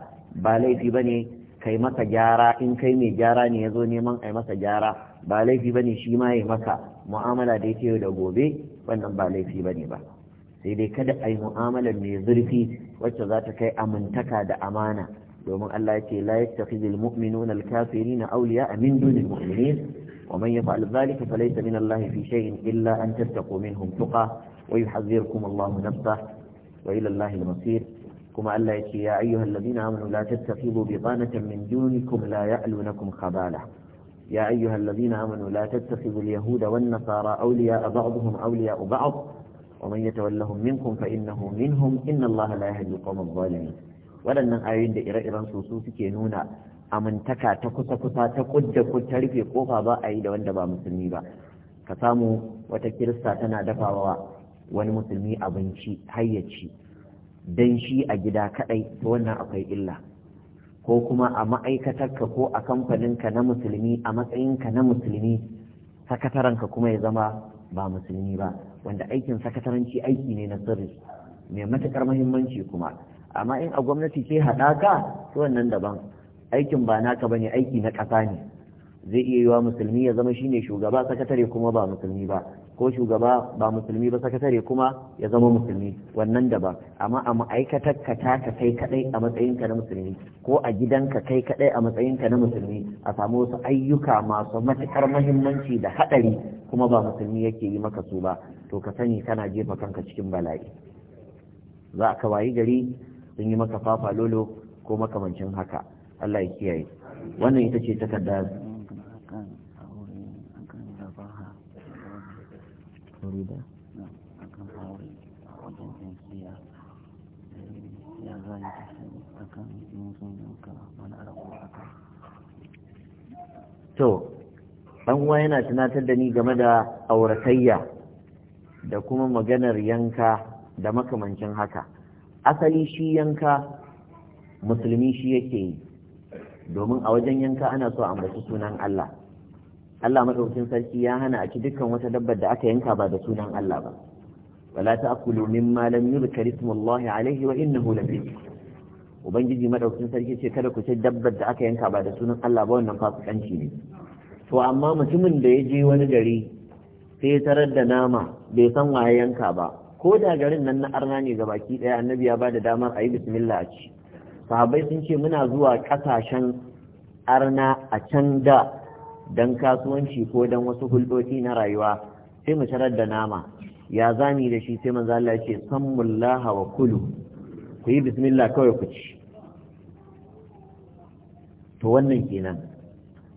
[SPEAKER 1] ba laifi bane kai masa gyara in kai mai gyara ne ya zo neman a masa gyara ba laifi bane shi ma ya maka mu'amala da yake yau da gobe wannan ba laifi ba ne ba sai dai kada a yi mu'amalar mai zurfi wacce za ta kai amintaka da amana domin Allah yake la yattakhidhul mu'minuna al-kafirina awliya'a min dunil mu'minin wa man yaf'al dhalika falaysa min Allah fi shay'in illa an tattaqu minhum tuqa wa yuhadhdhirukum Allah nafsahu wa ila Allah al-masir kuma Allah yake ya ayyuhal ladina amanu la tattakhidhu bitanatan min dunikum la ya'lunakum khabala يا أيها الذين آمنوا لا تتخذوا اليهود والنصارى أولياء بعضهم أولياء بعض ومن يتولهم منكم فإنه منهم إن الله لا يهدي القوم الظالمين waɗannan ayoyin da ire-iren su suke nuna amintaka ta kusa-kusa ta kudda ko ta rufe kofa ba a yi da wanda ba musulmi ba ka samu wata kirista tana dafa dafawa wani musulmi abinci hayyaci Dan shi a gida kaɗai ta wannan akwai illa ko kuma a ka ko a kamfaninka na musulmi a matsayinka na musulmi sakatarenka kuma ya zama ba musulmi ba wanda aikin sakataranci aiki ne na sirri mai matuƙar muhimmanci kuma amma in a gwamnati ce haɗaka to wannan daban aikin ba naka bane aiki na ƙasa ne zai iya yiwa musulmi ya zama shine shugaba sakatare kuma ba musulmi ba ko shugaba ba musulmi ba sakatare kuma ya zama musulmi wannan daban amma a ma'aikatar ka ta ka kai kadai a matsayinka na musulmi ko a gidanka kai kadai a matsayinka na musulmi a samu wasu ayyuka masu matukar mahimmanci da hadari kuma ba musulmi yake yi maka su ba to ka sani kana jefa kanka cikin bala'i za ka wayi gari sun yi maka fafa lolo ko makamancin haka Allah ya kiyaye wannan ita ce takardar
[SPEAKER 2] akan a wajen jinsiya ya eh, za yi akan yin sun yanka wani arabu kan
[SPEAKER 1] to ɗan uwa yana tunatar da ni game da auratayya da kuma maganar yanka da makamancin haka asali shi yanka musulmi shi yake yi domin a wajen yanka ana so a ambaci sunan Allah Allah maɗaukin sarki ya hana a ci dukkan wata dabbar da aka yanka ba da sunan Allah ba wala ta'kulu mimma lam yuzkar ismullahi alaihi wa innahu lafisk ubangiji maɗaukin sarki ce kada ku ci dabbar da aka yanka ba da sunan Allah ba wannan fasikanci ne to amma mutumin da ya je wani gari sai ya tarar da nama bai san waye yanka ba ko da garin nan na arna ne ga baki daya annabi ya ba da damar a yi bismillah a ci sahabbai sun ce muna zuwa kasashen arna a can da don kasuwanci ko don wasu hulɗoci na rayuwa sai mu tarar da nama ya zami da shi sai manzo Allah ce sammullaha wa kulu ku yi bismillah kawai ku ci to wannan kenan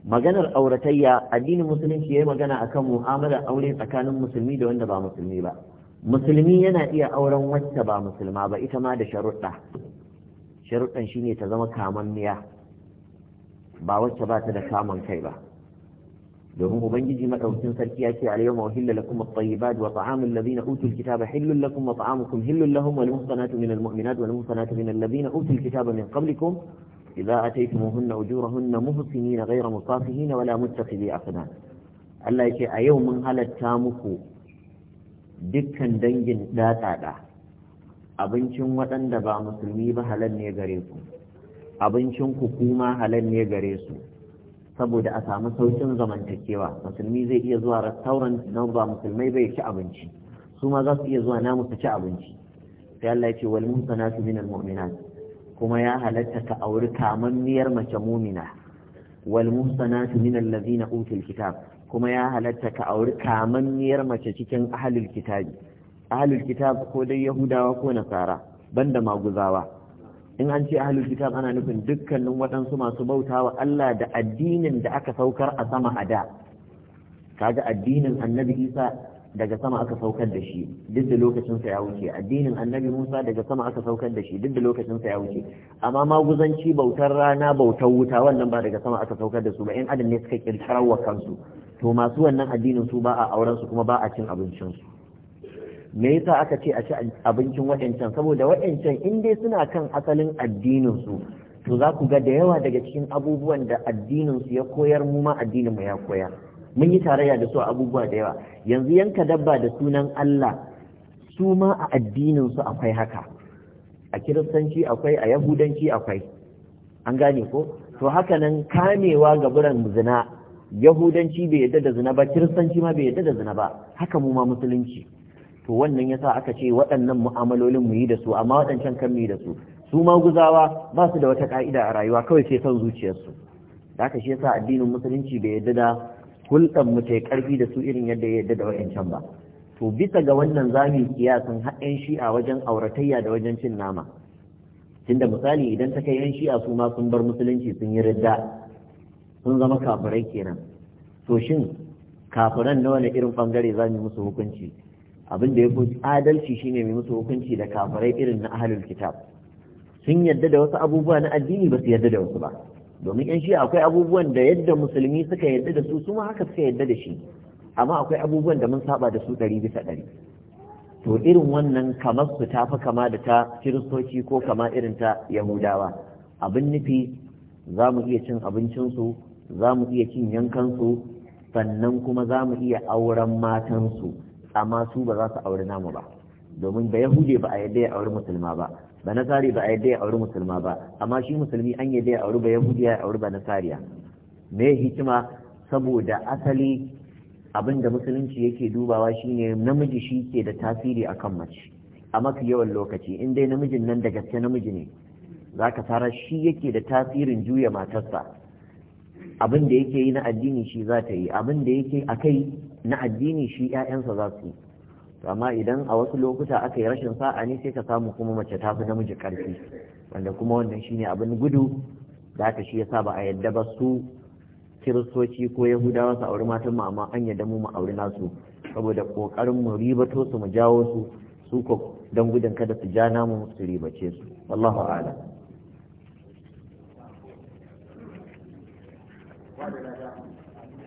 [SPEAKER 1] maganar auratayya addinin musulunci yayi magana akan mu'amalar aure tsakanin musulmi da wanda ba musulmi ba musulmi yana iya auren wacce ba musulma ba ita ma da sharuɗa sharuɗan shine ta zama miya. ba wacce ba ta da kamun kai ba domin ubangiji madaukin sarki ya ce alayhi wa hilla lakum at-tayyibat wa ta'amul ladina utul kitaba hillul lakum wa ta'amukum hillul lahum wal muhsanatu minal mu'minat wal muhsanatu minal ladina utul kitaba min qablikum idza ataytumuhunna ujurahunna muhsinina ghayra musafihin wala muttakhidhi aqdan Allah yake a yau mun halatta muku dukkan dangin datsada abincin waɗanda ba musulmi ba halal ne gare su. abincin ku kuma halal ne gare su saboda a samu saukin zamantakewa musulmi zai iya zuwa restaurant na ba musulmai bai ci abinci su ma za su iya zuwa namu su ci abinci sai Allah ya ce wal muhsanatu minal mu'minat kuma ya halatta ka auri kamammiyar mace mumina wal muhsanatu minal ladina utul kitab kuma ya halatta ka auri kamammiyar mace cikin ahlul kitabi ahlul kitab ko dai yahudawa ko nasara banda maguzawa in an ce ahlul kitab ana nufin dukkanin waɗansu masu bauta wa Allah da addinin da aka saukar a sama a da kaga addinin annabi isa daga sama aka saukar da shi duk da lokacinsa ya wuce addinin annabi musa daga sama aka saukar da shi duk da lokacinsa ya wuce amma maguzanci bautar rana bautar wuta wannan ba daga sama aka saukar da su ba in adam ne suka kirkirar wa kansu to masu wannan addinin su ba a auren su kuma ba a cin abincin su me yasa aka ce a ci abincin waɗancan saboda waɗancan in dai suna kan asalin addinin su to za ku ga da yawa daga cikin abubuwan da addinin ya koyar mu ma addinin ya koya? mun yi tarayya da su abubuwa da yawa yanzu yanka dabba da sunan Allah su ma a addinin akwai haka a kiristanci akwai a yahudanci akwai an gane ko to haka nan kamewa ga buran zina yahudanci bai yadda da zina ba kiristanci ma bai yadda da zina ba haka mu ma musulunci to wannan yasa aka ce waɗannan mu'amalolin mu yi da su amma waɗancan kan mu yi da su su ma guzawa ba su da wata ka'ida a rayuwa kawai sai son zuciyarsu da aka shi yasa addinin musulunci bai yadda da hulɗan mu tai karfi da su irin yadda ya yadda da waɗancan ba to bisa ga wannan zamu kiyasan haɗin shi a wajen auratayya da wajen cin nama tunda misali idan ta kai yan shi'a su ma sun bar musulunci sun yi ridda sun zama kafirai kenan to shin kafiran na wani irin bangare za mu musu hukunci abin da ya fi adalci shine mai musu hukunci da kafarai irin na ahlul kitab sun yadda da wasu abubuwa na addini ba su yadda da wasu ba domin yan shi akwai abubuwan da yadda musulmi suka yadda da su su ma haka suka yadda da shi amma akwai abubuwan da mun saba da su ɗari bisa ɗari to irin wannan kamar su ta fi kama da ta kiristoci ko kama irin ta yahudawa abin nufi za mu iya cin abincinsu za mu iya cin yankansu sannan kuma za mu iya auren matansu amma su ba za su aure namu ba domin da yahude ba a yadda ya auri musulma ba ba nasari ba a yadda ya auri musulma ba amma shi musulmi an yadda ya auri ba yahudi ya auri ba na nasariya me hikima saboda asali abin da musulunci yake dubawa shine namiji shi ke da tasiri akan mace a mafi yawan lokaci in dai namijin nan da gaske namiji ne zaka fara shi yake da tasirin juya matarsa abin da yake yi na addini shi za ta yi abin da yake a kai na addini shi 'ya'yansa za su yi amma idan a wasu lokuta aka yi rashin sa'a ne sai ka samu kuma mace ta fi namiji ƙarfi wanda kuma wannan shine abin gudu da aka shi yasa ba a yadda ba su kiristoci ko yahudawa su auri matan mu amma an yadda mu mu auri nasu saboda kokarin mu ribato su mu jawo su su ko dan gudun kada su ja namu su ribace su wallahu a'lam